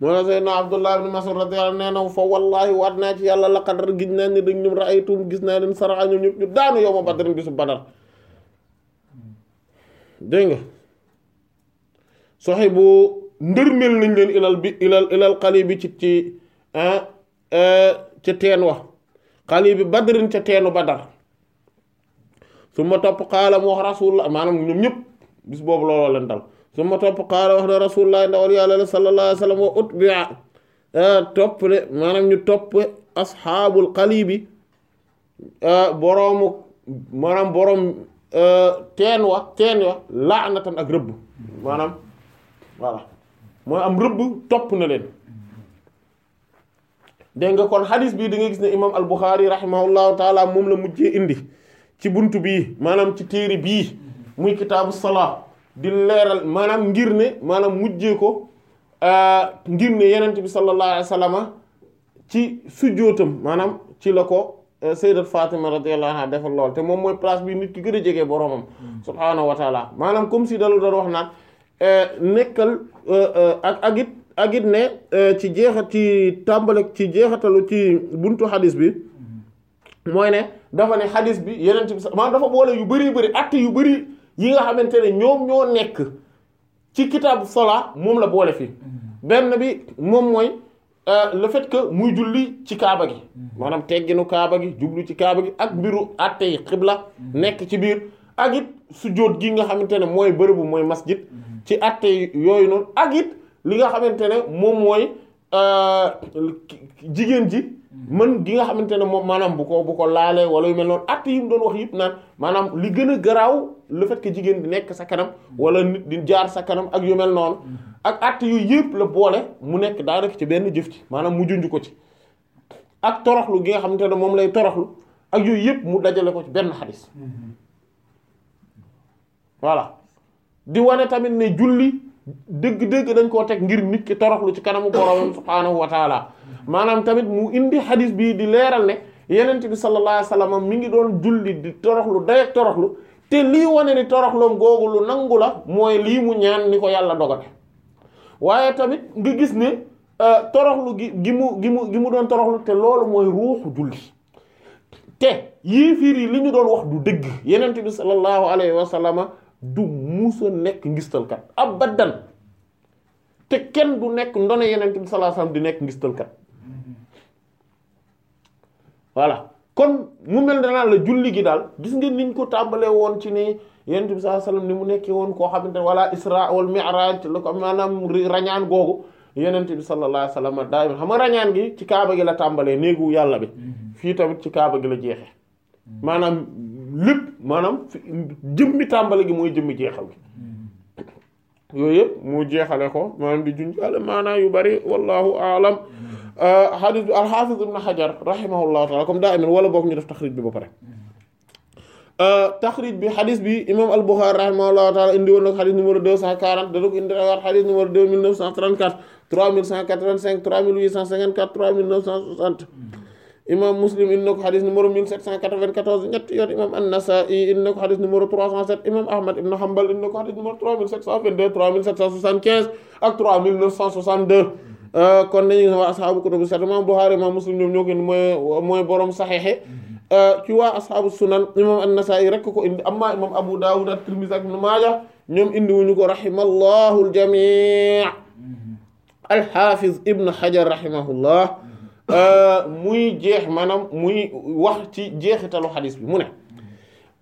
Speaker 3: moo na seydna abdullah ibn mas'ud radiyallahu nee na fa wallahi waat naa ci yàlla laqad gis naa ni dañ ñum ra'aytum gis naa leen sara ñoom ñëpp ñu daanu yow ma badrin bisu badar dégg nga bu ndërmel nañ leen ilal bi ilal ilal xali bi ci ci ah, eh, ca teen wa xali bi badrin ca teenu badar su ma topp xaala mu wax rasulullah maanaam ñoom ñëpp bis boobu looloo leen dal summa topp qaala wax na rasulullah yàlla sallallahu alayhi wa sallam wa utbi'a ah, topp le maanaam ñu topp asxaabul qalibi ah, boroomu maanaam boroom ah, teen wa teen wa laanatan ak rëbb maanaam voilà mooy am rëbb topp na leen dégg nga kon xadis bii di nga gis ne imam al Buxaari rahimahullahu taala moom la mujjee indi ci bunt bi maanaam ci téere bi muy kitaabu salaa di leeral maanaam ngir ne maanaam mujje ko euh, ngir ne yenent bi sallallahu alayhi wa sallam ci sujjóotam maanaam ci la ko euh, sayyidat Fatima radiyallahu anha defal lool te moom mooy place bi nit ki gën a jege boroomam hmm. subhaanahu wa maanaam comme si dalu doon wax naan euh, nekkal ak ak it ne ci jeexat ci tàmbale ci jeexatalu ci buntu xadis bi hmm. mooy ne dafa ne xadis bi yeneen ci maanaam dafa boole yu bëri bari att yu bari yi nga xamante ne ñoom ñoo nekk ci kitaabu sola moom la boole fii mm-hmm. benn bi moom mooy euh, le fait que muy julli ci kaaba gi mm-hmm. maanaam tegginu kaaba gi jublu ci kaaba gi ak mbiru àtte xibla mm-hmm. nekk ci biir ak it sujjóot gi nga xamante ne mooy bërëbu mooy masjid ci àtte yooyu noonu agit li nga xamante ne moom mooy Euh, jigéen ji mën gi nga xamante ne moom maanaam bu ko bu ko laalee wala yu mel noonu att yi mu doon wax yëpp naan maanaam li gën a garaaw le fait jigéen di nekk sa kanam wala nit di jaar sa kanam ak yu mel noonu ak att yu yëpp la boole mu nekk daanaka ci benn jëf ci maanaam mu junj ko ci ak toroxlu gi nga xamante ne moom lay toroxlu ak yooyu yëpp mu dajale ko ci benn xadis mm-hmm. voilà di wane tamit ne julli dëgg-dëgg dañ koo teg ngir nit ki toroxlu ci kanamu boromam subhaanahu wa maanaam tamit mu indi hadis bii di leeral ne yenent bi sallallahu alayhi mu ngi doon julli di toroxlu day toroxlu te lii wane ni toroxloom googu lu nangu la mooy lii mu ñaan ni ko yàlla dogate waaye tamit nga gis ne euh, toroxlu gi gi mu gi mu gi mu doon toroxlu te loolu mooy ruuxu julli te yii fiir yi li ñu doon wax du dëgg yenent bi sallallahu alayhi wa sallam muusa nekk ngistalkat abadan te kenn du nekk ndone yenent bi sallallahu di nekk ngistalkat voilà kon mu mel danaa la julli gi daal gis ngeen niñ ko tàmbalee woon ci ne yenent bi sallallahu alayhi ni mu nekkee woon koo xamante wala isra wal mi'raj la ko maanaam rañaan googu yenent bi sallallahu alayhi wasallam daay xam nga rañaan gi ci kaaba gi la tàmbalee néegu yàlla bi mhm. fii tamit ci kaaba gi la jeexe maanaam lépp maanaam jëmmi tàmbali gi mooy jëmmi jeexal gi yooyu yëpp mu jeexale ko maanaam di junjaale maanaa yu bari wallahu alam xadis euh, bi alxaafis ibn xajar rahimahullahu taala comme daa amen wala boog ñu def taxrij bi ba pare euh, taxrij bi xadis bi imam al buxaari rahimahullahu taala indi woon nag xadis numéro 240 dana ko indi waat xadis numéro 2934 3185 3854 3960 imam muslim in na ko xadis numéro 1794 ñetti yoon imam an-Nasa'i in na ko xadis numéro 307 imam ahmad ibn Hanbal in na ko xadis numéro 3722 3775 ak 3962 euh, kon dañuy waa asxaabu kutubu sitta imaam Buxaari imaam Muslim ñoom ñoo ko indi mooy mooy borom saxeexe euh, ci waa asxaabu sunan imaam an-Nasaa'i rek ko indi amma imaam Abu Daawud ak Tirmisi ak Ibnu Maaja ñoom indi wuñu ko Euh, muy jeex maanaam muy wax ci jeexitalu xadis bi mu ne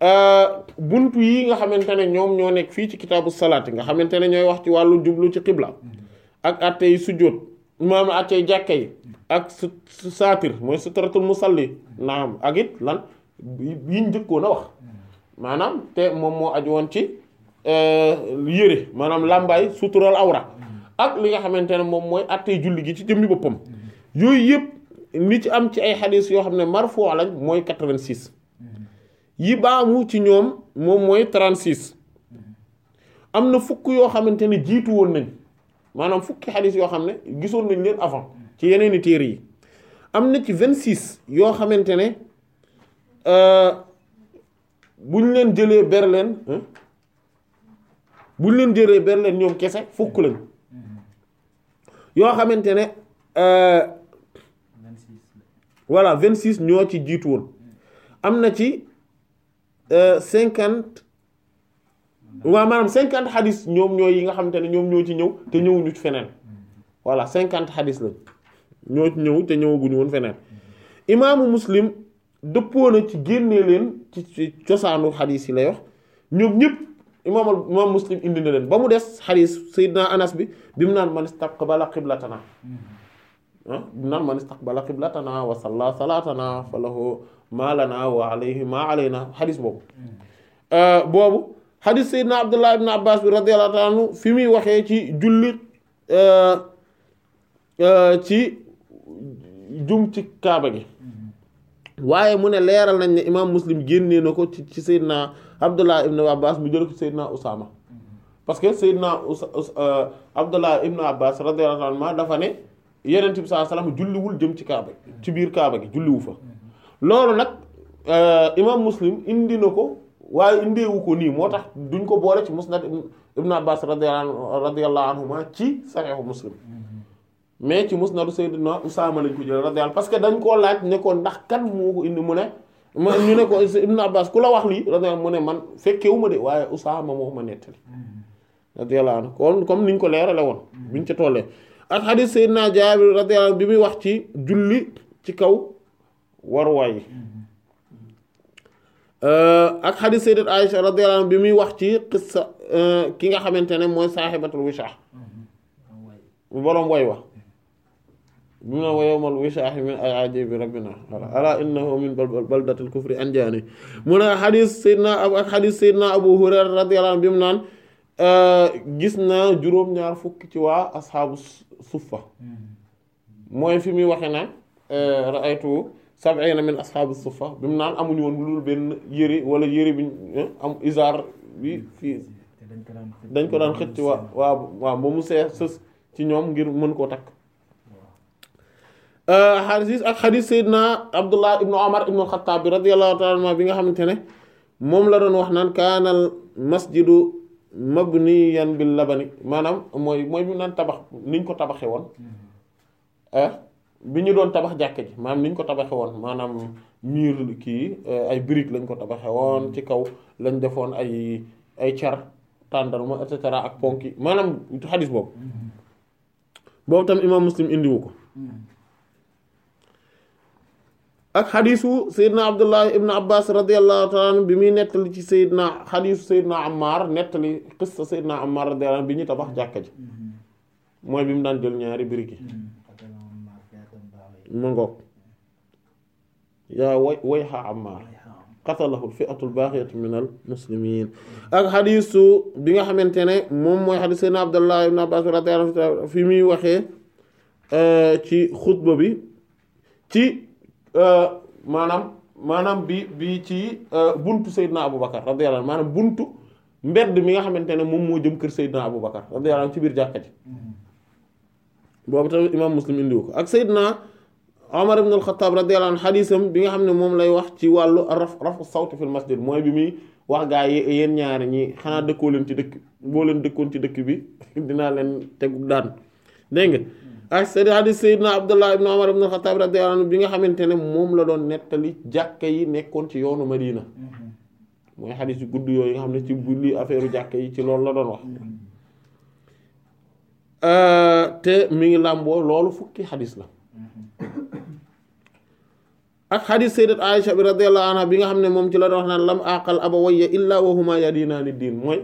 Speaker 3: euh, buntu yi nga xamante ne ñoom ñoo nekk fii ci kitaabu salaat yi nga xamante ne ñooy wax ci wàllu jublu ci xibla ak atte yi sujjóot maam atte yi jàkka yi ak su saatir mooy suturatul musalli naam ak it lan yiñ njëkkoon a wax maanaam te moom moo aj woon ci euh, yére maanaam làmbaay sutural awra ak li nga xamante ne moom mooy atte julli gi ci jëmmi boppam yooyu yëpp li am ci ay xalis yoo xam ne marfu lañ mooy quatre-vingt-six yi baamu ci ñoom moom mooy trent six am na fukk yoo xamante ne jiitu woon nañ maanaam fukki xadis yoo xam ne gisoon nañ leen avant ci yeneen i téere yi am na ci vingt-six yoo xamante ne euh, buñ leen jëlee berlin buñ leen jëlee berlin ñoom kese fukk lañ yoo xamante ne euh, voilà 26 ñoo ci jiitu woon am na ci euh, cinquante waa maanaam 50 xadis ñoom ñooy yi nga xamante ne ñoom ñoo ci ñëw te ñëwuñu ci feneen voilà 50 xadis la ñoo ñëw te ñëwaguñu woon feneen imaamu muslim dëppoo na ci génnee leen ci ci cosaanu xadis yi lay wax ñoom ñëpp imaamal imaam muslim indi na leen ba mu des seyd Seydina Anas bi bi mu naan man istaqbala qiblatana
Speaker 4: mm-hmm.
Speaker 3: naan man istaqbala qiblatana wa salla salatana fa wa alayhi ma alayna xadis boobu hmm. uh, boobu xadis sayyidina abdullah ibn abbas bi radiyallahu fi muy waxee ci julli uh, uh, ci jum ci kaaba gi hmm. waaye mu ne leeral nañ ne imaam muslim génnee na ko ci ci sayyidina abdullah ibn abbas mu jël ko ci sayyidina hmm. parce que sayyidina abdullah ibn abbas radiyallahu anhu dafa ne yenent bi sallallahu alayhi ma julliwul jëm ci kaaba ci biir kaaba gi julliwu fa loolu nag euh, imam muslim indi na ko waaye indeewu ko nii moo tax duñ ko boole ci musnad ibnu abbas radiyallahu anhuma ci saxiixu muslim mais ci musnadu sayyidina usaama lañ ko jël radiyallahu parce que dañ koo laaj nekkoon ko ndax kan moo ko indi mu ne ma ñu ne ko ibnu abbas ku la wax lii radiyallahu mu ne man fekkewu ma de waaye usaama moo ma nettali mm-hmm. radiyallahu anhu kon comme niñ ko leerale woon buñ ca tollee ak xadis Seydina Jaabir radiyallahu anhu bi muy wax ci julli ci kaw waruwaay euh, ak xadis Sayyidat Aïcha radiyallahu bi muy wax ci qissa euh, ki nga xamante ne mooy saaxibatul wisaax boroom way wa bi mu ne wa yawmal wishaahi min ajaa'ibi rabbina alaa innahu min baldatil kufri anjaani mu ne xadis Seydina ak Abu Hurayra radiyallahu anhu bi mu naan Euh, gis naa juróom-ñaar fukk ci waa asxaabu suffa hmm. mooy fi muy waxe naan euh, ra'aytu sab'ina min asxaabu suffa bi mu naan amuñu woon lu benn yëre wala yëre bi eh, am fii dañ ko daan xëcc waa ci ñoom ngir mën koo takk euh, xadis ak xadis Seydina Abdullah ibnu Omar ibnu Xattaab bi radiyallahu bi nga xamante ne moom la doon wax naan kaanal masjidu ni yan bi labani maanaam mooy mooy mu naan tabax niñ ko tabaxee woon mm-hmm. eh, bi ñu doon tabax jàkka ji maanaam niñ ko tabaxee woon maanaam miir kii eh, ay briques lañ ko tabaxee woon ci kaw lañ defoon ay ay car tàndarma et cetera ak ponki maanaam xadis boobu mm-hmm. boobu tam imaam muslim indiwu ko mm-hmm. ak xadisu Seydina Abdullah Ibn Abbas radiyallahu taala bi muy nettali ci Seydina xadisu Seydina Ammar nettali qissa Seydina Ammar radiyallahu bi ñu tabax jàkka ji mooy bi mu daan jël ñaari biriki mu ngoog yaa way wayxa Ammar qatalahu fi'atul baaxiyatu minal muslimin ak xadisu bi nga xamante ne moom mooy xadis Seydina Abdullah Ibn Abbas radiyallahu fi muy waxee eh, ci xutba bi Euh, maanaam maanaam bi bi ci euh, buntu Seydina Aboubacar radiyallahu anhu maanaam buntu mbedd mi nga xamante ne moom moo jëm kër Seydina Aboubacar radiyallahu anhu ci biir jàkka ji mm-hmm. boobu tamit imaam Muslim indiwu ko ak Seydina Omar ibn al-Khattab radiyallahu anhu xadiisam bi nga xam ne moom lay wax ci wàllu raf rafu sawti fil masjid mooy bi muy wax gaa yi yéen ñaari ñi xanaa dëkkoo leen ci dëkk boo leen dëkkoon ci dëkk bi dinaa leen tegu daan dégg nga ak seen hadis Seydina Abdullah ibn Umar ibn al-Khattab radiyallahu anhu bi nga xamante ne moom la doon nettali jàkka yi nekkoon ci yoonu Madina mm-hmm. mooy hadis yu gudd yooyu nga xam ne ci bulli affaire jàkka yi ci loolu la doon wax mm-hmm. euh, ngi làmboo loolu fukki hadis la mm-hmm. ak bi radiyallahu anha bi nga xam ne moom ci la doon wax naan lam aqal abawayya illa wa huma yadinaani diin mooy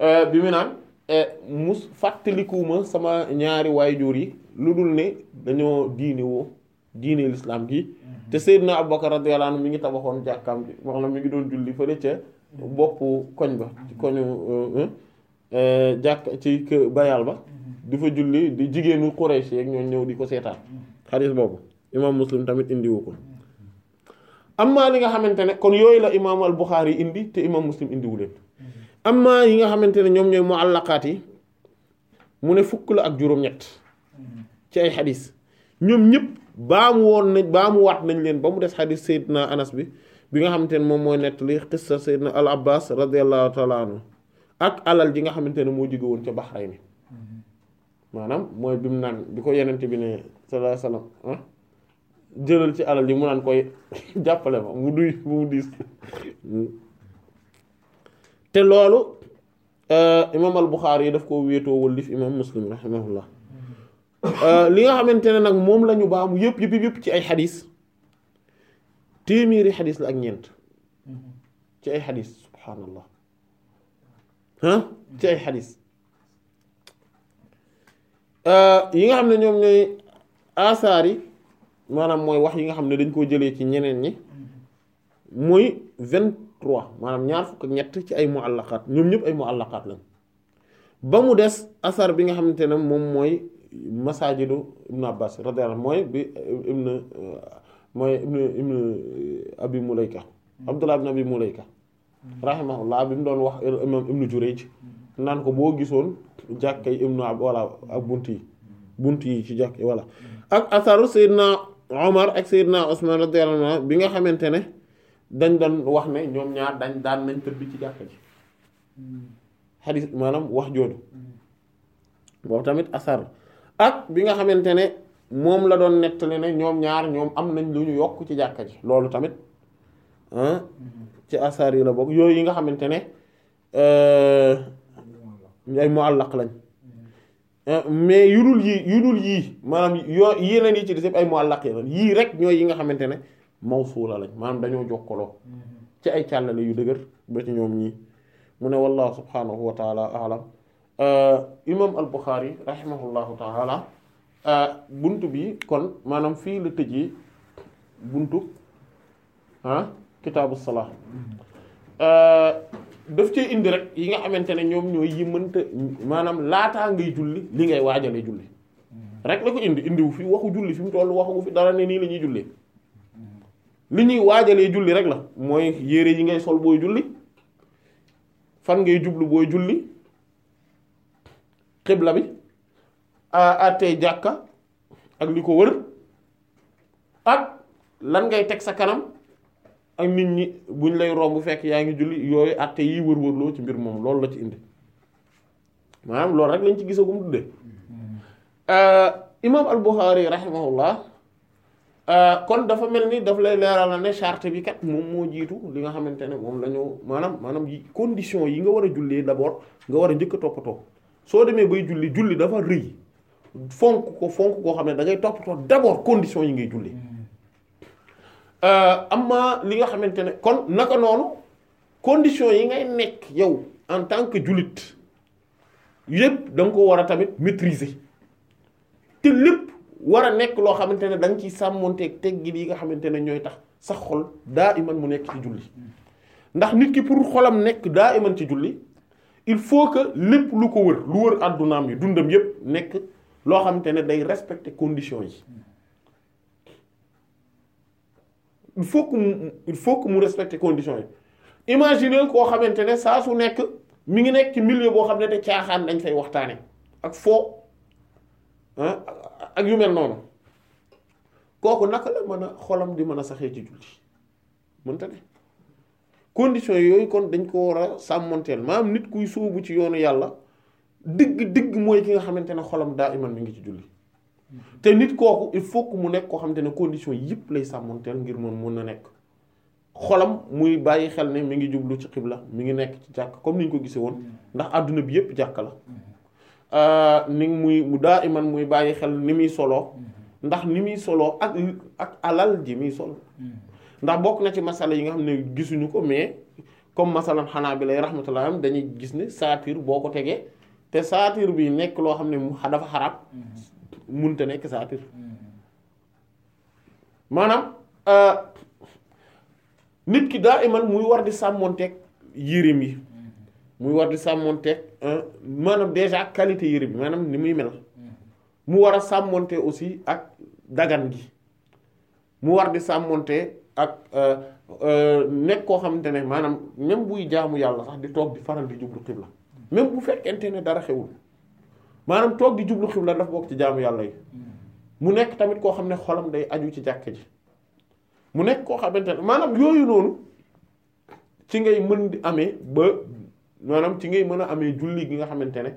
Speaker 3: euh, bi mu naan Eh, mus fàttalikuwuma sama ñaari jur yi lu dul ne dañoo diine woo diine lislaam gi mhm. te Seydina Abubakar radiyallahu anhu mi ngi tabaxoon jàkkaam bi wax na mi ngi doon julli fa ca mhm. boppu koñ ba ci koñu euh, euh, eh, jàkk ci kë bayal ba mhm. di fa julli di jigéenu Quraysh yeeg ñoo ñëw di ko seetaan xadis boobu imaam Muslim tamit indiwu ko amma li nga xamante ne kon yooyu la imaam al Buxaari indi te imaam Muslim indiwu leen amma yi nga xamante ne ñoom ñooy mu àllaqaat yi mu ne fukk la ak juróom-ñett ci ay xadis ñoom ñëpp baamu woon nañ baamu waat nañ leen ba mu des seyd na Anas bi bi nga xamante ne moom mooy nettali xissa Seydina al Abbas radiallahu taala anhu ak alal ji nga xamante ne moo jóge ci ca mi maanaam mooy bi mu naan bi ko yenent bi ne sallallahu alayhi wasallam ah jëlal ci alal ji mu naan koy jàppale ma mu duy mu diis te loolu euh, imaam al-Bukhari daf koo wéetoo wëllif imaam Muslim rahimahullah euh, li nga xamante ne nag moom la ñu baamu yëpp yëpp yëpp ci ay xadis téeméeri xadis la ak ñeent ci ay xadis subhaanallah ah ci ay xadis euh, yi nga xam ne ñoom ñooy asaar yi maanaam mooy wax yi nga xam ne dañ koo jëlee ci ñeneen ñi muy vingt trois maanaam ñaar fukk ak ñett ci ay muallaqaat ñoom ñëpp ay muallaqaat lañ ba mu des asar bi nga xamante ne moom mooy masaajidu ibnu abbas radiyallahu mooy bi eh, ibnu eh, mooy ibnu ibnu abi mulayka abdullah ibnu abi mulayka rahimahullah bi mu doon wax imam ibnu jurayj naan ko boo gisoon jàkkay ibnu ab wala ak bunt yi bunt yi ci jàkk wala ak asaru sayyidna omar ak sayyidna osman radiyallahu bi nga xamante ne dañ doon wax ne ñoom ñaar dañ daan nañ tëdd ci jàkka ji xadis maanaam wax jooju boobu tamit asar ak bi nga xamante ne moom la doon nettali ne ñoom ñaar ñoom am nañ lu ñu yokk ci jàkka ji loolu tamit ah, ci asar yi la bokk yooyu yi nga xamante ne eh, ay muallaq lañ eh, mais yudul yii yudul yii maanaam yoo yeneen yi ci des yëpp ay muallaq yeneen yii rek ñooy yi nga xamante ne mawsuula lañ maanaam dañoo jokkaloo mm-hmm. ci ay càllale yu dëgër ba ci ñoom ñii mu ne wallahu subhanahu wa taala alam euh, imam al Buxaari rahimahullahu taala euh, buntu bi kon maanaam fii la tëjee buntu ah kitaabu salaa mm-hmm. euh, def cee indi rek yi nga xamante ne ñoom ñoo yi mënta maanaam laataa ngay julli li ngay waajalee julli mm-hmm. rek la ko indi indiwu fi waxu julli fi mu toll waxu fi dara ne nii la ñuy jullee li ñuy waajalee julli rek la mooy yére yi ngay sol booy julli fan ngay jublu booy julli xibla bi àttee jàkka ak li ko wër ak lan ngay teg sa kanam ak nit ñi buñ lay romb fekk yaa ngi julli yooyu àtte yi wër-wërloo ci mbir moom loolu la ci indi maanaam loolu rek lañ ci gisagum dudde mm-hmm. euh, imaam al-Bukhari rahimahullah Euh, kon dafa mel ni daf lay leeral na ne charte bi kat moom moo jiitu li nga xamante ne moom la ñu maanaam maanaam condition yi nga war a jullee d'abord nga war a njëkk a toppatoo soo demee bay julli julli dafa rëy fonk ko fonk koo xam ne dangay ngay toppatoo d'abord condition yi ngay julli hmm. euh, amma li nga xamante ne kon naka noonu condition yi ngay nekk yow en tant que jullit yépp danga ko war a tamit maîtriser te lépp war a nekk loo xamante ne da nga ciy sàmmonteeg teggin yi nga xamante ne ñooy tax sax xol daa iman mu nekk ci julli ndax nit ki pour xolam nekk daa iman ci julli il faut que lépp lu ko wër lu wër àddunaam yi nekk loo xamante ne day respecter conditions yi il faut que il faut que mu respecter conditions yi imaginer koo xamante ne saa su nekk mu ngi nekk ci milieu boo xam ne te caaxaan dañ fay waxtaanee ak foo ak yu mel noonu kooku naka la mën a xolam di mën a saxee ci julli mënta ne condition yooyu kon dañ ko war a sàmmonteel maam nit kuy sóobu ci yoonu yàlla digg digg mooy ki nga xamante ne xolam daa man mi ngi ci julli te nit kooku il faut que mu nekk koo xamante ne condition yëpp lay sàmmonteel ngir mën mun a nekk xolam muy bàyyi xel ne mi ngi jublu ci xibla mi ngi nekk ci jàkk comme ni ñu ko gisee woon ndax àdduna bi yëpp jàkk la Euh, ni muy mu daa iman muy bàyyi xel ni muy solo mm-hmm. ndax ni muy solo ak ak alal ji muy sol mm-hmm. ndax bokk na ci masala yi nga xam ne gisuñu ko mais comme masalan xanaa bi lay rahmatullah am dañuy gis ne saatiir boo ko tegee te saatir bi nekk loo xam ne dafa xarab
Speaker 4: mm-hmm.
Speaker 3: munta nekk saatir maanaam euh, nit ki daa iman muy war di sàmmonteeg yéreem yi muy war di sàmmonteeg maanaam déjà qualité yére bi maanaam ni muy mel mu war a sàmmonte aussi ak dagan gi mu war di sàmmonte ak euh, euh, nekk koo xamante ne maanaam même buy jaamu yàlla sax di toog di faral di jublu xibla même bu fekkente ne dara xewul maanaam toog di jublu xibla daf bokk ci jaamu yàlla yi mu nekk tamit koo xam ne xolam day aju ci jàkk ji mu nekk koo xamante ne maanaam yooyu noonu ci ngay mën di amee ba maanaam ci ngay mën a amee julli gi nga xamante ne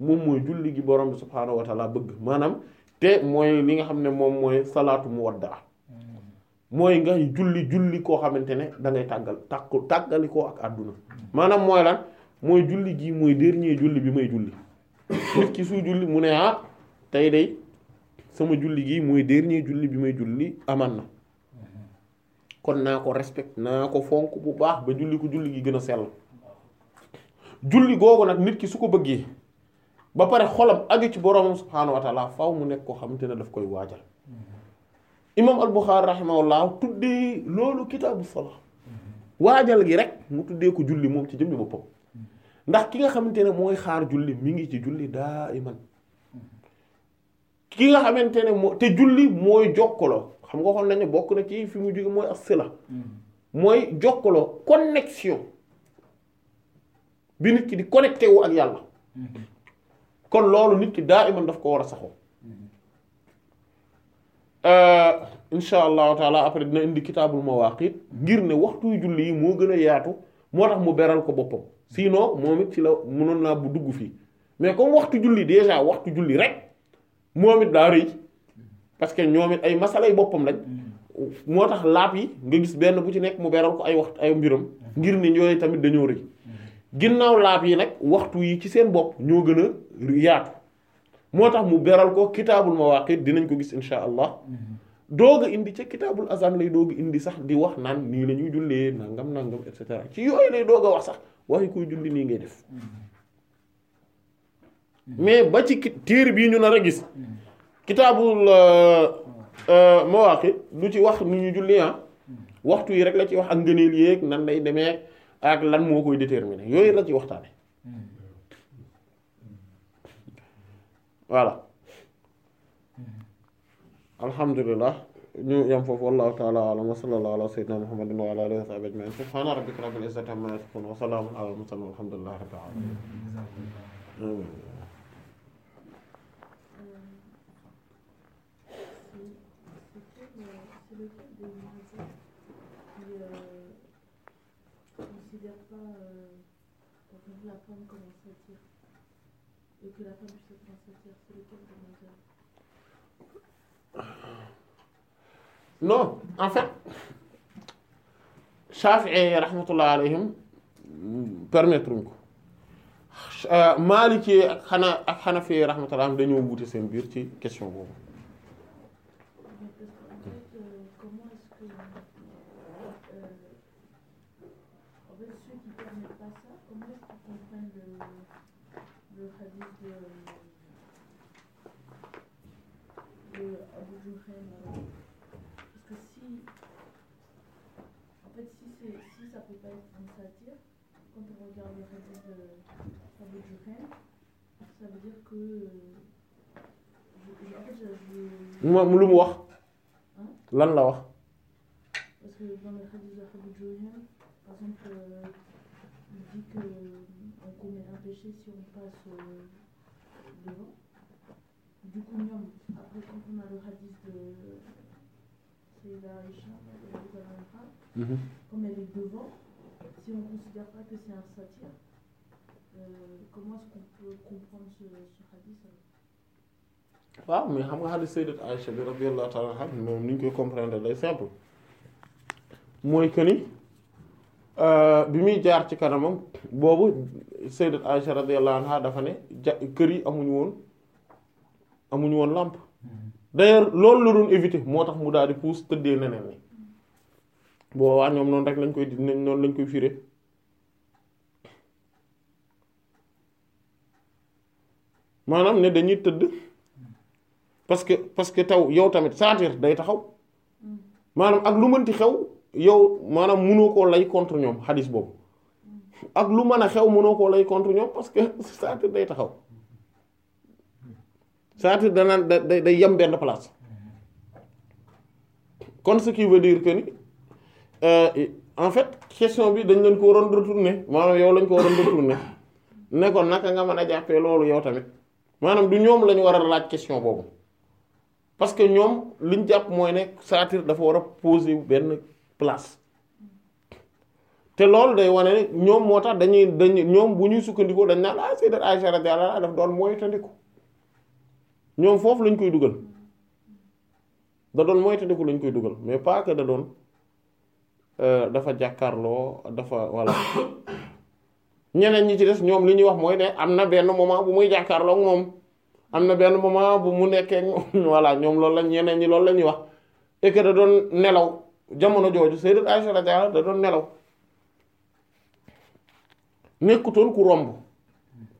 Speaker 3: moom mooy julli gi borom bi subhaanahu bëgg maanaam te mooy li nga xam ne moom mooy salaatu mu waddaa mooy nga julli julli koo xamante ne dangay ngay tàggal tàkku tàggali koo ak àdduna maanaam mooy lan mooy julli gi mooy dernier julli bi may julli nit ki mu ne ah tey day sama julli gi mooy dernier julli bi may julli aman na kon naa ko respect naa ko fonk bu baax ba julli ko julli gi gën a sell julli googu nag nit ki su ko bëggee ba pare xolam aju ci boroomam subhaanahu wa mu nekk koo xamante ne daf koy waajal imam al-Bukhari tuddee loolu kitaabu salaa waajal gi rek mu tuddee ko julli moom ci jëmmi boppam ndax ki nga xamante ne mooy xaar julli mi ngi ci julli daa iman ki nga xamante ne moo te julli mooy jokkaloo xam nga xool ne bokk na ci fi mu jóge mooy as-sila
Speaker 4: mm-hmm.
Speaker 3: mooy jokkaloo connexion bi nit ki di connecté wu ak yàlla kon loolu nit ki daa iman daf ko war a saxoo euh, insha allahu taala après dina indi kitaabul mawaqit ngir ne waxtu julli yi moo gën a yaatu moo tax mu beral ko boppam sinon moom it ci la mënoon naa bu dugg fii mais comme waxtu julli déjà waxtu julli rek moom it daa rëy parce que ñoom it ay masalay boppam lañ moo tax laab yi nga gis benn bu ci nekk mu beral ko ay waxtu ay mbiram ngir ne ñooy tamit dañoo rëy ginnaaw laab yi nag waxtu yi ci seen bopp ñoo gën a yaatu moo tax mu beral ko kitaabul mawaqit dinañ ko gis insha allah mm-hmm. doog a indi ca kitaabul azan lay doog indi sax di wax naan nii la ñuy jullee nangam nangam et cetera ci yooyu lay doog a wax sax waxi koy julli nii ngay def mm-hmm. mais ba ci téere bii ñu nar a gis mm-hmm. kitaabul euh, euh, mawaqit du ci wax ni ñu julli ah waxtu yi rek la ci wax ak ngëneel yéeg nan lay demee. ak lan moo koy déterminer yooyu la ci waxtaane voilà alhamdulillah ñu yam foofu wallahu ta'ala a'lam wa sallallahu ala sayyidina muhammadin wa ala alihi wa sahbihi ajma'in subhana rabbika rabbil izzati amma yasifun wa salamun ala al mursalin walhamdulillahi rabbil alamin
Speaker 5: la femme commence à dire et que la femme puisse commencer à dire c'est lequel
Speaker 3: euh, Non, en fait, Shafi'i rahmatullah alayhim permettre ko euh, Maliki ak xanaa ak Hanafi dañoo wute seen biir ci question boobu.
Speaker 5: ceux qui ne connaissent pas ça, comment est-ce qu'ils comprennent le, le de, de Parce que si, si, si peut pas être une quand on regarde le hadith de Abu Juhaym, veut
Speaker 3: dire que. Je, je, en fait, la wax.
Speaker 5: a le mhm. euh,
Speaker 3: waaw mais xam nga hadith Sayyidat Aïcha bi radiyallahu ta'ala anha moom ni koy comprendre day simple mooy que euh, bi muy jaar ci kanamam boobu Sayyidat Aïcha radiyallahu anha dafa ne ja kër yi amuñu woon amuñu woon làmp d'ailleurs loolu la doon éviter moo tax mu daal di puus tëddee neneen ni boobaa ñoom noonu rek lañ koy noonu lañ koy fire maanaam ne dañuy tëdd parce que parce que taw yow tamit saatir day taxaw maanaam ak lu mënti xew yow maanaam mënoo koo lay contre ñoom xadis boobu ak lu mën a xew mënoo koo lay contre ñoom parce que saatir day taxaw c'est-à-dire danaan da day yem benn place kon ce qui veut dire que ni euh, en fait question bi dañ leen ko waroon retourner maanaam yow lañ ko waroon retourner ne ko naka nga mën a jàppee loolu yow tamit maanaam du ñoom la ñu war a laaj question boobu parce que ñoom liñ jàpp mooy nekk satir dafa war a poser benn place te loolu day wane ne ñoom moo tax dañuy dañuy ñoom bu ñuy sukkandikoo dañ naan ah Sayyidat Aisha radiyallahu anha daf doon moytandiku ñoom foofu lañ koy dugal da doon moytandiku lañ koy dugal mais pas que da doon euh, dafa jàkkaarloo dafa voilà ñeneen ñi ci des ñoom li ñuy wax mooy ne am na benn moment bu muy jàkkaarloo moom am na benn moment bu mu nekkee voilà ñoom loolu la ñeneen ñi loolu la ñuy wax et que da doon nelaw jamono jooju Sayyidat Aisha radiyallahu anha da doon nelaw nekkutoon ku romb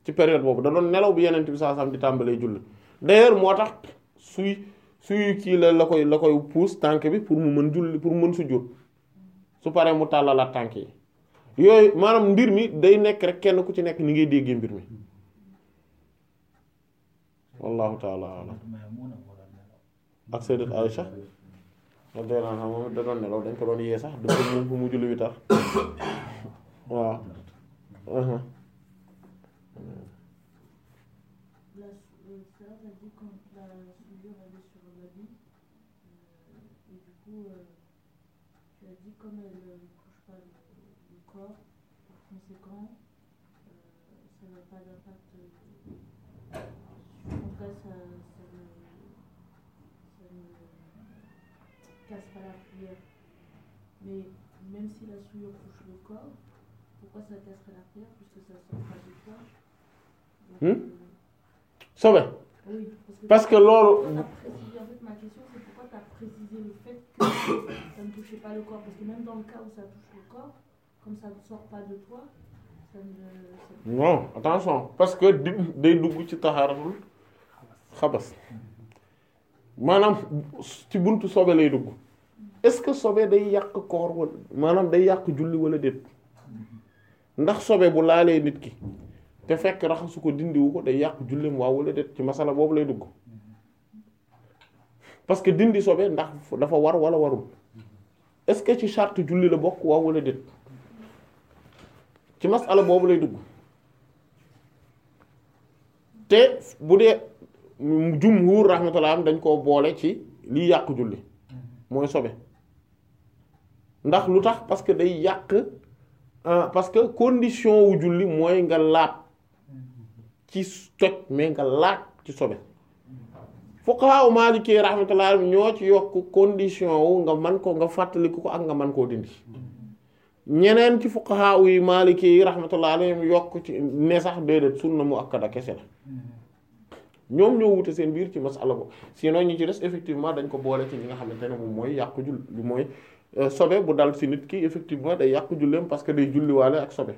Speaker 3: ci période boobu da doon nelaw bi Yonent bi sallallahu alayhi di tàmbalee julli d'ailleurs moo tax suy suy kii la la koy la koy puus tànk bi pour mu mën julli pour mu mën sujjóot su paree mu tàllalaat tànk yi yooyu maanaam mbir mi day nekk rek kenn ku ci nekk ni ngay déggee mbir mi wallahu taala alam ak sayyidat Aïcha radiyallahu anha moom da doon nelaw dañ ko doon yee sax dafa mu julli witar waaw
Speaker 1: uh-huh.
Speaker 5: comme elle ne couche pas du corps, par conséquent, euh, ça n'a pas d'impact. En tout cas, ça, ça, ne, ça ne casse pas la prière. Mais même si la souillure touche le corps, pourquoi ça casserait la prière puisque ça sort pas du corps
Speaker 3: donc, hmm? Sauvé. Euh, oui, parce que, parce que, que loolu.
Speaker 5: ma question, c'est pourquoi tu as précisé le fait que touchez
Speaker 3: parce que même day dugg ci taxaaratul xabas maanaam ci buntu sobe lay dugg est-ce que sobe day yàq koor maanaam day yàq julli wala déet ndax sobe bu laalee nit ki te fekk raxasu ko dindiwu ko day yàq julleem waaw wala déet ci masala boobu lay dugg parce que dindi sobe ndax dafa war wala warul est-ce que ci charte julli la bokk waaw wala déet ci masala boobu lay dugg te bu dee jumhur rahmatullah dañ koo boole ci liy yàq julli mooy sobe ndax lu tax parce que day yàq euh, parce que condition wu julli mooy nga laab ci toj mais nga laab ci sobe fuqaha u maliki rahmatullah ñoo ci yokk condition wu nga man ko nga fàttaliku ko ak nga man koo dindi ñeneen ci fuqaha u maliki rahmatullah alayhim yokk ci ne sax déedéet sunna mu akkada kese la ñoom ñoo wute seen biir ci masala ko sinon ñu ci des effectivement dañ ko boole ci li nga xamante ne moom mooy yàqu jul lu mooy euh, sobe bu dal si nit ki effectivement day yàqu julleem parce que day julliwaale ak sobe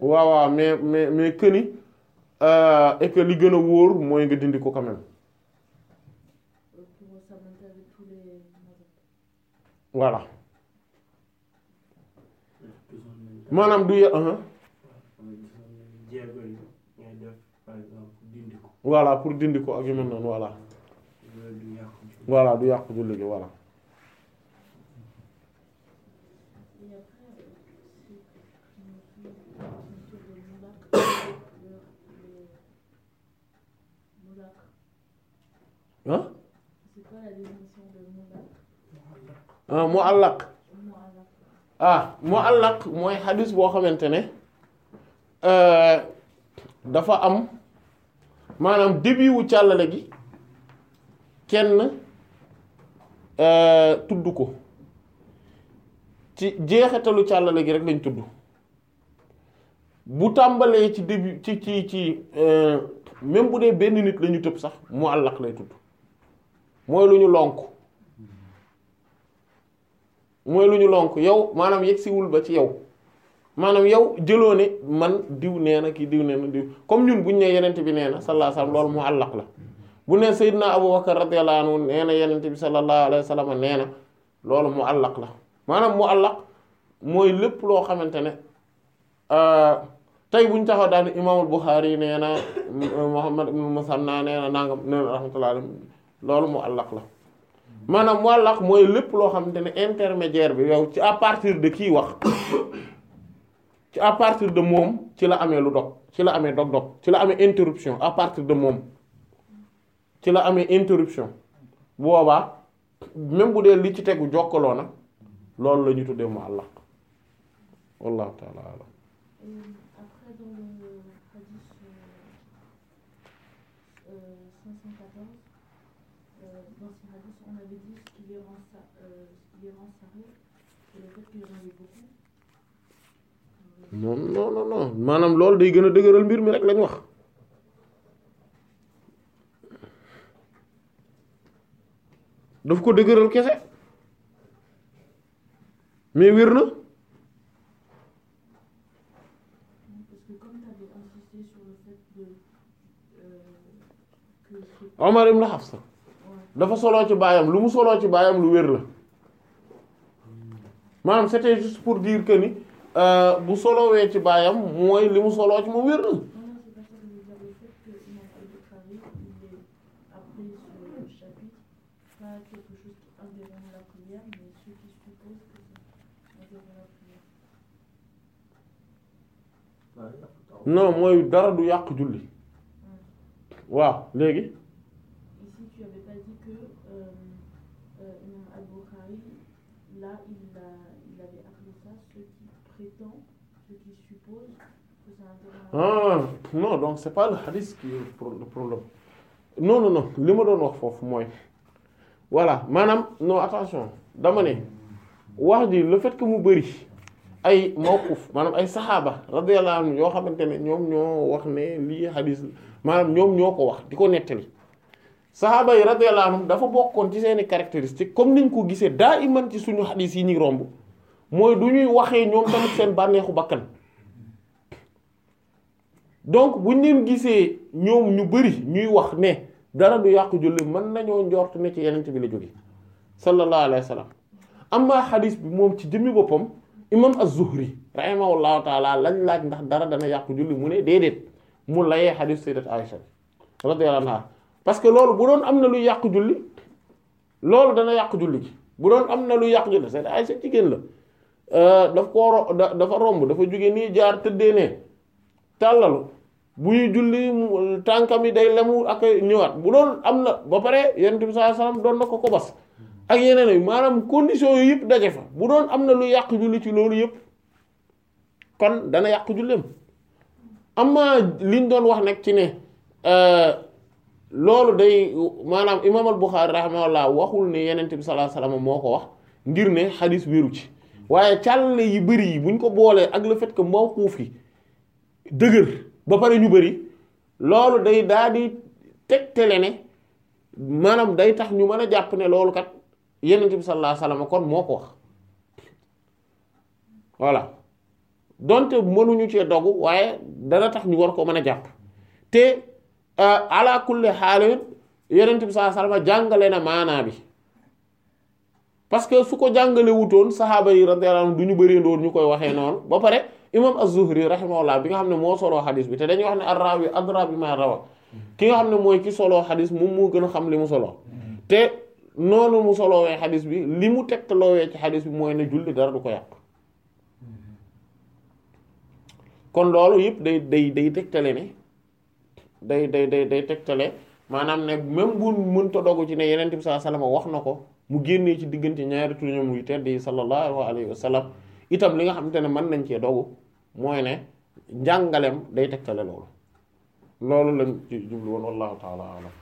Speaker 3: waaw waaw mais mais mais que ni euh, li gën a wóor mooy nga dindi ko quand même. voilà maanaam du ye uh-huh. voilà pour dindi ko ak yu mel noonu voilà. voilà du yàqu julli gi voilà. ah. ah mu àllaq ah mu àllaq mooy xadis boo xamante ne euh, dafa am maanaam début wu càllale gi kenn euh, tudd ko ci jeexatalu càllale gi rek lañ tudd bu tàmbalee ci début ci ci ci euh, même bu dee benn nit la ñu tëb sax mu àllaq lay tudd. mooy lu ñu lonk mooy lu ñu lonk yow maanaam yegsiwul ba ci yow maanaam yow jëloo ne man diw nee na kii diw nee na diw comme ñun bu ne yenente bi nee na sallallahu alayhi wasallam loolu la bu ne Seydina Abubakar radiyallahu anhu nee na yenente bi sallallahu alayhi wasallam nee na loolu mu àllaq la maanaam mu àllaq mooy lépp loo xamante ne euh, tey bu ñu taxaw daal imaamul Buxaari nee na Musanna nee na nangam nee na rahmatullahi alayhi loolu mu àllax la maanaam mu àllaq mooy lépp loo xam xamante ne intermédiaire bi yow ci à partir de kii wax ci à partir de moom ci la amee lu dog ci la amee dog-dog ci la amee interruption à partir de moom ci la amee interruption boobaa même bu dee li ci tegu jokkaloo na loolu la ñu tuddee mu àllaq wallahu taala non non non non maanaam loolu day gën a dëgëral mbir mi rek lañ wax daf ko dëgëral kese mais wér na. Omar ibn Hafsa dafa soloo ci baayam lu mu soloo ci baayam lu wér la maanaam c'était juste pour dire que ni. Euh, bu solowee ci baayam mooy li mu soloo ci moom wér na non mooy dara du yàq julli hmm. waaw léegi Ah, non donc c'est pas le hadith qui est le non li ma doon wax foofu mooy voilà maanaam non attention dama ne wax ji le fait mu bëri ay mawquf maanaam ay saxaaba radiyallahu ñoo xamante ne ñoom ñoo wax ne lii hadith maanaam ñoom ñoo ko wax di ko nettali saxaaba yi radiyallahu anhum dafa bokkoon ci seeni caractéristiques comme ni ñu ko gisee daa iman ci suñu hadith yi ñuy romb mooy du ñuy waxee ñoom tamit seen bànneexu bakkan donc bu buñ leen gisee ñoom ñu bëri ñuy wax ne dara du yàqu julli mën nañoo njort ne ci yenent bi la jóge sallallahu alayhi wa sallam amma xadis bi moom ci jëmmi boppam imam az-Zuhri rahimahullahu taala lañ laaj ndax dara dana yàqu julli mu ne déedéet mu layee xadis sayyidat Aisha bi radiyallahu anha parce que loolu bu doon am na lu yàqu julli loolu dana yàqu julli bu doon am na lu yàqu julli sayyidat Aisha jigéen la euh, daf koo dafa romb dafa jóge nii jaar tëddee ne tàllalu bu buy julli tànkam yi day lemu ak ñëwaat bu doon am na ba pare yonent bi sallallahu doon na ko ko bas ak yeneen yi maanaam condition yu yëpp daje fa bu doon am na lu yàq julli ci loolu yëpp kon dana yàq jullem amma liñ doon wax nag ci ne euh, loolu day maanaam imaam al-Bukhari rahimahullah waxul ne yonent bi sallallahu alayhi wasallam moo ko wax ngir ne xadis wéru ci waaye càll yi bëri yi buñ ko boolee ak le fait que mawquuf yi dëgër ba pare ñu bëri loolu day daal di tegtale ne maanaam day tax ñu mën a jàpp ne loolu kat yenent bi sallallahu alayhi kon moo ko wax voilà donte mënuñu cee dogu waaye dana tax ñu war ko mën a jàpp te euh, ala kulli xaal yenent bi sallallahu alayhi jàngale na maanaa bi parce que su ko jàngale wutoon saxaaba yi radiyallahu anhum du ñu bërindoon ñu koy waxee noonu ba pare imam az-Zuhri rahimahullah bi nga xam ne moo soloo xadis bi te dañuy wax ne ar-rawi adra bi ma rawa ki xam ne mooy ki soloo xadis moom moo gën a xam li mu soloo te noonu mu soloowee xadis bi li mu tegtaloowee ci xadis bi mooy ne julli dara du ko yàq kon loolu yëpp day day day tegtale ne day day day day tegtale maanaam ne même bu mënta dogu ci ne yeneen bi sallallahu alayhi wax na ko mu génnee ci diggante ñaari tuñam yu tedd yi sallallahu alayhi wa itam li nga xamante ne mën nañ cee dogu mooy ne njàngaleem day tegtale loolu loolu lañ ci jublu woon wallahu taala alam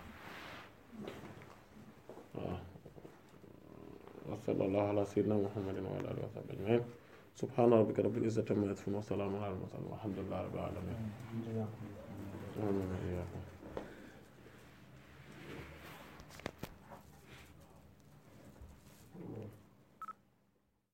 Speaker 3: waaw wa sallallahu ala sayyidina muhammadin wa ala alihi wa sahbihi ajma'in subhana rabbika rabbil izzati amma yasifun wa salamun ala al